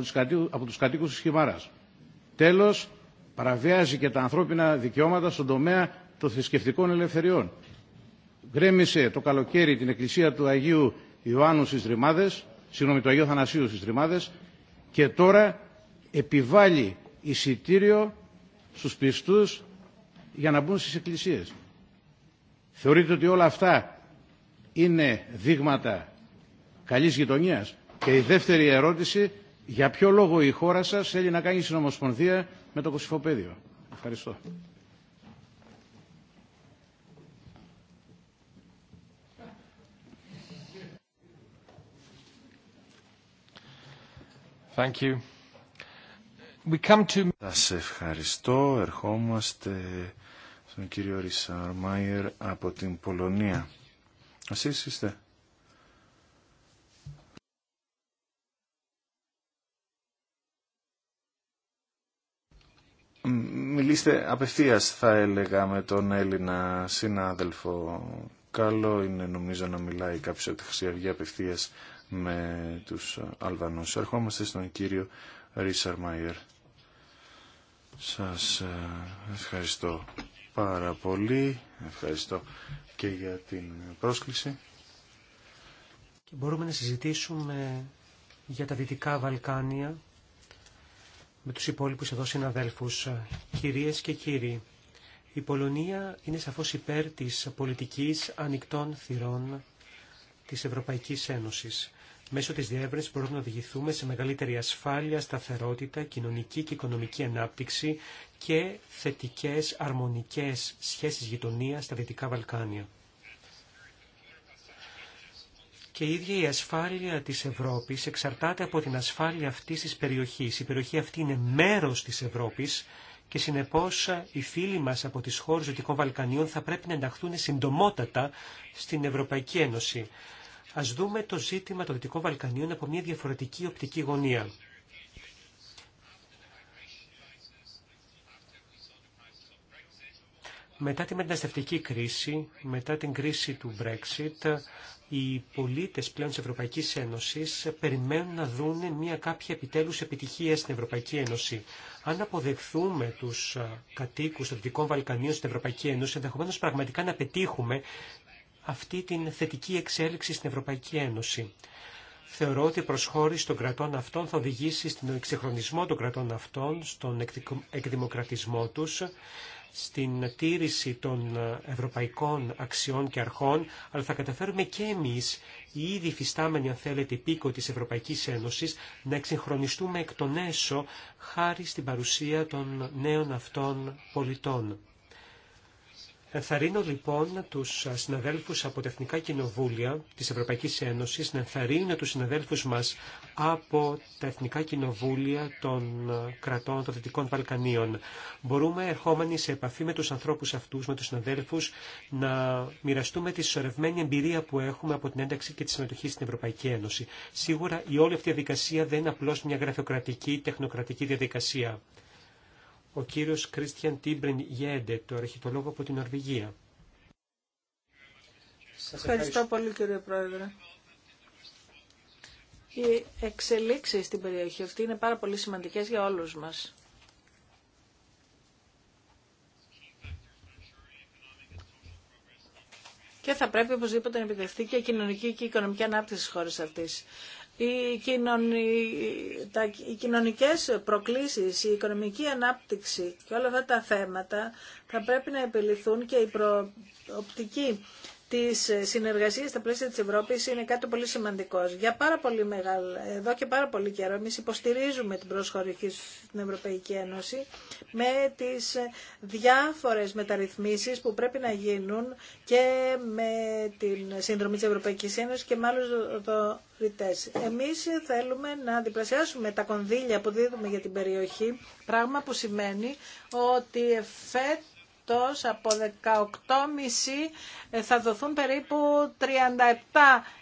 τους κατοίκους της Χιμάρας. Τέλος, παραβιάζει και τα ανθρώπινα δικαιώματα στον τομέα των θρησκευτικών ελευθεριών. Γκρέμισε το καλοκαίρι την εκκλησία του Αγίου Ιωάννου στις Ρημάδες, συγγνώμη του Αγίου Θανασίου στις Ρημάδες και τώρα επιβάλλει εισιτήριο στους πιστούς για να μπουν στις εκκλησίες. Θεωρείτε ότι όλα αυτά είναι δείγματα καλής γειτονίας. Και η δεύτερη ερώτηση, για ποιο λόγο η χώρα σας θέλει να κάνει συνομοσπονδία με το κοσυφοπέδιο. Ευχαριστώ. Thank you. We come to... Σας ευχαριστώ. Ερχόμαστε στον κύριο Ρισάρ από την Πολωνία. Ας είστε. μιλήστε απευθείας θα έλεγα με τον Έλληνα συνάδελφο. Καλό είναι νομίζω να μιλάει κάποιος από τη Χρυσή απευθείας με τους Αλβανούς. Ερχόμαστε στον κύριο Ρίσαρ Μάιερ. Σας ε, ευχαριστώ πάρα πολύ. Ευχαριστώ και για την πρόσκληση. μπορούμε να συζητήσουμε για τα Δυτικά Βαλκάνια με τους υπόλοιπους εδώ συναδέλφους. Κυρίες και κύριοι, η Πολωνία είναι σαφώς υπέρ της πολιτικής ανοιχτών θυρών της Ευρωπαϊκής Ένωσης. Μέσω της διεύρυνσης μπορούμε να οδηγηθούμε σε μεγαλύτερη ασφάλεια, σταθερότητα, κοινωνική και οικονομική ανάπτυξη και θετικές αρμονικές σχέσεις γειτονίας στα Δυτικά Βαλκάνια και η ίδια η ασφάλεια της Ευρώπης εξαρτάται από την ασφάλεια αυτής της περιοχής. Η περιοχή αυτή είναι μέρος της Ευρώπης και συνεπώς οι φίλοι μας από τις χώρες Δυτικών Βαλκανίων θα πρέπει να ενταχθούν συντομότατα στην Ευρωπαϊκή Ένωση. Ας δούμε το ζήτημα των Δυτικών Βαλκανίων από μια διαφορετική οπτική γωνία. Μετά τη μεταναστευτική κρίση, μετά την κρίση του Brexit, οι πολίτες πλέον της Ευρωπαϊκής Ένωσης περιμένουν να δούνε μια κάποια επιτέλους επιτυχία στην Ευρωπαϊκή Ένωση. Αν αποδεχθούμε τους κατοίκους των Δυτικών Βαλκανίων στην Ευρωπαϊκή Ένωση, ενδεχομένως πραγματικά να πετύχουμε αυτή την θετική εξέλιξη στην Ευρωπαϊκή Ένωση. Θεωρώ ότι η προσχώρηση των κρατών αυτών θα οδηγήσει στον εξυγχρονισμό των κρατών αυτών, στον εκδημοκρατισμό τους στην τήρηση των ευρωπαϊκών αξιών και αρχών, αλλά θα καταφέρουμε και εμείς, οι ήδη φυστάμενοι αν θέλετε πίκο της Ευρωπαϊκής Ένωσης, να εξυγχρονιστούμε εκ των έσω χάρη στην παρουσία των νέων αυτών πολιτών. Ενθαρρύνω λοιπόν του συναδέλφου από τα Εθνικά Κοινοβούλια τη Ευρωπαϊκή Ένωση, να ενθαρρύνουν του συναδέλφου μα από τα Εθνικά Κοινοβούλια των κρατών των Δυτικών Βαλκανίων. Μπορούμε ερχόμενοι σε επαφή με του ανθρώπου αυτού, με του συναδέλφου, να μοιραστούμε τη σωρευμένη εμπειρία που έχουμε από την ένταξη και τη συμμετοχή στην Ευρωπαϊκή Ένωση. Σίγουρα η όλη αυτή διαδικασία δεν είναι απλώ μια γραφειοκρατική, τεχνοκρατική διαδικασία ο κύριος Κρίστιαν Τίμπριν Γέντε, το αρχιτολόγο από την Νορβηγία. Σας ευχαριστώ πολύ κύριε Πρόεδρε. Οι εξελίξεις στην περιοχή αυτή είναι πάρα πολύ σημαντικές για όλους μας. Και θα πρέπει οπωσδήποτε να επιτευχθεί και η κοινωνική και η οικονομική ανάπτυξη της χώρας αυτής οι, κοινωνι... τα... κοινωνικές προκλήσεις, η οικονομική ανάπτυξη και όλα αυτά τα θέματα θα πρέπει να επιληθούν και η προοπτική της συνεργασίας στα πλαίσια της Ευρώπης είναι κάτι πολύ σημαντικό. Για πάρα πολύ μεγάλο, εδώ και πάρα πολύ καιρό εμεί υποστηρίζουμε την προσχωρική στην Ευρωπαϊκή Ένωση με τις διάφορες μεταρρυθμίσεις που πρέπει να γίνουν και με την σύνδρομη της Ευρωπαϊκής Ένωσης και με άλλους δωρητές. Εμείς θέλουμε να διπλασιάσουμε τα κονδύλια που δίδουμε για την περιοχή, πράγμα που σημαίνει ότι φέτο αυτός από 18,5 ε, θα δοθούν περίπου 37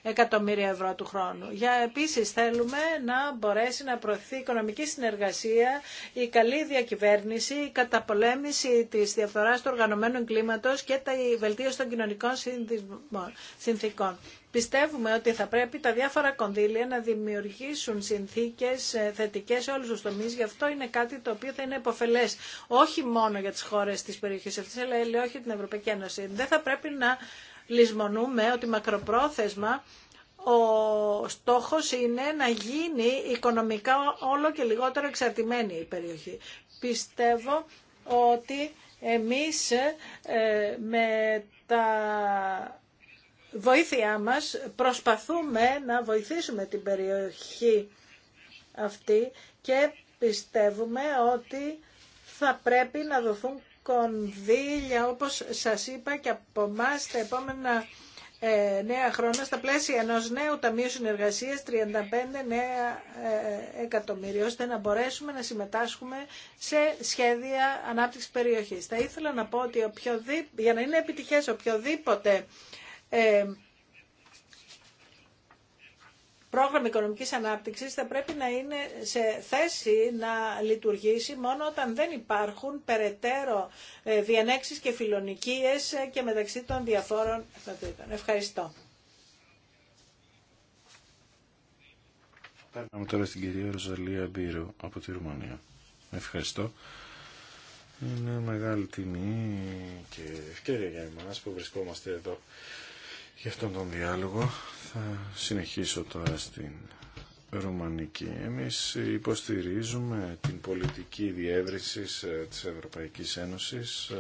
εκατομμύρια ευρώ του χρόνου. Για επίσης θέλουμε να μπορέσει να προωθεί η οικονομική συνεργασία, η καλή διακυβέρνηση, η καταπολέμηση της διαφθοράς του οργανωμένου κλίματος και τα βελτίωση των κοινωνικών συνθήκων. Πιστεύουμε ότι θα πρέπει τα διάφορα κονδύλια να δημιουργήσουν συνθήκες ε, θετικές σε όλους τους τομείς. Γι' αυτό είναι κάτι το οποίο θα είναι υποφελές όχι μόνο για τις χώρες της περιοχής αυτής, αλλά ε, όχι την Ευρωπαϊκή Ένωση. Δεν θα πρέπει να λησμονούμε ότι μακροπρόθεσμα ο στόχος είναι να γίνει οικονομικά όλο και λιγότερο εξαρτημένη η περιοχή. Πιστεύω ότι εμείς ε, με τα βοήθειά μας προσπαθούμε να βοηθήσουμε την περιοχή αυτή και πιστεύουμε ότι θα πρέπει να δοθούν κονδύλια όπως σας είπα και από εμά τα επόμενα ε, νέα χρόνια στα πλαίσια ενός νέου Ταμείου Συνεργασίας 35 νέα ε, εκατομμύρια ώστε να μπορέσουμε να συμμετάσχουμε σε σχέδια ανάπτυξης περιοχής. Θα ήθελα να πω ότι για να είναι επιτυχές οποιοδήποτε ε, πρόγραμμα οικονομικής ανάπτυξης θα πρέπει να είναι σε θέση να λειτουργήσει μόνο όταν δεν υπάρχουν περαιτέρω ε, διανέξεις και φιλονικίες ε, και μεταξύ των διαφόρων εθνοτήτων. Ευχαριστώ. Παίρνουμε τώρα στην κυρία Ροζαλία Μπύρου από τη Ρουμανία. Ευχαριστώ. Είναι μεγάλη τιμή και ευκαιρία για εμάς που βρισκόμαστε εδώ Γι' αυτόν τον διάλογο. Θα συνεχίσω τώρα στην Ρουμανική. Εμείς υποστηρίζουμε την πολιτική διεύρυνση ε, της Ευρωπαϊκής Ένωσης ε,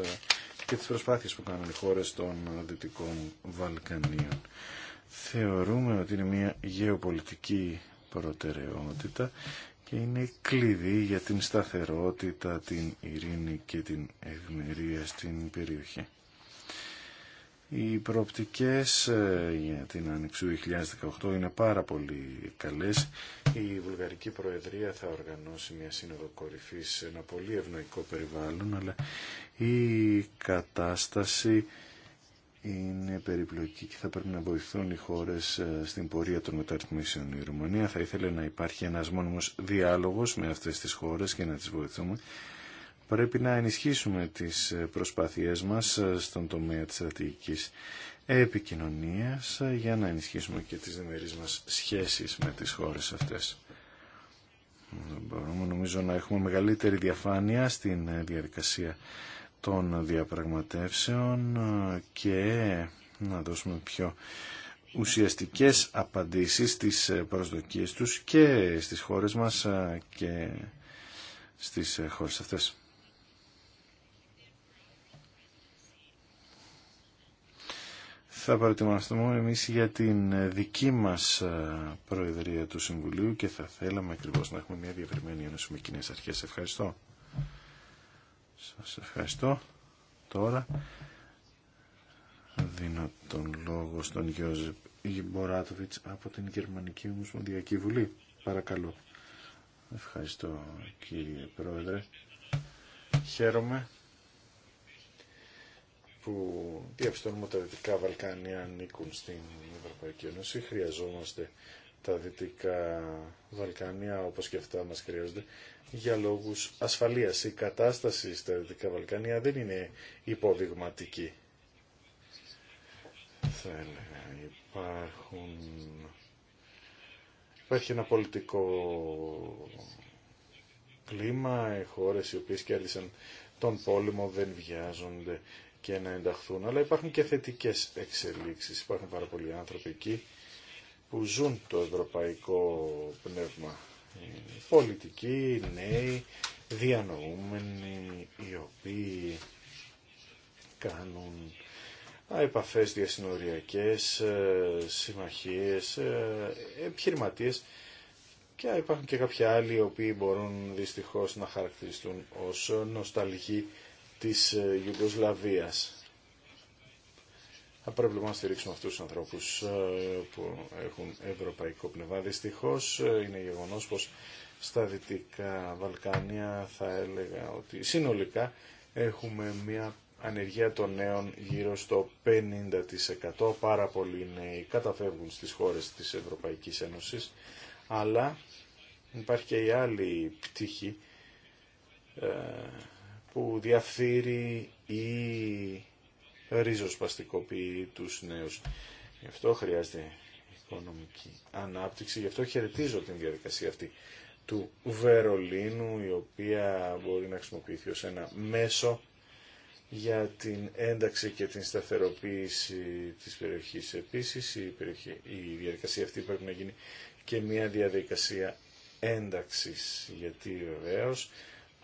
και τις προσπάθειες που κάνουν οι χώρες των Δυτικών Βαλκανίων. Θεωρούμε ότι είναι μια γεωπολιτική προτεραιότητα και είναι κλειδί για την σταθερότητα, την ειρήνη και την ευμερία στην περιοχή. Οι προοπτικές ε, για την Άνοιξη 2018 είναι πάρα πολύ καλές. Η Βουλγαρική Προεδρία θα οργανώσει μια σύνοδο κορυφής σε ένα πολύ ευνοϊκό περιβάλλον, αλλά η κατάσταση είναι περιπλοκή και θα πρέπει να βοηθούν οι χώρες ε, στην πορεία των μεταρρυθμίσεων. Η Ρουμανία θα ήθελε να υπάρχει ένας μόνιμος διάλογος με αυτές τις χώρες και να τις βοηθούμε Πρέπει να ενισχύσουμε τις προσπάθειές μας στον τομέα της στρατηγικής επικοινωνίας για να ενισχύσουμε και τις δημιουργίες μας σχέσεις με τις χώρες αυτές. Μπορούμε νομίζω να έχουμε μεγαλύτερη διαφάνεια στην διαδικασία των διαπραγματεύσεων και να δώσουμε πιο ουσιαστικές απαντήσεις στις προσδοκίες τους και στις χώρες μας και στις χώρες αυτές. θα προετοιμαστούμε εμείς για την ε, δική μας ε, Προεδρία του Συμβουλίου και θα θέλαμε ακριβώς να έχουμε μια διαβριμένη ένωση με κοινές αρχές. Ευχαριστώ. Σας ευχαριστώ. Τώρα δίνω τον λόγο στον Γιώζεπ Γιμποράτοβιτς από την Γερμανική Ομοσπονδιακή Βουλή. Παρακαλώ. Ευχαριστώ κύριε Πρόεδρε. Χαίρομαι που διαπιστώνουμε ότι τα Δυτικά Βαλκάνια ανήκουν στην Ευρωπαϊκή Ένωση. Χρειαζόμαστε τα Δυτικά Βαλκάνια όπως και αυτά μας χρειάζονται για λόγους ασφαλείας. Η κατάσταση στα Δυτικά Βαλκάνια δεν είναι υποδειγματική. Θα έλεγα υπάρχουν... Υπάρχει ένα πολιτικό κλίμα, οι χώρες οι οποίες κέρδισαν τον πόλεμο δεν βιάζονται και να ενταχθούν. Αλλά υπάρχουν και θετικές εξελίξεις. Υπάρχουν πάρα πολλοί άνθρωποι εκεί που ζουν το ευρωπαϊκό πνεύμα. πολιτικοί, νέοι, διανοούμενοι, οι οποίοι κάνουν επαφές διασυνοριακές, ε, συμμαχίες, ε, επιχειρηματίες και υπάρχουν και κάποιοι άλλοι οι οποίοι μπορούν δυστυχώς να χαρακτηριστούν ως νοσταλγοί της ε, Ιουγκοσλαβίας. Θα πρέπει να στηρίξουμε αυτούς τους ανθρώπους ε, που έχουν ευρωπαϊκό πνευμά. Δυστυχώ ε, είναι γεγονός πως στα Δυτικά Βαλκάνια θα έλεγα ότι συνολικά έχουμε μια ανεργία των νέων γύρω στο 50%. Πάρα πολλοί νέοι καταφεύγουν στις χώρες της Ευρωπαϊκής Ένωσης, αλλά υπάρχει και η άλλη πτυχή που διαφθείρει ή ριζοσπαστικοποιεί τους νέους. Γι' αυτό χρειάζεται οικονομική ανάπτυξη, γι' αυτό χαιρετίζω την διαδικασία αυτή του Βερολίνου, η οποία μπορεί να χρησιμοποιηθεί ως ένα μέσο για την ένταξη και την σταθεροποίηση της περιοχής. Επίσης, η, διαδικασία αυτή πρέπει να γίνει και μια διαδικασία ένταξης, γιατί βεβαίως,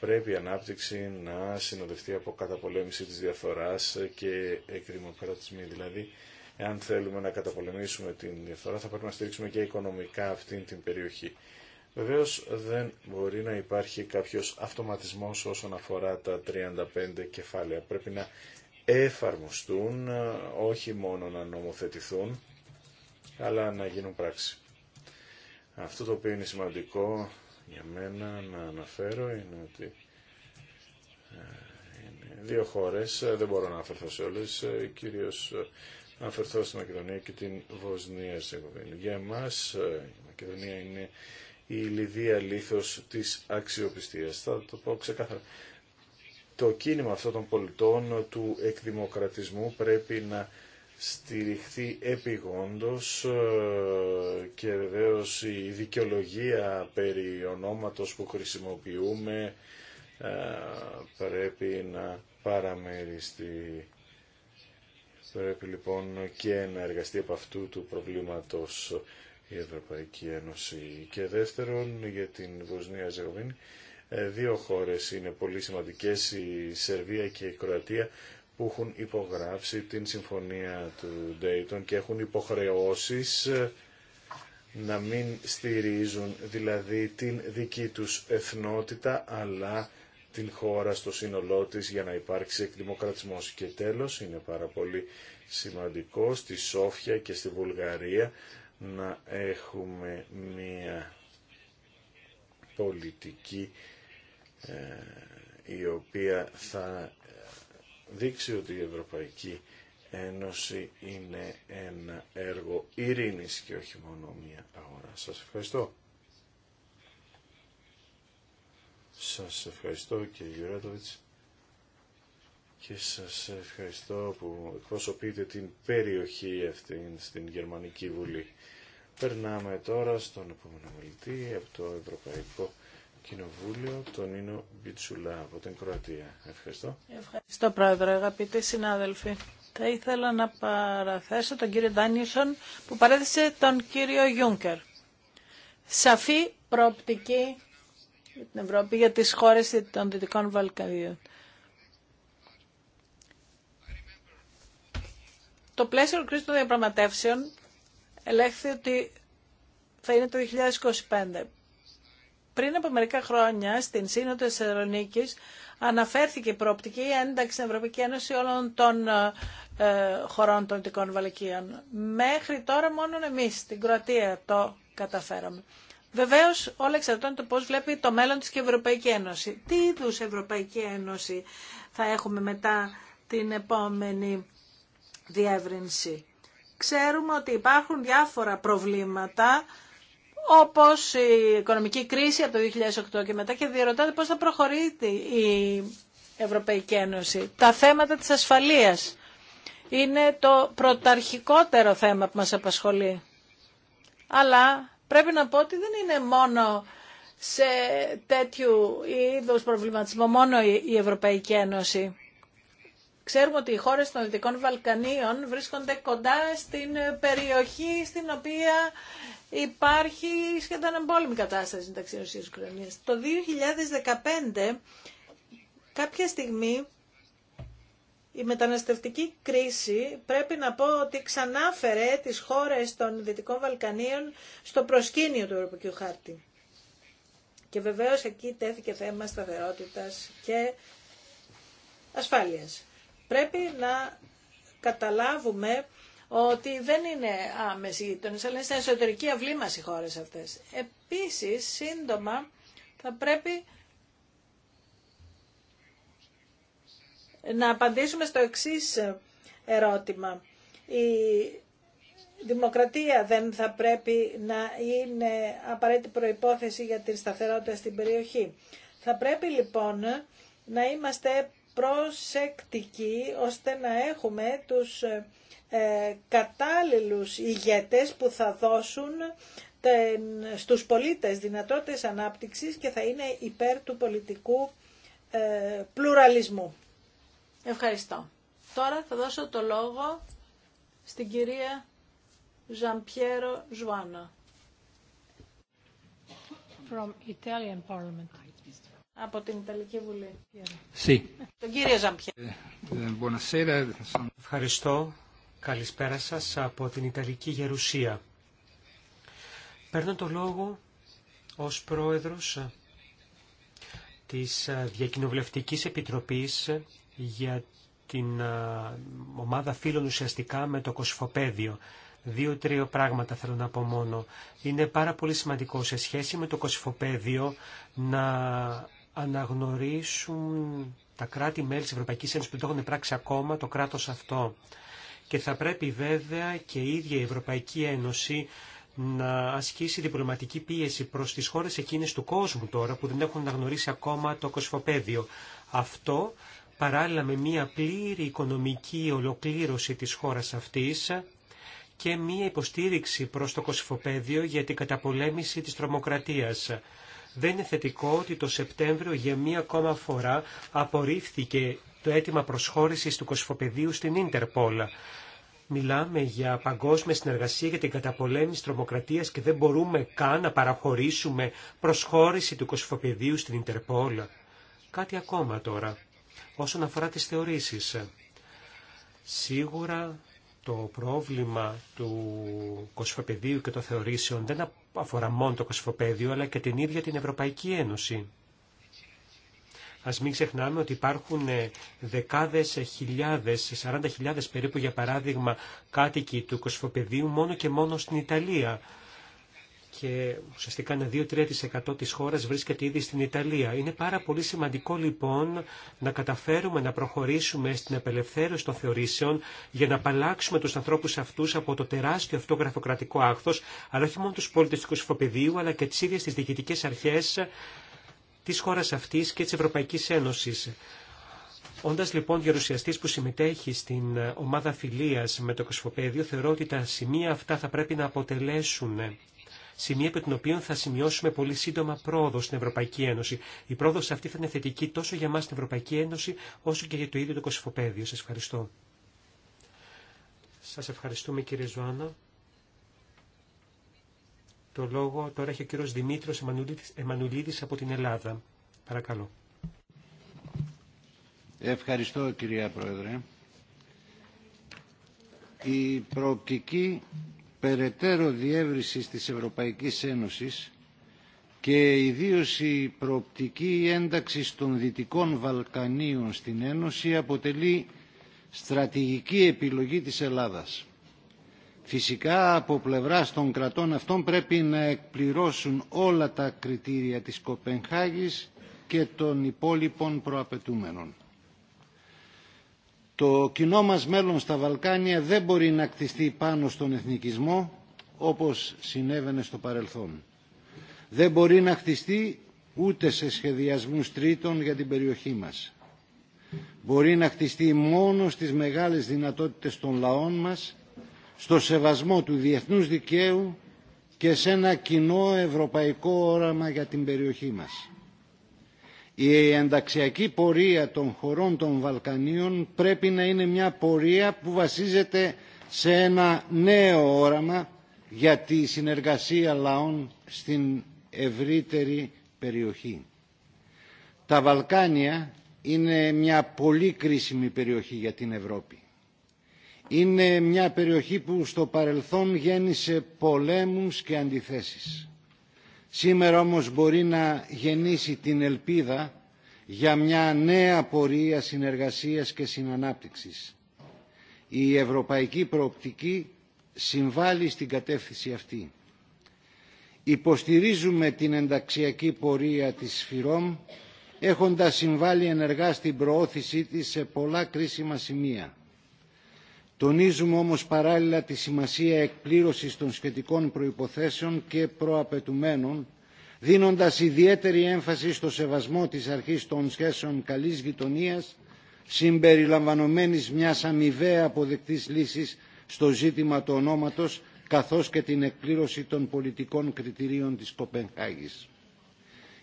πρέπει η ανάπτυξη να συνοδευτεί από καταπολέμηση της διαφθοράς και εκδημοκρατισμή. Δηλαδή, εάν θέλουμε να καταπολεμήσουμε την διαφθορά, θα πρέπει να στηρίξουμε και οικονομικά αυτήν την περιοχή. Βεβαίως δεν μπορεί να υπάρχει κάποιος αυτοματισμός όσον αφορά τα 35 κεφάλαια. Πρέπει να εφαρμοστούν, όχι μόνο να νομοθετηθούν, αλλά να γίνουν πράξη. Αυτό το οποίο είναι σημαντικό για μένα να αναφέρω είναι ότι ε, είναι δύο χώρες, ε, δεν μπορώ να αναφερθώ σε όλες, ε, κυρίως να αναφερθώ στη Μακεδονία και την Βοσνία Ζεγοβίνη. Για εμάς η Μακεδονία είναι η λιδία λίθος της αξιοπιστίας. Θα το πω ξεκάθαρα. Το κίνημα αυτών των πολιτών του εκδημοκρατισμού πρέπει να στηριχθεί επιγόντως ε, και βεβαίω η δικαιολογία περί ονόματος που χρησιμοποιούμε ε, πρέπει να παραμεριστεί. Πρέπει λοιπόν και να εργαστεί από αυτού του προβλήματος η Ευρωπαϊκή Ένωση. Και δεύτερον για την Βοσνία Ζεγοβίνη, ε, δύο χώρες είναι πολύ σημαντικές, η Σερβία και η Κροατία, που έχουν υπογράψει την συμφωνία του Dayton και έχουν υποχρεώσεις ε, να μην στηρίζουν δηλαδή την δική τους εθνότητα αλλά την χώρα στο σύνολό της για να υπάρξει εκδημοκρατισμός. Και τέλος είναι πάρα πολύ σημαντικό στη Σόφια και στη Βουλγαρία να έχουμε μία πολιτική ε, η οποία θα δείξει ότι η Ευρωπαϊκή Ένωση είναι ένα έργο ειρήνης και όχι μόνο μία αγορά. Σας ευχαριστώ. Σας ευχαριστώ κύριε Γιουράτοβιτς και σας ευχαριστώ που εκπροσωπείτε την περιοχή αυτή στην Γερμανική Βουλή. Περνάμε τώρα στον επόμενο μιλητή από το Ευρωπαϊκό Κοινοβούλιο, τον Νίνο Μπιτσουλά από την Κροατία. Ευχαριστώ. Ευχαριστώ Πρόεδρε, αγαπητοί συνάδελφοι. Θα ήθελα να παραθέσω τον κύριο Ντάνιουσον που παρέθεσε τον κύριο Γιούνκερ. Σαφή προοπτική για την Ευρώπη, για τις χώρες των Δυτικών Βαλκανίων. Το πλαίσιο κρίση των διαπραγματεύσεων ελέγχθη ότι θα είναι το 2025. Πριν από μερικά χρόνια στην Σύνοδο Θεσσαλονίκη αναφέρθηκε η προοπτική ένταξη στην Ευρωπαϊκή Ένωση όλων των ε, ε, χωρών των Δυτικών Βαλκίων. Μέχρι τώρα μόνο εμείς στην Κροατία το καταφέραμε. Βεβαίω, όλα εξαρτώνται το πώ βλέπει το μέλλον τη και η Ευρωπαϊκή Ένωση. Τι είδου Ευρωπαϊκή Ένωση θα έχουμε μετά την επόμενη διεύρυνση. Ξέρουμε ότι υπάρχουν διάφορα προβλήματα όπως η οικονομική κρίση από το 2008 και μετά και διερωτάται πώς θα προχωρήσει η Ευρωπαϊκή Ένωση. Τα θέματα της ασφαλείας είναι το πρωταρχικότερο θέμα που μας απασχολεί. Αλλά πρέπει να πω ότι δεν είναι μόνο σε τέτοιου είδου προβληματισμό μόνο η Ευρωπαϊκή Ένωση. Ξέρουμε ότι οι χώρες των Δυτικών Βαλκανίων βρίσκονται κοντά στην περιοχή στην οποία υπάρχει σχεδόν εμπόλεμη κατάσταση μεταξύ Ρωσίας και Το 2015 κάποια στιγμή η μεταναστευτική κρίση πρέπει να πω ότι ξανάφερε τις χώρες των Δυτικών Βαλκανίων στο προσκήνιο του Ευρωπαϊκού Χάρτη. Και βεβαίως εκεί τέθηκε θέμα σταθερότητας και ασφάλειας. Πρέπει να καταλάβουμε ότι δεν είναι άμεση γείτονε, αλλά είναι στα εσωτερική αυλή μας οι χώρες αυτές. Επίσης, σύντομα, θα πρέπει να απαντήσουμε στο εξής ερώτημα. Η δημοκρατία δεν θα πρέπει να είναι απαραίτητη προϋπόθεση για την σταθερότητα στην περιοχή. Θα πρέπει λοιπόν να είμαστε Προσεκτική, ώστε να έχουμε τους ε, κατάλληλους ηγέτες που θα δώσουν τεν, στους πολίτες δυνατότητες ανάπτυξης και θα είναι υπέρ του πολιτικού ε, πλουραλισμού. Ευχαριστώ. Τώρα θα δώσω το λόγο στην κυρία Ζαμπιέρο Ζουάνα. From Italian Parliament από την Ιταλική Βουλή. Sí. Τον κύριο Ζαμπιέ. Ε, ε, Ευχαριστώ. Καλησπέρα σας από την Ιταλική Γερουσία. Παίρνω το λόγο ως πρόεδρος της Διακοινοβουλευτικής Επιτροπής για την ε, ομάδα φίλων ουσιαστικά με το κοσφοπέδιο. Δύο-τρία πράγματα θέλω να πω μόνο. Είναι πάρα πολύ σημαντικό σε σχέση με το κοσφοπέδιο να αναγνωρίσουν τα κράτη-μέλη της Ευρωπαϊκής Ένωσης που το έχουν πράξει ακόμα το κράτος αυτό. Και θα πρέπει βέβαια και η ίδια η Ευρωπαϊκή Ένωση να ασκήσει διπλωματική πίεση προς τις χώρες εκείνες του κόσμου τώρα που δεν έχουν αναγνωρίσει ακόμα το κοσφοπέδιο. Αυτό παράλληλα με μια πλήρη οικονομική ολοκλήρωση της χώρας αυτής και μια υποστήριξη προς το κοσφοπέδιο για την καταπολέμηση της τρομοκρατίας. Δεν είναι θετικό ότι το Σεπτέμβριο για μία ακόμα φορά απορρίφθηκε το αίτημα προσχώρησης του Κοσφοπεδίου στην Ίντερπόλα. Μιλάμε για παγκόσμια συνεργασία για την καταπολέμηση τρομοκρατίας και δεν μπορούμε καν να παραχωρήσουμε προσχώρηση του Κοσφοπεδίου στην Ιντερπόλ. Κάτι ακόμα τώρα, όσον αφορά τις θεωρήσεις. Σίγουρα το πρόβλημα του κοσφοπεδίου και των θεωρήσεων δεν αφορά μόνο το κοσφοπέδιο, αλλά και την ίδια την Ευρωπαϊκή Ένωση. Ας μην ξεχνάμε ότι υπάρχουν ε, δεκάδες ε, χιλιάδες, 40.000 ε, περίπου για παράδειγμα κάτοικοι του κοσφοπεδίου μόνο και μόνο στην Ιταλία και ουσιαστικά ένα 2-3% της χώρας βρίσκεται ήδη στην Ιταλία. Είναι πάρα πολύ σημαντικό λοιπόν να καταφέρουμε να προχωρήσουμε στην απελευθέρωση των θεωρήσεων για να απαλλάξουμε τους ανθρώπους αυτούς από το τεράστιο αυτό γραφειοκρατικό άχθος, αλλά όχι μόνο τους πολίτες του Κοσυφοπεδίου, αλλά και τις ίδιες τις διοικητικές αρχές της χώρας αυτής και της Ευρωπαϊκής Ένωσης. Όντας λοιπόν γερουσιαστής που συμμετέχει στην ομάδα φιλίας με το Κοσμοπέδιο, θεωρώ ότι τα σημεία αυτά θα πρέπει να αποτελέσουν σημεία επί των οποίων θα σημειώσουμε πολύ σύντομα πρόοδο στην Ευρωπαϊκή Ένωση. Η πρόοδο αυτή θα είναι θετική τόσο για εμά στην Ευρωπαϊκή Ένωση, όσο και για το ίδιο το Κωσυφοπαίδιο. Σα ευχαριστώ. Σα ευχαριστούμε κύριε Ζωάνα. Το λόγο τώρα έχει ο κύριο Δημήτρος Εμμανουλίδη από την Ελλάδα. Παρακαλώ. Ευχαριστώ κυρία Πρόεδρε. Η προοπτική περαιτέρω διεύρυνση της Ευρωπαϊκής Ένωσης και ιδίως η προοπτική ένταξη των Δυτικών Βαλκανίων στην Ένωση αποτελεί στρατηγική επιλογή της Ελλάδας. Φυσικά από πλευρά των κρατών αυτών πρέπει να εκπληρώσουν όλα τα κριτήρια της Κοπενχάγης και των υπόλοιπων προαπαιτούμενων. Το κοινό μας μέλλον στα Βαλκάνια δεν μπορεί να κτιστεί πάνω στον εθνικισμό όπως συνέβαινε στο παρελθόν. Δεν μπορεί να χτιστεί ούτε σε σχεδιασμούς τρίτων για την περιοχή μας. Μπορεί να χτιστεί μόνο στις μεγάλες δυνατότητες των λαών μας, στο σεβασμό του διεθνούς δικαίου και σε ένα κοινό ευρωπαϊκό όραμα για την περιοχή μας. Η ενταξιακή πορεία των χωρών των Βαλκανίων πρέπει να είναι μια πορεία που βασίζεται σε ένα νέο όραμα για τη συνεργασία λαών στην ευρύτερη περιοχή. Τα Βαλκάνια είναι μια πολύ κρίσιμη περιοχή για την Ευρώπη. Είναι μια περιοχή που στο παρελθόν γέννησε πολέμους και αντιθέσεις. Σήμερα όμως μπορεί να γεννήσει την ελπίδα για μια νέα πορεία συνεργασίας και συνανάπτυξης. Η ευρωπαϊκή προοπτική συμβάλλει στην κατεύθυνση αυτή. Υποστηρίζουμε την ενταξιακή πορεία της ΦΥΡΟΜ έχοντας συμβάλει ενεργά στην προώθησή της σε πολλά κρίσιμα σημεία. Τονίζουμε όμως παράλληλα τη σημασία εκπλήρωσης των σχετικών προϋποθέσεων και προαπαιτουμένων, δίνοντας ιδιαίτερη έμφαση στο σεβασμό της αρχής των σχέσεων καλής γειτονίας, συμπεριλαμβανομένης μιας αμοιβαία αποδεκτής λύσης στο ζήτημα του ονόματος, καθώς και την εκπλήρωση των πολιτικών κριτηρίων της Κοπενχάγης.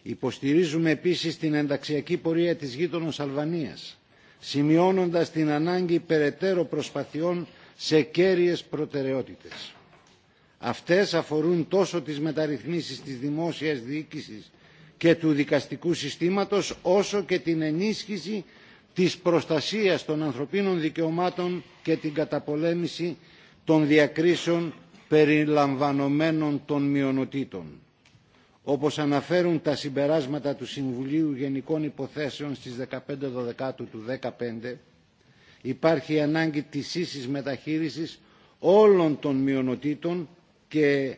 Υποστηρίζουμε επίσης την ενταξιακή πορεία της γείτονος Αλβανίας, σημειώνοντας την ανάγκη περαιτέρω προσπαθειών σε κέρυες προτεραιότητες. Αυτές αφορούν τόσο τις μεταρρυθμίσεις της δημόσιας διοίκησης και του δικαστικού συστήματος, όσο και την ενίσχυση της προστασίας των ανθρωπίνων δικαιωμάτων και την καταπολέμηση των διακρίσεων περιλαμβανομένων των μειονοτήτων όπως αναφέρουν τα συμπεράσματα του Συμβουλίου Γενικών Υποθέσεων στις 15 12 του 2015, υπάρχει ανάγκη της ίσης μεταχείρισης όλων των μειονοτήτων και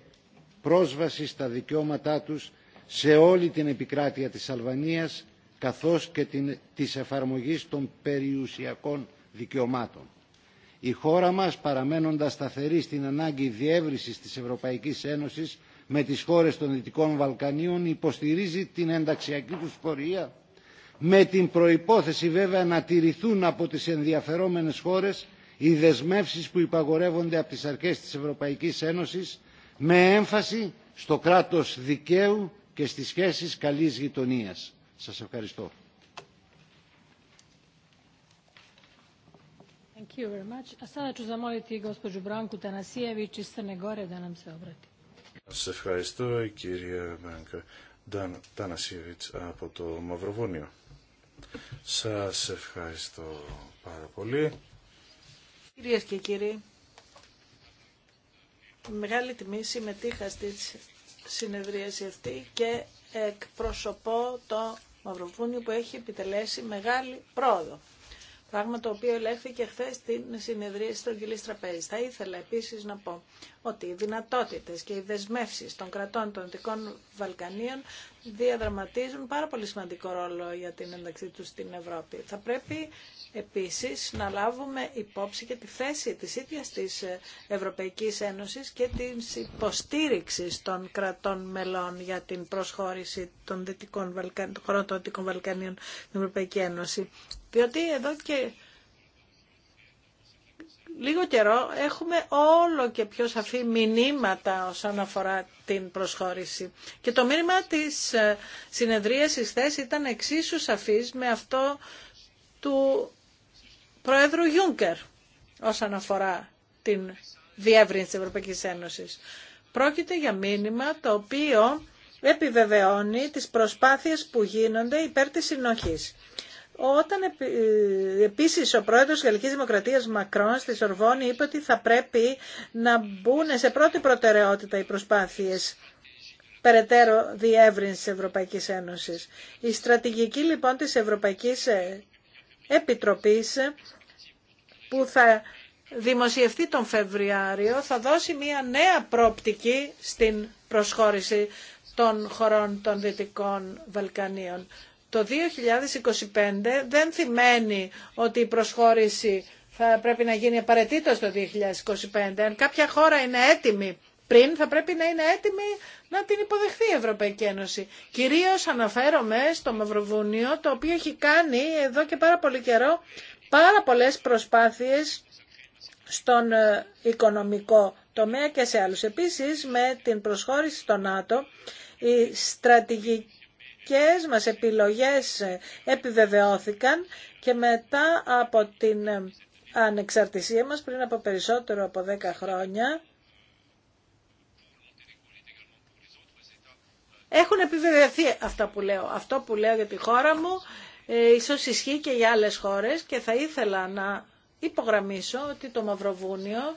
πρόσβαση στα δικαιώματά τους σε όλη την επικράτεια της Αλβανίας καθώς και την, της εφαρμογής των περιουσιακών δικαιωμάτων. Η χώρα μας παραμένοντας σταθερή στην ανάγκη διεύρυνσης της Ευρωπαϊκής Ένωσης με τις χώρες των Δυτικών Βαλκανίων υποστηρίζει την ενταξιακή τους πορεία με την προϋπόθεση βέβαια να τηρηθούν από τις ενδιαφερόμενες χώρες οι δεσμεύσεις που υπαγορεύονται από τις αρχές της Ευρωπαϊκής Ένωσης με έμφαση στο κράτος δικαίου και στις σχέσεις καλής γειτονίας. Σας ευχαριστώ. Thank you very much. A sada ću Branku iz Crne Gore da nam se σας ευχαριστώ κυρία Μπάνκα Ντάν από το Μαυροβόνιο. Σας ευχαριστώ πάρα πολύ. Κυρίες και κύριοι, με μεγάλη τιμή συμμετείχα στη συνεδρίαση αυτή και εκπροσωπώ το Μαυροβούνιο που έχει επιτελέσει μεγάλη πρόοδο. Πράγμα το οποίο ελέγχθηκε χθε στην συνεδρίαση των Αγγελής Τραπέζης. Θα ήθελα επίσης να πω ότι οι δυνατότητες και οι δεσμεύσεις των κρατών των Δυτικών Βαλκανίων διαδραματίζουν πάρα πολύ σημαντικό ρόλο για την ένταξή τους στην Ευρώπη. Θα πρέπει επίσης να λάβουμε υπόψη και τη θέση της ίδιας της Ευρωπαϊκής Ένωσης και την υποστήριξη των κρατών μελών για την προσχώρηση των, Δυτικών Βαλκαν... χωρών των Δυτικών Βαλκανίων στην Ευρωπαϊκή Ένωση. εδώ και λίγο καιρό έχουμε όλο και πιο σαφή μηνύματα όσον αφορά την προσχώρηση. Και το μήνυμα της ε, συνεδρίασης θέση ήταν εξίσου σαφής με αυτό του Πρόεδρου Γιούγκερ όσον αφορά την διεύρυνση της Ευρωπαϊκής Ένωσης. Πρόκειται για μήνυμα το οποίο επιβεβαιώνει τις προσπάθειες που γίνονται υπέρ της συνοχής. Όταν ε, επίσης ο πρόεδρος της Γαλλικής Δημοκρατίας Μακρόν στη Σορβόνη είπε ότι θα πρέπει να μπουν σε πρώτη προτεραιότητα οι προσπάθειες περαιτέρω διεύρυνση Ευρωπαϊκής Ένωσης. Η στρατηγική λοιπόν της Ευρωπαϊκής ε, Επιτροπής που θα δημοσιευτεί τον Φεβρουάριο θα δώσει μια νέα πρόπτικη στην προσχώρηση των χωρών των Δυτικών Βαλκανίων. Το 2025 δεν θυμαίνει ότι η προσχώρηση θα πρέπει να γίνει απαραίτητο το 2025. Αν κάποια χώρα είναι έτοιμη πριν, θα πρέπει να είναι έτοιμη να την υποδεχθεί η Ευρωπαϊκή Ένωση. Κυρίως αναφέρομαι στο Μαυροβούνιο, το οποίο έχει κάνει εδώ και πάρα πολύ καιρό πάρα πολλές προσπάθειες στον ε, οικονομικό τομέα και σε άλλους. Επίσης, με την προσχώρηση στο ΝΑΤΟ, η στρατηγική δικές μας επιλογές ε, επιβεβαιώθηκαν και μετά από την ε, ανεξαρτησία μας πριν από περισσότερο από 10 χρόνια έχουν επιβεβαιωθεί αυτά που λέω. Αυτό που λέω για τη χώρα μου ε, ίσως ισχύει και για άλλες χώρες και θα ήθελα να υπογραμμίσω ότι το Μαυροβούνιο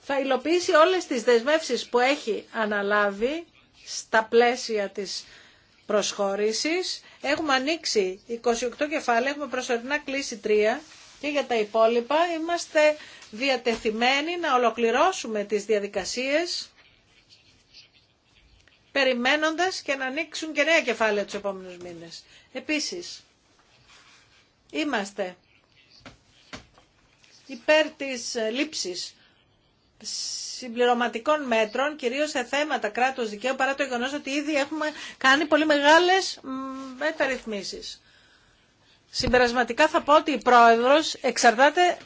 θα υλοποιήσει όλες τις δεσμεύσεις που έχει αναλάβει στα πλαίσια της προσχώρησης. Έχουμε ανοίξει 28 κεφάλαια, έχουμε προσωρινά κλείσει τρία και για τα υπόλοιπα είμαστε διατεθειμένοι να ολοκληρώσουμε τις διαδικασίες περιμένοντας και να ανοίξουν και νέα κεφάλαια τους επόμενους μήνες. Επίσης, είμαστε υπέρ της λήψης συμπληρωματικών μέτρων, κυρίως σε θέματα κράτους δικαίου, παρά το γεγονός ότι ήδη έχουμε κάνει πολύ μεγάλες μεταρρυθμίσεις. Συμπερασματικά θα πω ότι η πρόεδρος εξαρτάται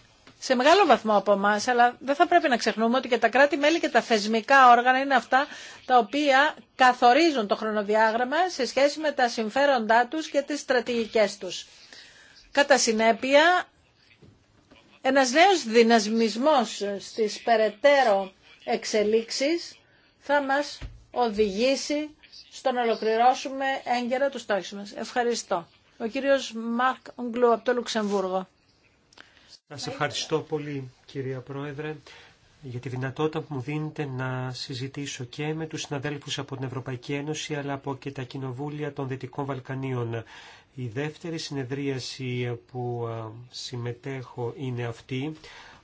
σε μεγάλο βαθμό από εμά, αλλά δεν θα πρέπει να ξεχνούμε ότι και τα κράτη-μέλη και τα θεσμικά όργανα είναι αυτά τα οποία καθορίζουν το χρονοδιάγραμμα σε σχέση με τα συμφέροντά τους και τις στρατηγικές τους. Κατά συνέπεια, ένας νέος δυνασμισμός στις περαιτέρω εξελίξεις θα μας οδηγήσει στο να ολοκληρώσουμε έγκαιρα τους στόχους μας. Ευχαριστώ. Ο κύριος Μαρκ Ογκλού από το Λουξεμβούργο. Σας ευχαριστώ πολύ κυρία Πρόεδρε για τη δυνατότητα που μου δίνετε να συζητήσω και με τους συναδέλφους από την Ευρωπαϊκή Ένωση αλλά από και τα κοινοβούλια των Δυτικών Βαλκανίων. Η δεύτερη συνεδρίαση που συμμετέχω είναι αυτή.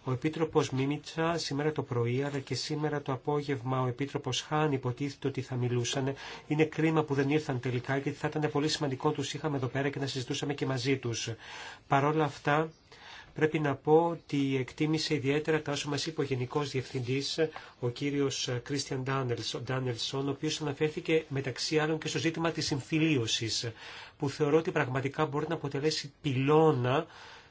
Ο Επίτροπος Μίμητσα σήμερα το πρωί αλλά και σήμερα το απόγευμα ο Επίτροπος Χάν υποτίθεται ότι θα μιλούσαν. Είναι κρίμα που δεν ήρθαν τελικά γιατί θα ήταν πολύ σημαντικό τους είχαμε εδώ πέρα και να συζητούσαμε και μαζί τους. Παρόλα αυτά Πρέπει να πω ότι εκτίμησε ιδιαίτερα τα όσα μας είπε ο Γενικός Διευθυντής, ο κύριος Κρίστιαν Ντάνελσον, ο οποίος αναφέρθηκε μεταξύ άλλων και στο ζήτημα της συμφιλίωσης, που θεωρώ ότι πραγματικά μπορεί να αποτελέσει πυλώνα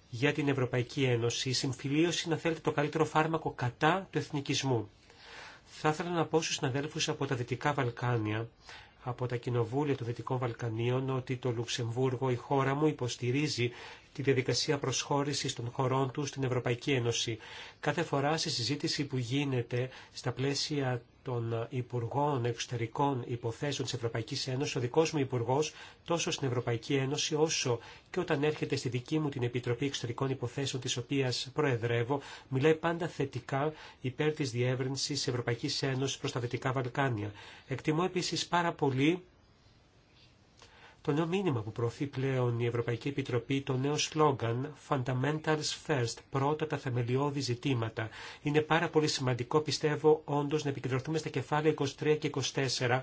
για την Ευρωπαϊκή Ένωση. Η συμφιλίωση, να θέλετε, το καλύτερο φάρμακο κατά του εθνικισμού. Θα ήθελα να πω στους συναδέλφους από τα Δυτικά Βαλκάνια, από τα κοινοβούλια των Δυτικών Βαλκανίων, ότι το Λουξεμβούργο, η χώρα μου, υποστηρίζει τη διαδικασία προσχώρησης των χωρών του στην Ευρωπαϊκή Ένωση. Κάθε φορά στη συζήτηση που γίνεται στα πλαίσια των Υπουργών Εξωτερικών Υποθέσεων της Ευρωπαϊκής Ένωσης, ο δικός μου Υπουργός, τόσο στην Ευρωπαϊκή Ένωση, όσο και όταν έρχεται στη δική μου την Επιτροπή Εξωτερικών Υποθέσεων, της οποίας προεδρεύω, μιλάει πάντα θετικά υπέρ της διεύρυνσης Ευρωπαϊκής Ένωσης προς τα Δυτικά Βαλκάνια. Εκτιμώ επίσης πάρα πολύ το νέο μήνυμα που προωθεί πλέον η Ευρωπαϊκή Επιτροπή, το νέο σλόγγαν Fundamentals First, πρώτα τα θεμελιώδη ζητήματα. Είναι πάρα πολύ σημαντικό, πιστεύω, όντω να επικεντρωθούμε στα κεφάλαια 23 και 24.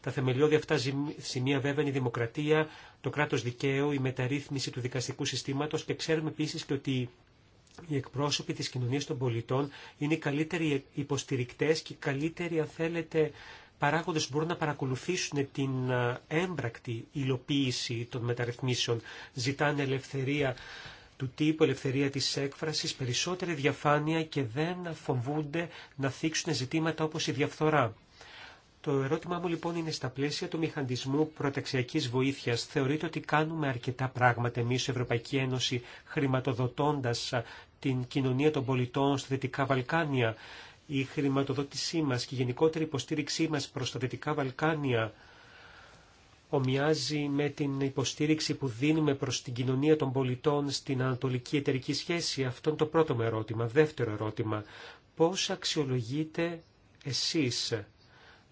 Τα θεμελιώδη αυτά σημεία βέβαια είναι η δημοκρατία, το κράτος δικαίου, η μεταρρύθμιση του δικαστικού συστήματος και ξέρουμε επίση και ότι οι εκπρόσωποι της κοινωνίας των πολιτών είναι οι καλύτεροι υποστηρικτές και οι καλύτεροι, αν θέλετε, παράγοντες μπορούν να παρακολουθήσουν την ε, έμπρακτη υλοποίηση των μεταρρυθμίσεων. Ζητάνε ελευθερία του τύπου, ελευθερία της έκφρασης, περισσότερη διαφάνεια και δεν φοβούνται να θίξουν ζητήματα όπως η διαφθορά. Το ερώτημά μου λοιπόν είναι στα πλαίσια του μηχανισμού προταξιακής βοήθειας. Θεωρείτε ότι κάνουμε αρκετά πράγματα εμείς, η Ευρωπαϊκή Ένωση, χρηματοδοτώντας ε, την κοινωνία των πολιτών στα Δυτικά Βαλκάνια η χρηματοδότησή μας και η γενικότερη υποστήριξή μας προς τα Δυτικά Βαλκάνια ομοιάζει με την υποστήριξη που δίνουμε προς την κοινωνία των πολιτών στην ανατολική εταιρική σχέση. Αυτό είναι το πρώτο μου ερώτημα. Δεύτερο ερώτημα. Πώς αξιολογείτε εσείς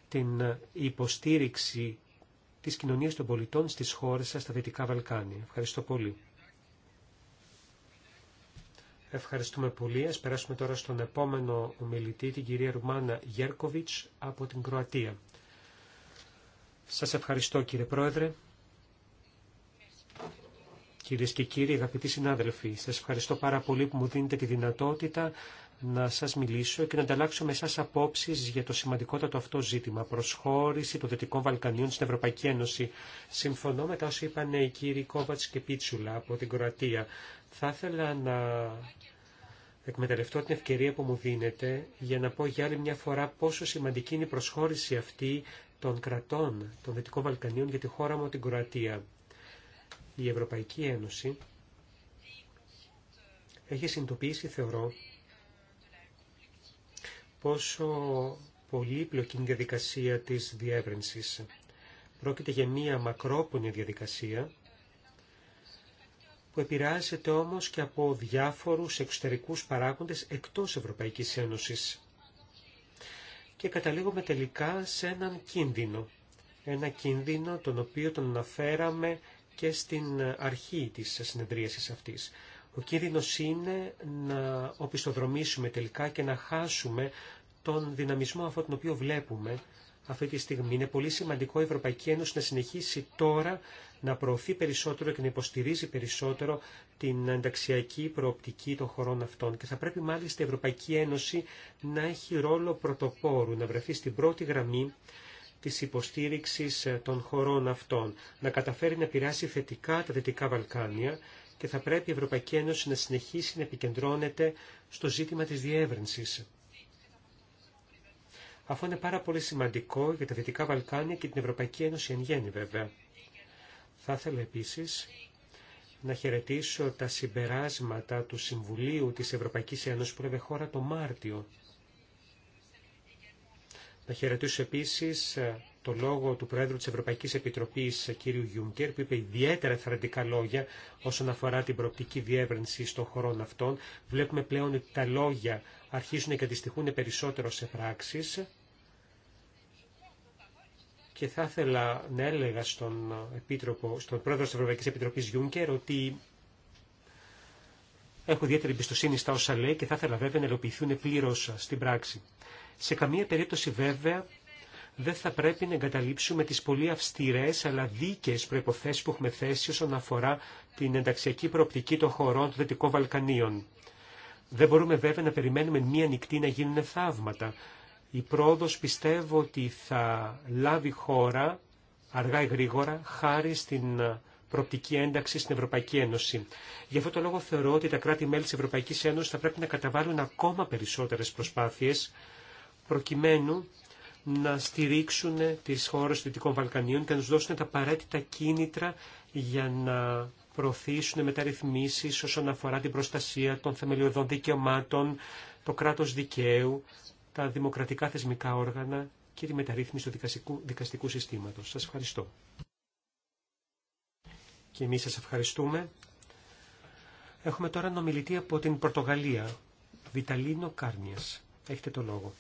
την υποστήριξη της κοινωνίας των πολιτών στις χώρες σας στα Δυτικά Βαλκάνια. Ευχαριστώ πολύ. Ευχαριστούμε πολύ. Ας περάσουμε τώρα στον επόμενο ομιλητή, την κυρία Ρουμάνα Γέρκοβιτς από την Κροατία. Σας ευχαριστώ κύριε Πρόεδρε. Κυρίες και κύριοι, αγαπητοί συνάδελφοι, σας ευχαριστώ πάρα πολύ που μου δίνετε τη δυνατότητα να σας μιλήσω και να ανταλλάξω με σας απόψεις για το σημαντικότατο αυτό ζήτημα, προσχώρηση των Δυτικών Βαλκανίων στην Ευρωπαϊκή Ένωση. Συμφωνώ με τα όσα είπαν οι κύριοι Κόβατς και Πίτσουλα από την Κροατία. Θα ήθελα να εκμεταλλευτώ την ευκαιρία που μου δίνεται για να πω για άλλη μια φορά πόσο σημαντική είναι η προσχώρηση αυτή των κρατών των Δυτικών Βαλκανίων για τη χώρα μου την Κροατία. Η Ευρωπαϊκή Ένωση έχει συνειδητοποιήσει, θεωρώ, πόσο πολύπλοκη είναι η διαδικασία της διεύρυνσης. Πρόκειται για μία μακρόπονη διαδικασία, που επηρεάζεται όμως και από διάφορους εξωτερικούς παράγοντες εκτός Ευρωπαϊκής Ένωσης. Και καταλήγουμε τελικά σε έναν κίνδυνο. Ένα κίνδυνο τον οποίο τον αναφέραμε και στην αρχή της συνεδρίασης αυτής. Ο κίνδυνος είναι να οπισθοδρομήσουμε τελικά και να χάσουμε τον δυναμισμό αυτόν τον οποίο βλέπουμε αυτή τη στιγμή. Είναι πολύ σημαντικό η Ευρωπαϊκή Ένωση να συνεχίσει τώρα να προωθεί περισσότερο και να υποστηρίζει περισσότερο την ενταξιακή προοπτική των χωρών αυτών. Και θα πρέπει μάλιστα η Ευρωπαϊκή Ένωση να έχει ρόλο πρωτοπόρου, να βρεθεί στην πρώτη γραμμή της υποστήριξης των χωρών αυτών, να καταφέρει να επηρεάσει θετικά τα Δυτικά Βαλκάνια και θα πρέπει η Ευρωπαϊκή Ένωση να συνεχίσει να επικεντρώνεται στο ζήτημα της διεύρυνσης αφού είναι πάρα πολύ σημαντικό για τα Δυτικά Βαλκάνια και την Ευρωπαϊκή Ένωση εν γέννη βέβαια. Θα ήθελα επίσης να χαιρετήσω τα συμπεράσματα του Συμβουλίου της Ευρωπαϊκής Ένωσης που έλεγε χώρα το Μάρτιο. Να χαιρετήσω επίσης ε, το λόγο του Πρόεδρου της Ευρωπαϊκής Επιτροπής ε, κ. Γιούγκερ που είπε ιδιαίτερα θεραντικά λόγια όσον αφορά την προοπτική διεύρυνση των χωρών αυτών. Βλέπουμε πλέον ότι τα λόγια αρχίζουν και αντιστοιχούν περισσότερο σε πράξεις και θα ήθελα να έλεγα στον, επίτροπο, στον πρόεδρο της Ευρωπαϊκής Επιτροπής Γιούνκερ ότι έχω ιδιαίτερη εμπιστοσύνη στα όσα λέει και θα ήθελα βέβαια να ελοποιηθούν πλήρω στην πράξη. Σε καμία περίπτωση βέβαια δεν θα πρέπει να εγκαταλείψουμε τις πολύ αυστηρές αλλά δίκαιες προϋποθέσεις που έχουμε θέσει όσον αφορά την ενταξιακή προοπτική των χωρών των Δυτικών Βαλκανίων. Δεν μπορούμε βέβαια να περιμένουμε μία νυχτή να γίνουν θαύματα. Η πρόοδος πιστεύω ότι θα λάβει χώρα αργά ή γρήγορα χάρη στην προοπτική ένταξη στην Ευρωπαϊκή Ένωση. Γι' αυτό το λόγο θεωρώ ότι τα κράτη-μέλη της Ευρωπαϊκής Ένωσης θα πρέπει να καταβάλουν ακόμα περισσότερες προσπάθειες προκειμένου να στηρίξουν τις χώρες του Δυτικών Βαλκανίων και να τους δώσουν τα απαραίτητα κίνητρα για να προωθήσουν μεταρρυθμίσεις όσον αφορά την προστασία των θεμελιωδών δικαιωμάτων, το κράτος δικαίου, τα δημοκρατικά θεσμικά όργανα και τη μεταρρύθμιση του δικαστικού, δικαστικού συστήματος. Σας ευχαριστώ. Και εμείς σας ευχαριστούμε. Έχουμε τώρα νομιλητή από την Πορτογαλία, Βιταλίνο Κάρνιας. Έχετε το λόγο.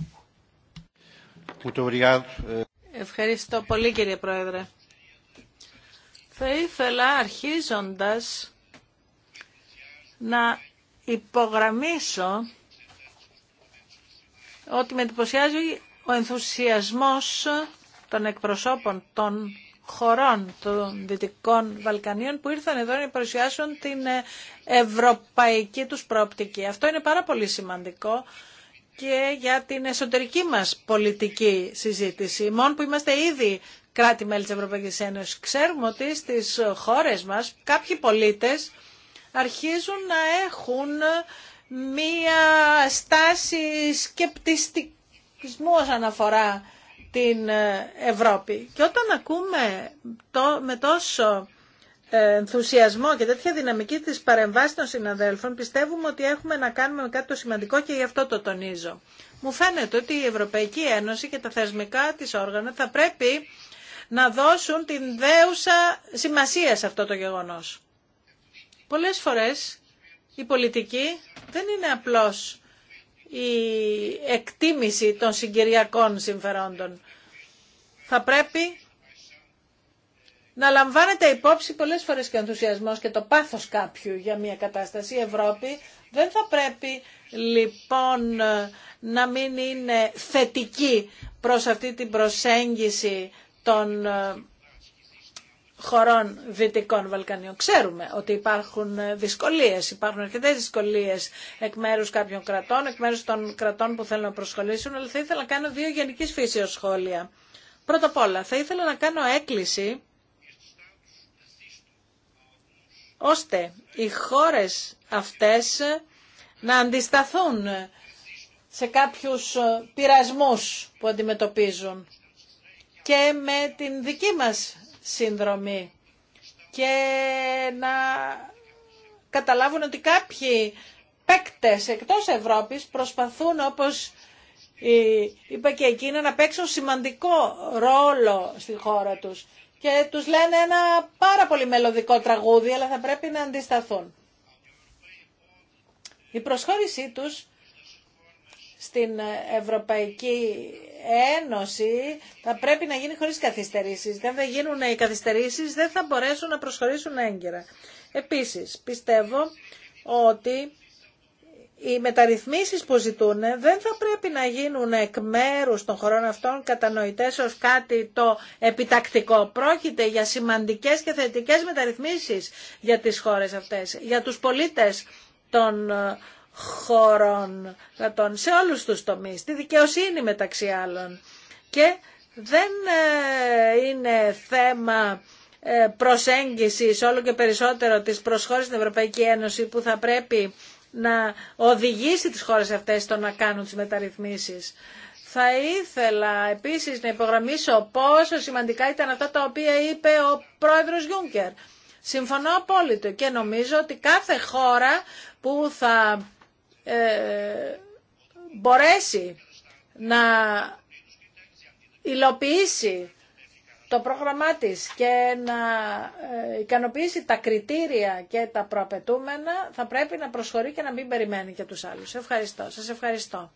Ευχαριστώ πολύ κύριε Πρόεδρε. Θα ήθελα αρχίζοντας να υπογραμμίσω ότι με εντυπωσιάζει ο ενθουσιασμός των εκπροσώπων των χωρών των Δυτικών Βαλκανίων που ήρθαν εδώ να παρουσιάσουν την ε, ευρωπαϊκή τους προοπτική. Αυτό είναι πάρα πολύ σημαντικό και για την εσωτερική μας πολιτική συζήτηση. Μόνο που είμαστε ήδη κράτη-μέλη της Ευρωπαϊκής Ένωσης, ξέρουμε ότι στις χώρες μας κάποιοι πολίτες αρχίζουν να έχουν μία στάση σκεπτισμού όσον αφορά την ε, Ευρώπη. Και όταν ακούμε το, με τόσο ε, ενθουσιασμό και τέτοια δυναμική της παρεμβάσης των συναδέλφων, πιστεύουμε ότι έχουμε να κάνουμε με κάτι το σημαντικό και γι' αυτό το τονίζω. Μου φαίνεται ότι η Ευρωπαϊκή Ένωση και τα θεσμικά της όργανα θα πρέπει να δώσουν την δέουσα σημασία σε αυτό το γεγονός. Πολλές φορές οι πολιτική δεν είναι απλώς η εκτίμηση των συγκυριακών συμφερόντων. Θα πρέπει να λαμβάνεται υπόψη πολλές φορές και ο ενθουσιασμός και το πάθος κάποιου για μια κατάσταση. Η Ευρώπη δεν θα πρέπει λοιπόν να μην είναι θετική προς αυτή την προσέγγιση των ε, χωρών Δυτικών Βαλκανίων. Ξέρουμε ότι υπάρχουν δυσκολίες, υπάρχουν αρκετές δυσκολίες εκ μέρους κάποιων κρατών, εκ μέρους των κρατών που θέλουν να προσχολήσουν, αλλά θα ήθελα να κάνω δύο γενικής ω σχόλια. Πρώτα απ' όλα, θα ήθελα να κάνω έκκληση ώστε οι χώρες αυτές να αντισταθούν σε κάποιους πειρασμούς που αντιμετωπίζουν και με την δική μας συνδρομή και να καταλάβουν ότι κάποιοι παίκτες εκτός Ευρώπης προσπαθούν όπως είπα και εκείνα να παίξουν σημαντικό ρόλο στη χώρα τους και τους λένε ένα πάρα πολύ μελωδικό τραγούδι αλλά θα πρέπει να αντισταθούν. Η προσχώρησή τους στην Ευρωπαϊκή Ένωση θα πρέπει να γίνει χωρίς καθυστερήσεις. Δεν θα γίνουν οι καθυστερήσεις, δεν θα μπορέσουν να προσχωρήσουν έγκαιρα. Επίσης, πιστεύω ότι οι μεταρρυθμίσεις που ζητούν δεν θα πρέπει να γίνουν εκ μέρους των χωρών αυτών κατανοητές ως κάτι το επιτακτικό. Πρόκειται για σημαντικές και θετικές μεταρρυθμίσεις για τις χώρες αυτές, για τους πολίτες των χωρών σε όλους τους τομείς, τη δικαιοσύνη μεταξύ άλλων. Και δεν ε, είναι θέμα ε, προσέγγισης όλο και περισσότερο της προσχώρησης στην Ευρωπαϊκή Ένωση που θα πρέπει να οδηγήσει τις χώρες αυτές στο να κάνουν τις μεταρρυθμίσεις. Θα ήθελα επίσης να υπογραμμίσω πόσο σημαντικά ήταν αυτά τα οποία είπε ο πρόεδρος Γιούγκερ. Συμφωνώ απόλυτο και νομίζω ότι κάθε χώρα που θα ε, μπορέσει να υλοποιήσει το πρόγραμμά της και να ε, ικανοποιήσει τα κριτήρια και τα προαπαιτούμενα, θα πρέπει να προσχωρεί και να μην περιμένει και τους άλλους. Ευχαριστώ. Σας ευχαριστώ.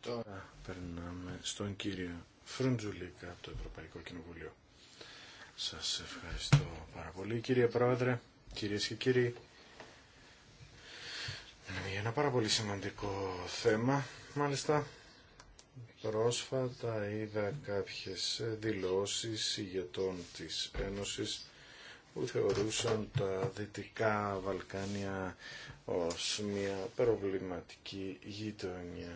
Τώρα περνάμε στον κύριο Φρουντζουλίκα από το Ευρωπαϊκό Κοινοβουλίο. Σας ευχαριστώ πάρα πολύ κύριε Πρόεδρε, κυρίες και κύριοι είναι ένα πάρα πολύ σημαντικό θέμα. Μάλιστα, πρόσφατα είδα κάποιες δηλώσεις ηγετών της Ένωσης που θεωρούσαν τα Δυτικά Βαλκάνια ως μια προβληματική γείτονια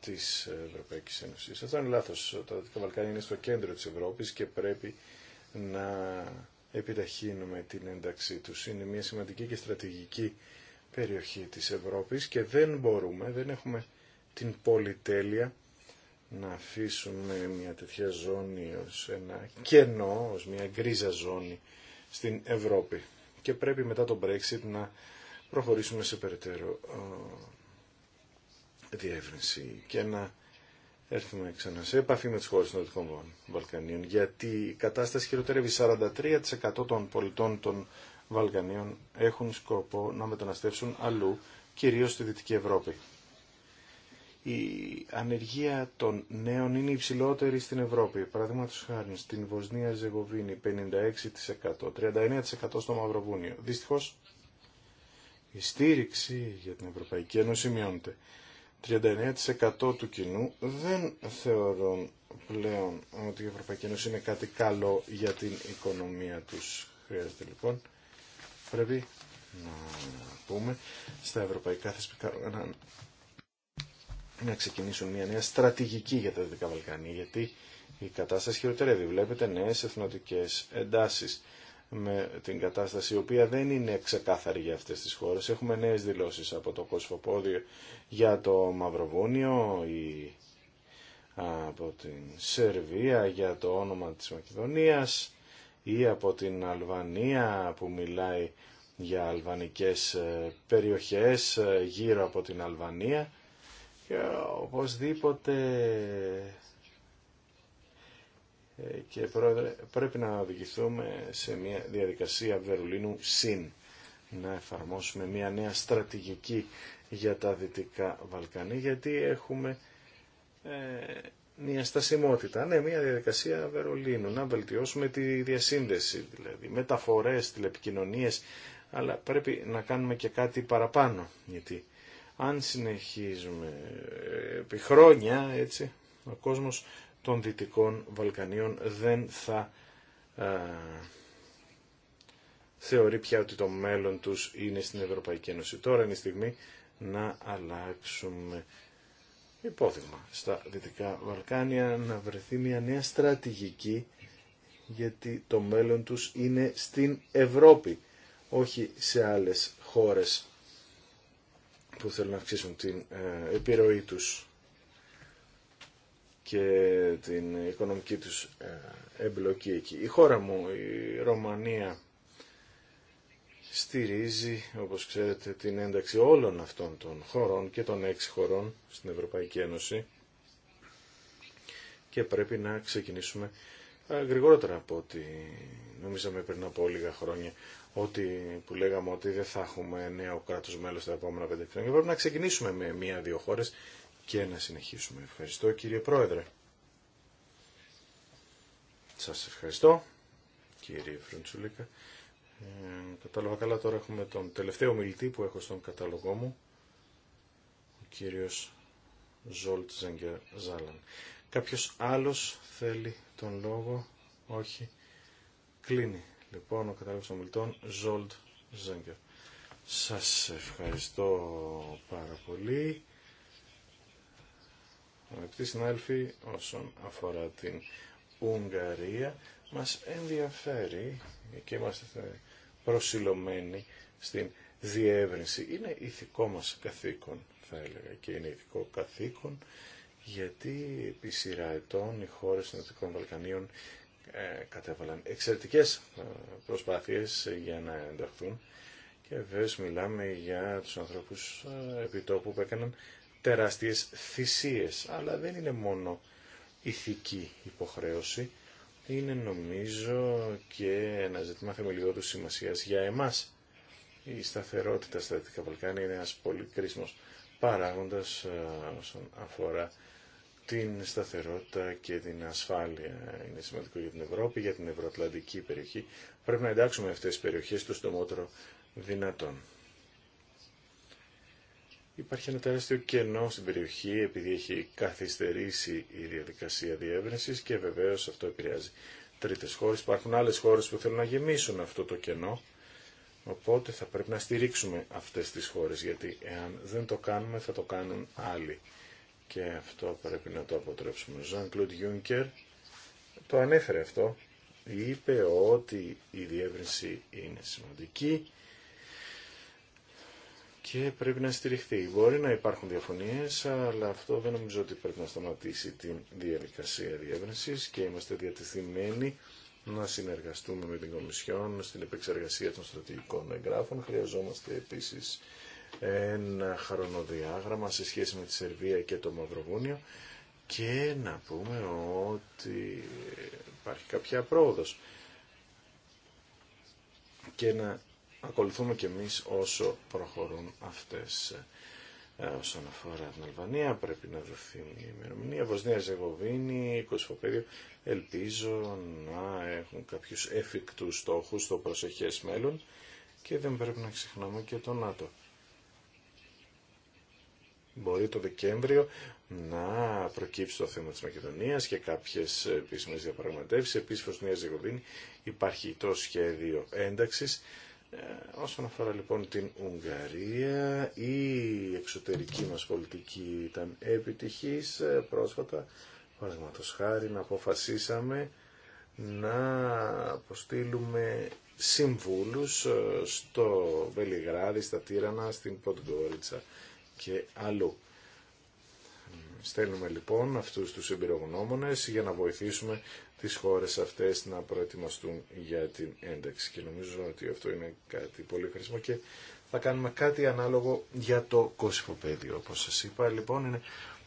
της Ευρωπαϊκής Ένωσης. Αυτό είναι λάθος. Τα Δυτικά Βαλκάνια είναι στο κέντρο της Ευρώπης και πρέπει να επιταχύνουμε την ένταξή τους. Είναι μια σημαντική και στρατηγική περιοχή της Ευρώπης και δεν μπορούμε, δεν έχουμε την πολυτέλεια να αφήσουμε μια τέτοια ζώνη ως ένα κενό, ως μια γκρίζα ζώνη στην Ευρώπη. Και πρέπει μετά το Brexit να προχωρήσουμε σε περαιτέρω ε, διεύρυνση και να έρθουμε ξανά σε επαφή με τις χώρες των Δυτικών Βαλκανίων, γιατί η κατάσταση χειροτερεύει. 43% των πολιτών των Βαλκανίων έχουν σκοπό να μεταναστεύσουν αλλού, κυρίως στη Δυτική Ευρώπη. Η ανεργία των νέων είναι υψηλότερη στην Ευρώπη. Παραδείγματο χάρη στην Βοσνία Ζεγοβίνη 56%, 39% στο Μαυροβούνιο. Δυστυχώ η στήριξη για την Ευρωπαϊκή Ένωση μειώνεται. 39% του κοινού δεν θεωρούν πλέον ότι η Ευρωπαϊκή Ένωση είναι κάτι καλό για την οικονομία τους. Χρειάζεται λοιπόν, πρέπει να πούμε στα ευρωπαϊκά θεσπικά να, να ξεκινήσουν μια νέα στρατηγική για τα Δυτικά Βαλκάνια, γιατί η κατάσταση χειροτερεύει. Βλέπετε νέες εθνοτικές εντάσεις με την κατάσταση, η οποία δεν είναι ξεκάθαρη για αυτές τις χώρες. Έχουμε νέες δηλώσεις από το Κοσφοπόδιο για το Μαυροβούνιο, η... από την Σερβία για το όνομα της Μακεδονίας ή από την Αλβανία που μιλάει για αλβανικές ε, περιοχές ε, γύρω από την Αλβανία. Και οπωσδήποτε ε, και πρόεδρε, πρέπει να οδηγηθούμε σε μια διαδικασία Βερολίνου συν να εφαρμόσουμε μια νέα στρατηγική για τα Δυτικά Βαλκανία γιατί έχουμε ε, μια στασιμότητα, ναι, μια διαδικασία Βερολίνου, να βελτιώσουμε τη διασύνδεση, δηλαδή μεταφορές, τηλεπικοινωνίες, αλλά πρέπει να κάνουμε και κάτι παραπάνω, γιατί αν συνεχίζουμε ε, επί χρόνια, έτσι, ο κόσμος των Δυτικών Βαλκανίων δεν θα ε, θεωρεί πια ότι το μέλλον τους είναι στην Ευρωπαϊκή Ένωση. Τώρα είναι η στιγμή να αλλάξουμε υπόδειγμα στα Δυτικά Βαλκάνια, να βρεθεί μια νέα στρατηγική γιατί το μέλλον τους είναι στην Ευρώπη, όχι σε άλλες χώρες που θέλουν να αυξήσουν την ε, επιρροή τους και την οικονομική τους ε, εμπλοκή εκεί. Η χώρα μου, η Ρωμανία, στηρίζει, όπως ξέρετε, την ένταξη όλων αυτών των χωρών και των έξι χωρών στην Ευρωπαϊκή Ένωση και πρέπει να ξεκινήσουμε ε, γρηγορότερα από ότι νομίζαμε πριν από λίγα χρόνια ότι που λέγαμε ότι δεν θα έχουμε νέο κράτος μέλος τα επόμενα πέντε χρόνια. Πρέπει να ξεκινήσουμε με μία-δύο χώρες και να συνεχίσουμε. Ευχαριστώ κύριε Πρόεδρε. Σας ευχαριστώ κύριε Φρουντσουλίκα. Ε, κατάλαβα καλά τώρα έχουμε τον τελευταίο μιλητή που έχω στον καταλογό μου, ο κύριος Ζόλτ Ζάλαν. Κάποιος άλλος θέλει τον λόγο, όχι, κλείνει. Λοιπόν, ο κατάλογος των μιλητών, Ζόλτ Ζέγκερ. Σας ευχαριστώ πάρα πολύ. Αγαπητοί συνάδελφοι, όσον αφορά την Ουγγαρία, μας ενδιαφέρει και είμαστε προσιλωμένοι στην διεύρυνση. Είναι ηθικό μας καθήκον, θα έλεγα, και είναι ηθικό καθήκον, γιατί επί σειρά ετών οι χώρες των Δυτικών Βαλκανίων ε, κατέβαλαν εξαιρετικές ε, προσπάθειες για να ενταχθούν και βέβαια μιλάμε για τους ανθρώπους ε, επιτόπου που έκαναν τεράστιες θυσίες. Αλλά δεν είναι μόνο ηθική υποχρέωση, είναι νομίζω και ένα ζήτημα θεμελιώδους σημασίας για εμάς. Η σταθερότητα στα Δυτικά Βαλκάνια είναι ένας πολύ κρίσιμος παράγοντας ε, όσον αφορά την σταθερότητα και την ασφάλεια. Είναι σημαντικό για την Ευρώπη, για την ευρωατλαντική περιοχή. Πρέπει να εντάξουμε αυτές τις περιοχές το στομότερο δυνατόν. Υπάρχει ένα τεράστιο κενό στην περιοχή επειδή έχει καθυστερήσει η διαδικασία διεύρυνση και βεβαίω αυτό επηρεάζει τρίτες χώρες. Υπάρχουν άλλες χώρες που θέλουν να γεμίσουν αυτό το κενό. Οπότε θα πρέπει να στηρίξουμε αυτές τις χώρες γιατί εάν δεν το κάνουμε θα το κάνουν άλλοι. Και αυτό πρέπει να το αποτρέψουμε. Ζαν Κλοντ Γιούνκερ το ανέφερε αυτό. Είπε ότι η διεύρυνση είναι σημαντική και πρέπει να στηριχθεί. Μπορεί να υπάρχουν διαφωνίες, αλλά αυτό δεν νομίζω ότι πρέπει να σταματήσει την διαδικασία διεύρυνσης και είμαστε διατεθειμένοι να συνεργαστούμε με την Κομισιόν στην επεξεργασία των στρατηγικών εγγράφων. Χρειαζόμαστε επίσης ένα χρονοδιάγραμμα σε σχέση με τη Σερβία και το Μαυροβούνιο και να πούμε ότι υπάρχει κάποια πρόοδος και να ακολουθούμε και εμείς όσο προχωρούν αυτές ε, όσον αφορά την Αλβανία. Πρέπει να δοθεί η ημερομηνία. Βοσνία Ζεγοβίνη, Κοσμοπέδιο. Ελπίζω να έχουν κάποιους εφικτούς στόχους στο προσεχές μέλλον και δεν πρέπει να ξεχνάμε και το ΝΑΤΟ. Μπορεί το Δεκέμβριο να προκύψει το θέμα της Μακεδονίας και κάποιες επίσημες διαπραγματεύσεις. Επίσης, Βοσνία Ζεγοβίνη υπάρχει το σχέδιο ένταξης ε, όσον αφορά λοιπόν την Ουγγαρία, η εξωτερική μας πολιτική ήταν επιτυχής. Ε, πρόσφατα, παραδείγματο χάρη, να αποφασίσαμε να αποστείλουμε συμβούλους ε, στο Βελιγράδι, στα Τύρανα, στην Ποντγκόριτσα και αλλού. Στέλνουμε λοιπόν αυτούς τους εμπειρογνώμονες για να βοηθήσουμε τις χώρες αυτές να προετοιμαστούν για την ένταξη. Και νομίζω ότι αυτό είναι κάτι πολύ χρήσιμο και θα κάνουμε κάτι ανάλογο για το κοσυφοπέδιο. Όπως σας είπα λοιπόν είναι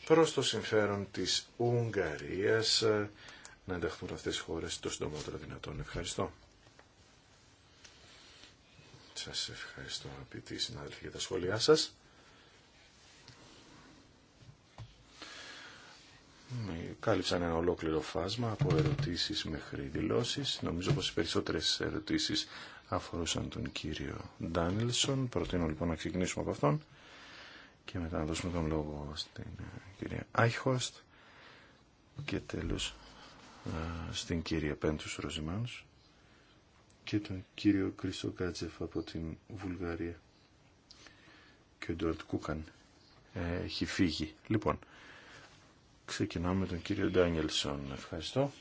προς το συμφέρον της Ουγγαρίας ε, να ενταχθούν αυτές οι χώρες το συντομότερο δυνατόν. Ευχαριστώ. Σας ευχαριστώ αγαπητοί συνάδελφοι για τα σχόλιά σας. Ναι, κάλυψαν ένα ολόκληρο φάσμα από ερωτήσεις μέχρι δηλώσεις. Νομίζω πως οι περισσότερες ερωτήσεις αφορούσαν τον κύριο Ντάνιλσον. Προτείνω λοιπόν να ξεκινήσουμε από αυτόν και μετά να δώσουμε τον λόγο στην ε, κυρία Άιχοστ και τέλος ε, στην κυρία Πέντους Ροζημάνους και τον κύριο Κρίστο από την Βουλγαρία και ο Ντουαρτ Κούκαν ε, έχει φύγει. Λοιπόν, Ξεκινάμε με τον κύριο Ντάνιελσον. Ευχαριστώ.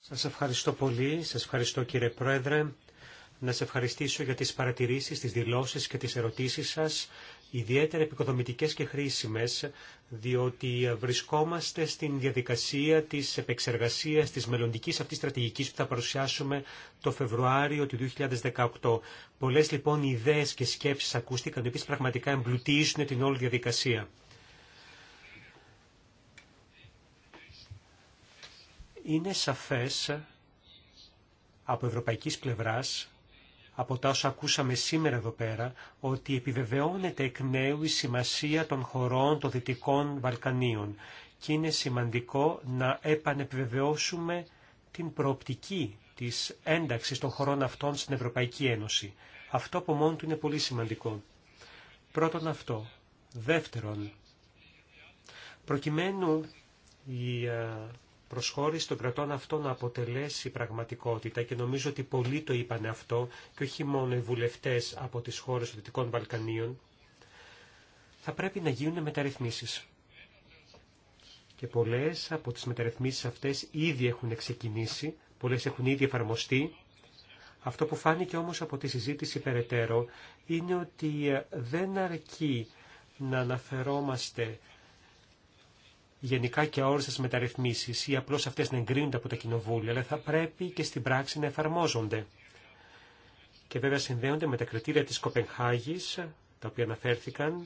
Σας ευχαριστώ πολύ. Σας ευχαριστώ κύριε Πρόεδρε. Να σας ευχαριστήσω για τις παρατηρήσεις, τις δηλώσεις και τις ερωτήσεις σας, ιδιαίτερα επικοδομητικές και χρήσιμες, διότι βρισκόμαστε στην διαδικασία της επεξεργασίας της μελλοντική αυτής στρατηγικής που θα παρουσιάσουμε το Φεβρουάριο του 2018. Πολλές λοιπόν ιδέες και σκέψεις ακούστηκαν, οι οποίες πραγματικά εμπλουτίζουν την όλη διαδικασία. Είναι σαφές από ευρωπαϊκής πλευράς, από τα όσα ακούσαμε σήμερα εδώ πέρα, ότι επιβεβαιώνεται εκ νέου η σημασία των χωρών των Δυτικών Βαλκανίων και είναι σημαντικό να επανεπιβεβαιώσουμε την προοπτική της ένταξης των χωρών αυτών στην Ευρωπαϊκή Ένωση. Αυτό από μόνο του είναι πολύ σημαντικό. Πρώτον αυτό. Δεύτερον, προκειμένου η προσχώρηση των κρατών αυτών να αποτελέσει πραγματικότητα και νομίζω ότι πολλοί το είπαν αυτό και όχι μόνο οι βουλευτές από τις χώρες των Δυτικών Βαλκανίων, θα πρέπει να γίνουν μεταρρυθμίσεις. Και πολλές από τις μεταρρυθμίσεις αυτές ήδη έχουν ξεκινήσει, πολλές έχουν ήδη εφαρμοστεί. Αυτό που φάνηκε όμως από τη συζήτηση περαιτέρω είναι ότι δεν αρκεί να αναφερόμαστε γενικά και αόριστες μεταρρυθμίσεις ή απλώς αυτές να εγκρίνονται από τα κοινοβούλια, αλλά θα πρέπει και στην πράξη να εφαρμόζονται. Και βέβαια συνδέονται με τα κριτήρια της Κοπενχάγης, τα οποία αναφέρθηκαν,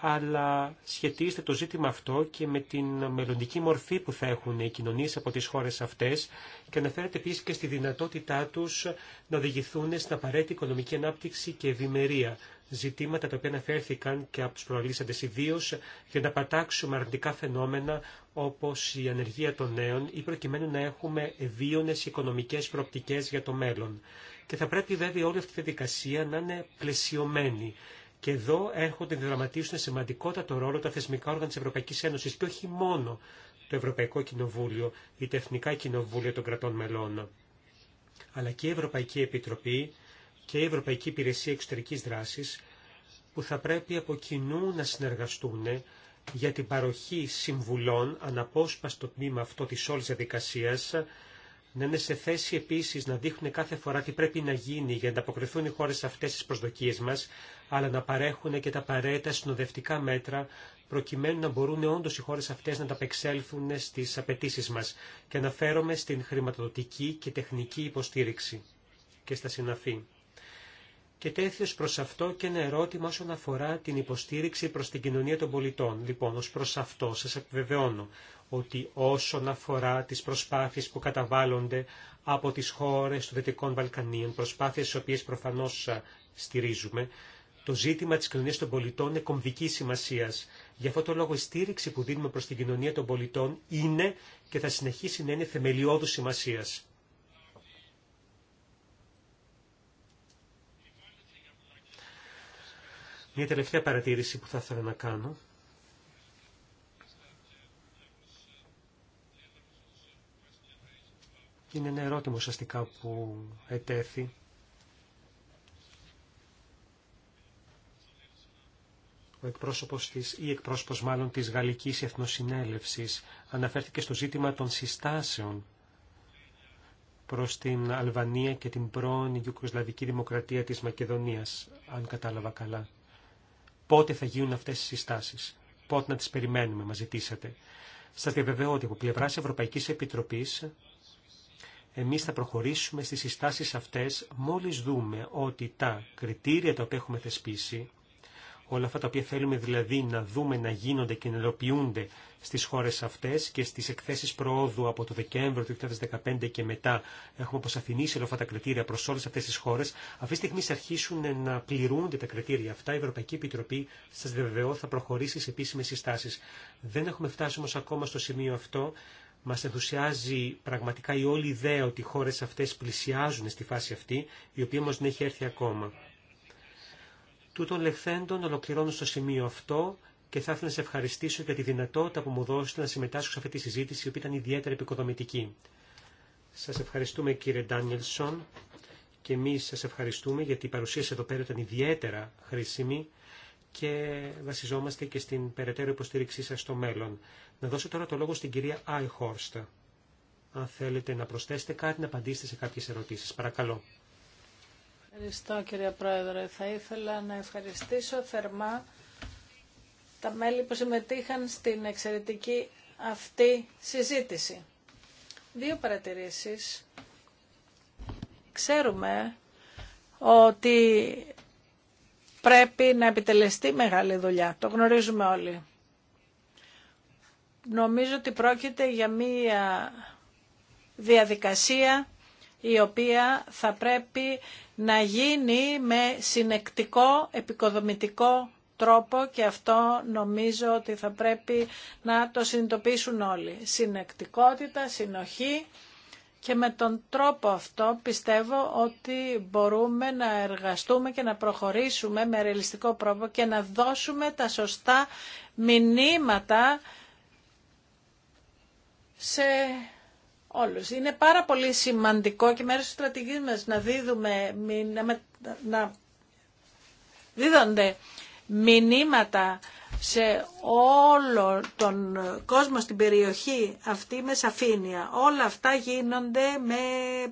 αλλά σχετίζεται το ζήτημα αυτό και με την μελλοντική μορφή που θα έχουν οι κοινωνίες από τις χώρες αυτές και αναφέρεται επίση και στη δυνατότητά τους να οδηγηθούν στην απαραίτητη οικονομική ανάπτυξη και ευημερία. Ζητήματα τα οποία αναφέρθηκαν και από τους προαλήσαντες ιδίω για να πατάξουμε αρνητικά φαινόμενα όπως η ανεργία των νέων ή προκειμένου να έχουμε ευίωνες οικονομικές προοπτικές για το μέλλον. Και θα πρέπει βέβαια όλη αυτή η διαδικασία να είναι πλαισιωμένη και εδώ έρχονται να δραματίσουν σημαντικότατο ρόλο τα θεσμικά όργανα τη Ευρωπαϊκής Ένωσης και όχι μόνο το Ευρωπαϊκό Κοινοβούλιο ή τα Εθνικά Κοινοβούλια των κρατών μελών, αλλά και η Ευρωπαϊκή Επιτροπή και η Ευρωπαϊκή Υπηρεσία Εξωτερικής Δράσης που θα πρέπει από κοινού να συνεργαστούν για την παροχή συμβουλών αναπόσπαστο τμήμα αυτό της όλης διαδικασία να είναι σε θέση επίση να δείχνουν κάθε φορά τι πρέπει να γίνει για να ανταποκριθούν οι χώρε αυτέ αυτές τις προσδοκίες μας, αλλά να παρέχουν και τα απαραίτητα συνοδευτικά μέτρα προκειμένου να μπορούν όντω οι χώρε αυτέ να ταπεξέλθουν στι απαιτήσει μα. Και αναφέρομαι στην χρηματοδοτική και τεχνική υποστήριξη και στα συναφή και τέθη ω προς αυτό και ένα ερώτημα όσον αφορά την υποστήριξη προς την κοινωνία των πολιτών. Λοιπόν, ως προς αυτό σας επιβεβαιώνω ότι όσον αφορά τις προσπάθειες που καταβάλλονται από τις χώρες των Δυτικών Βαλκανίων, προσπάθειες τι οποίες προφανώς στηρίζουμε, το ζήτημα της κοινωνίας των πολιτών είναι κομβική σημασία. Γι' αυτό το λόγο η στήριξη που δίνουμε προς την κοινωνία των πολιτών είναι και θα συνεχίσει να είναι θεμελιώδου σημασίας. Μια τελευταία παρατήρηση που θα ήθελα να κάνω. Είναι ένα ερώτημα ουσιαστικά που ετέθη. Ο εκπρόσωπος της, ή εκπρόσωπος μάλλον της Γαλλικής Εθνοσυνέλευσης αναφέρθηκε στο ζήτημα των συστάσεων προς την Αλβανία και την πρώην Ιουκοσλαβική Δημοκρατία της Μακεδονίας, αν κατάλαβα καλά πότε θα γίνουν αυτές οι συστάσεις, πότε να τις περιμένουμε, μας ζητήσατε. Σα διαβεβαιώ ότι από πλευράς Ευρωπαϊκή Επιτροπής εμείς θα προχωρήσουμε στις συστάσεις αυτές μόλις δούμε ότι τα κριτήρια τα οποία έχουμε θεσπίσει όλα αυτά τα οποία θέλουμε δηλαδή να δούμε να γίνονται και να ελοποιούνται στις χώρες αυτές και στις εκθέσεις προόδου από το Δεκέμβριο του 2015 και μετά έχουμε αποσαφηνίσει όλα αυτά τα κριτήρια προς όλες αυτές τις χώρες. Αυτή τη στιγμή αρχίσουν να πληρούνται τα κριτήρια αυτά. Η Ευρωπαϊκή Επιτροπή σας βεβαιώ θα προχωρήσει σε επίσημες συστάσεις. Δεν έχουμε φτάσει όμως ακόμα στο σημείο αυτό. Μας ενθουσιάζει πραγματικά η όλη ιδέα ότι οι χώρες αυτές πλησιάζουν στη φάση αυτή, η οποία όμως δεν έχει έρθει ακόμα. Τούτων λεχθέντων ολοκληρώνω στο σημείο αυτό και θα ήθελα να σε ευχαριστήσω για τη δυνατότητα που μου δώσετε να συμμετάσχω σε αυτή τη συζήτηση, η οποία ήταν ιδιαίτερα επικοδομητική. Σα ευχαριστούμε κύριε Ντάνιελσον και εμεί σα ευχαριστούμε γιατί η παρουσία σας εδώ πέρα ήταν ιδιαίτερα χρήσιμη και βασιζόμαστε και στην περαιτέρω υποστήριξή σας στο μέλλον. Να δώσω τώρα το λόγο στην κυρία Άιχόρστα. Αν θέλετε να προσθέσετε κάτι, να απαντήσετε σε κάποιε ερωτήσει. Παρακαλώ. Ευχαριστώ κύριε Πρόεδρε. Θα ήθελα να ευχαριστήσω θερμά τα μέλη που συμμετείχαν στην εξαιρετική αυτή συζήτηση. Δύο παρατηρήσεις. Ξέρουμε ότι πρέπει να επιτελεστεί μεγάλη δουλειά. Το γνωρίζουμε όλοι. Νομίζω ότι πρόκειται για μία διαδικασία η οποία θα πρέπει να γίνει με συνεκτικό, επικοδομητικό τρόπο και αυτό νομίζω ότι θα πρέπει να το συνειδητοποιήσουν όλοι. Συνεκτικότητα, συνοχή και με τον τρόπο αυτό πιστεύω ότι μπορούμε να εργαστούμε και να προχωρήσουμε με ρεαλιστικό τρόπο και να δώσουμε τα σωστά μηνύματα σε όλους. Είναι πάρα πολύ σημαντικό και μέρος της στρατηγής μας να δίδουμε, να δίδονται μηνύματα σε όλο τον κόσμο στην περιοχή αυτή με σαφήνεια. Όλα αυτά γίνονται με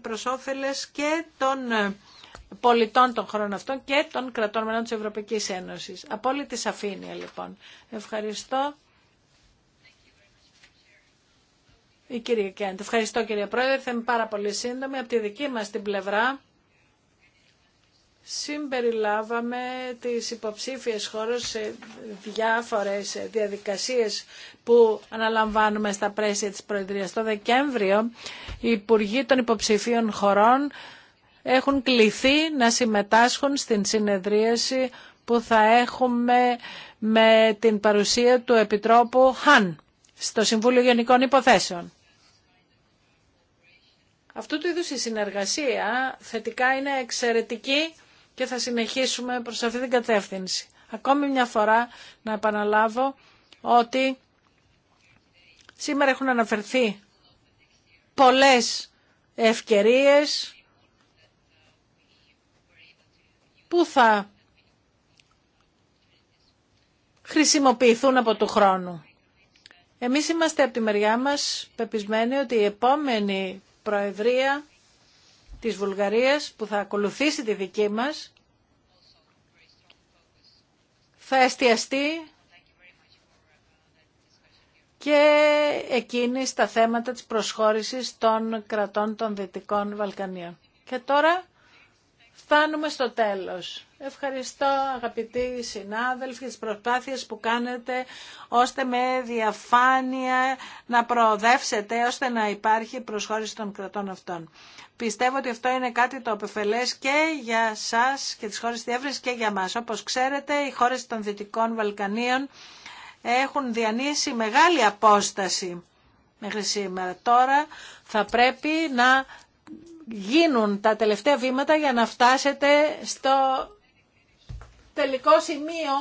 προσόφελες και των πολιτών των χρόνων αυτών και των κρατών μελών της Ευρωπαϊκής Ένωσης. Απόλυτη σαφήνεια λοιπόν. Ευχαριστώ. Η κυρία Κέντ. Ευχαριστώ κυρία Πρόεδρε. Θα είμαι πάρα πολύ σύντομη. Από τη δική μας την πλευρά συμπεριλάβαμε τις υποψήφιες χώρες σε διάφορες διαδικασίες που αναλαμβάνουμε στα πρέσια της Προεδρίας. Το Δεκέμβριο οι Υπουργοί των Υποψηφίων Χωρών έχουν κληθεί να συμμετάσχουν στην συνεδρίαση που θα έχουμε με την παρουσία του Επιτρόπου ΧΑΝ στο Συμβούλιο Γενικών Υποθέσεων. Αυτού του είδους η συνεργασία θετικά είναι εξαιρετική και θα συνεχίσουμε προς αυτή την κατεύθυνση. Ακόμη μια φορά να επαναλάβω ότι σήμερα έχουν αναφερθεί πολλές ευκαιρίες που θα χρησιμοποιηθούν από του χρόνου. Εμείς είμαστε από τη μεριά μας πεπισμένοι ότι η επόμενη Προεδρία της Βουλγαρίας που θα ακολουθήσει τη δική μας θα εστιαστεί και εκείνη στα θέματα της προσχώρησης των κρατών των Δυτικών Βαλκανίων. Και τώρα φτάνουμε στο τέλος. Ευχαριστώ αγαπητοί συνάδελφοι τις προσπάθειες που κάνετε ώστε με διαφάνεια να προοδεύσετε ώστε να υπάρχει προσχώρηση των κρατών αυτών. Πιστεύω ότι αυτό είναι κάτι το απεφελές και για σας και τις χώρες της και για μας. Όπως ξέρετε οι χώρες των Δυτικών Βαλκανίων έχουν διανύσει μεγάλη απόσταση μέχρι σήμερα. Τώρα θα πρέπει να γίνουν τα τελευταία βήματα για να φτάσετε στο τελικό σημείο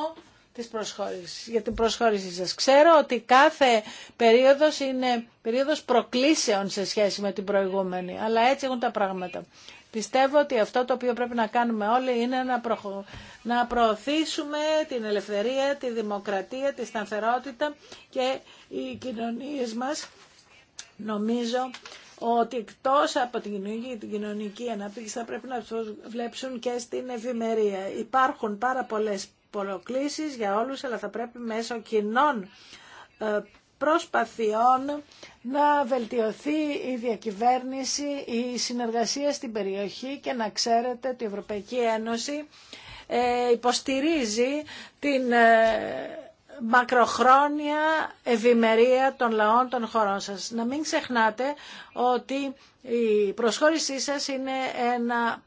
της προσχώρησης, για την προσχώρησή σας. Ξέρω ότι κάθε περίοδος είναι περίοδος προκλήσεων σε σχέση με την προηγούμενη, αλλά έτσι έχουν τα πράγματα. Πιστεύω ότι αυτό το οποίο πρέπει να κάνουμε όλοι είναι να, να προωθήσουμε την ελευθερία, τη δημοκρατία, τη σταθερότητα και οι κοινωνίες μας νομίζω ότι εκτός από την κοινωνική ανάπτυξη θα πρέπει να βλέψουν και στην ευημερία. Υπάρχουν πάρα πολλές προκλήσεις για όλους, αλλά θα πρέπει μέσω κοινών ε, προσπαθειών να βελτιωθεί η διακυβέρνηση, η συνεργασία στην περιοχή και να ξέρετε ότι η Ευρωπαϊκή Ένωση ε, υποστηρίζει την ε, μακροχρόνια ευημερία των λαών των χωρών σας. Να μην ξεχνάτε ότι η προσχώρησή σας είναι ένα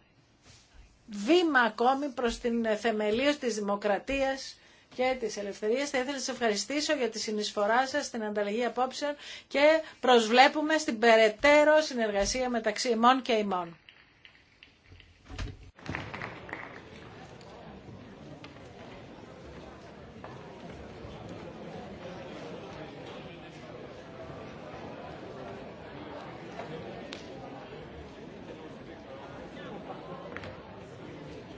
βήμα ακόμη προς την θεμελίωση της δημοκρατίας και της ελευθερίας. Θα ήθελα να σας ευχαριστήσω για τη συνεισφορά σας στην ανταλλαγή απόψεων και προσβλέπουμε στην περαιτέρω συνεργασία μεταξύ ημών και ημών.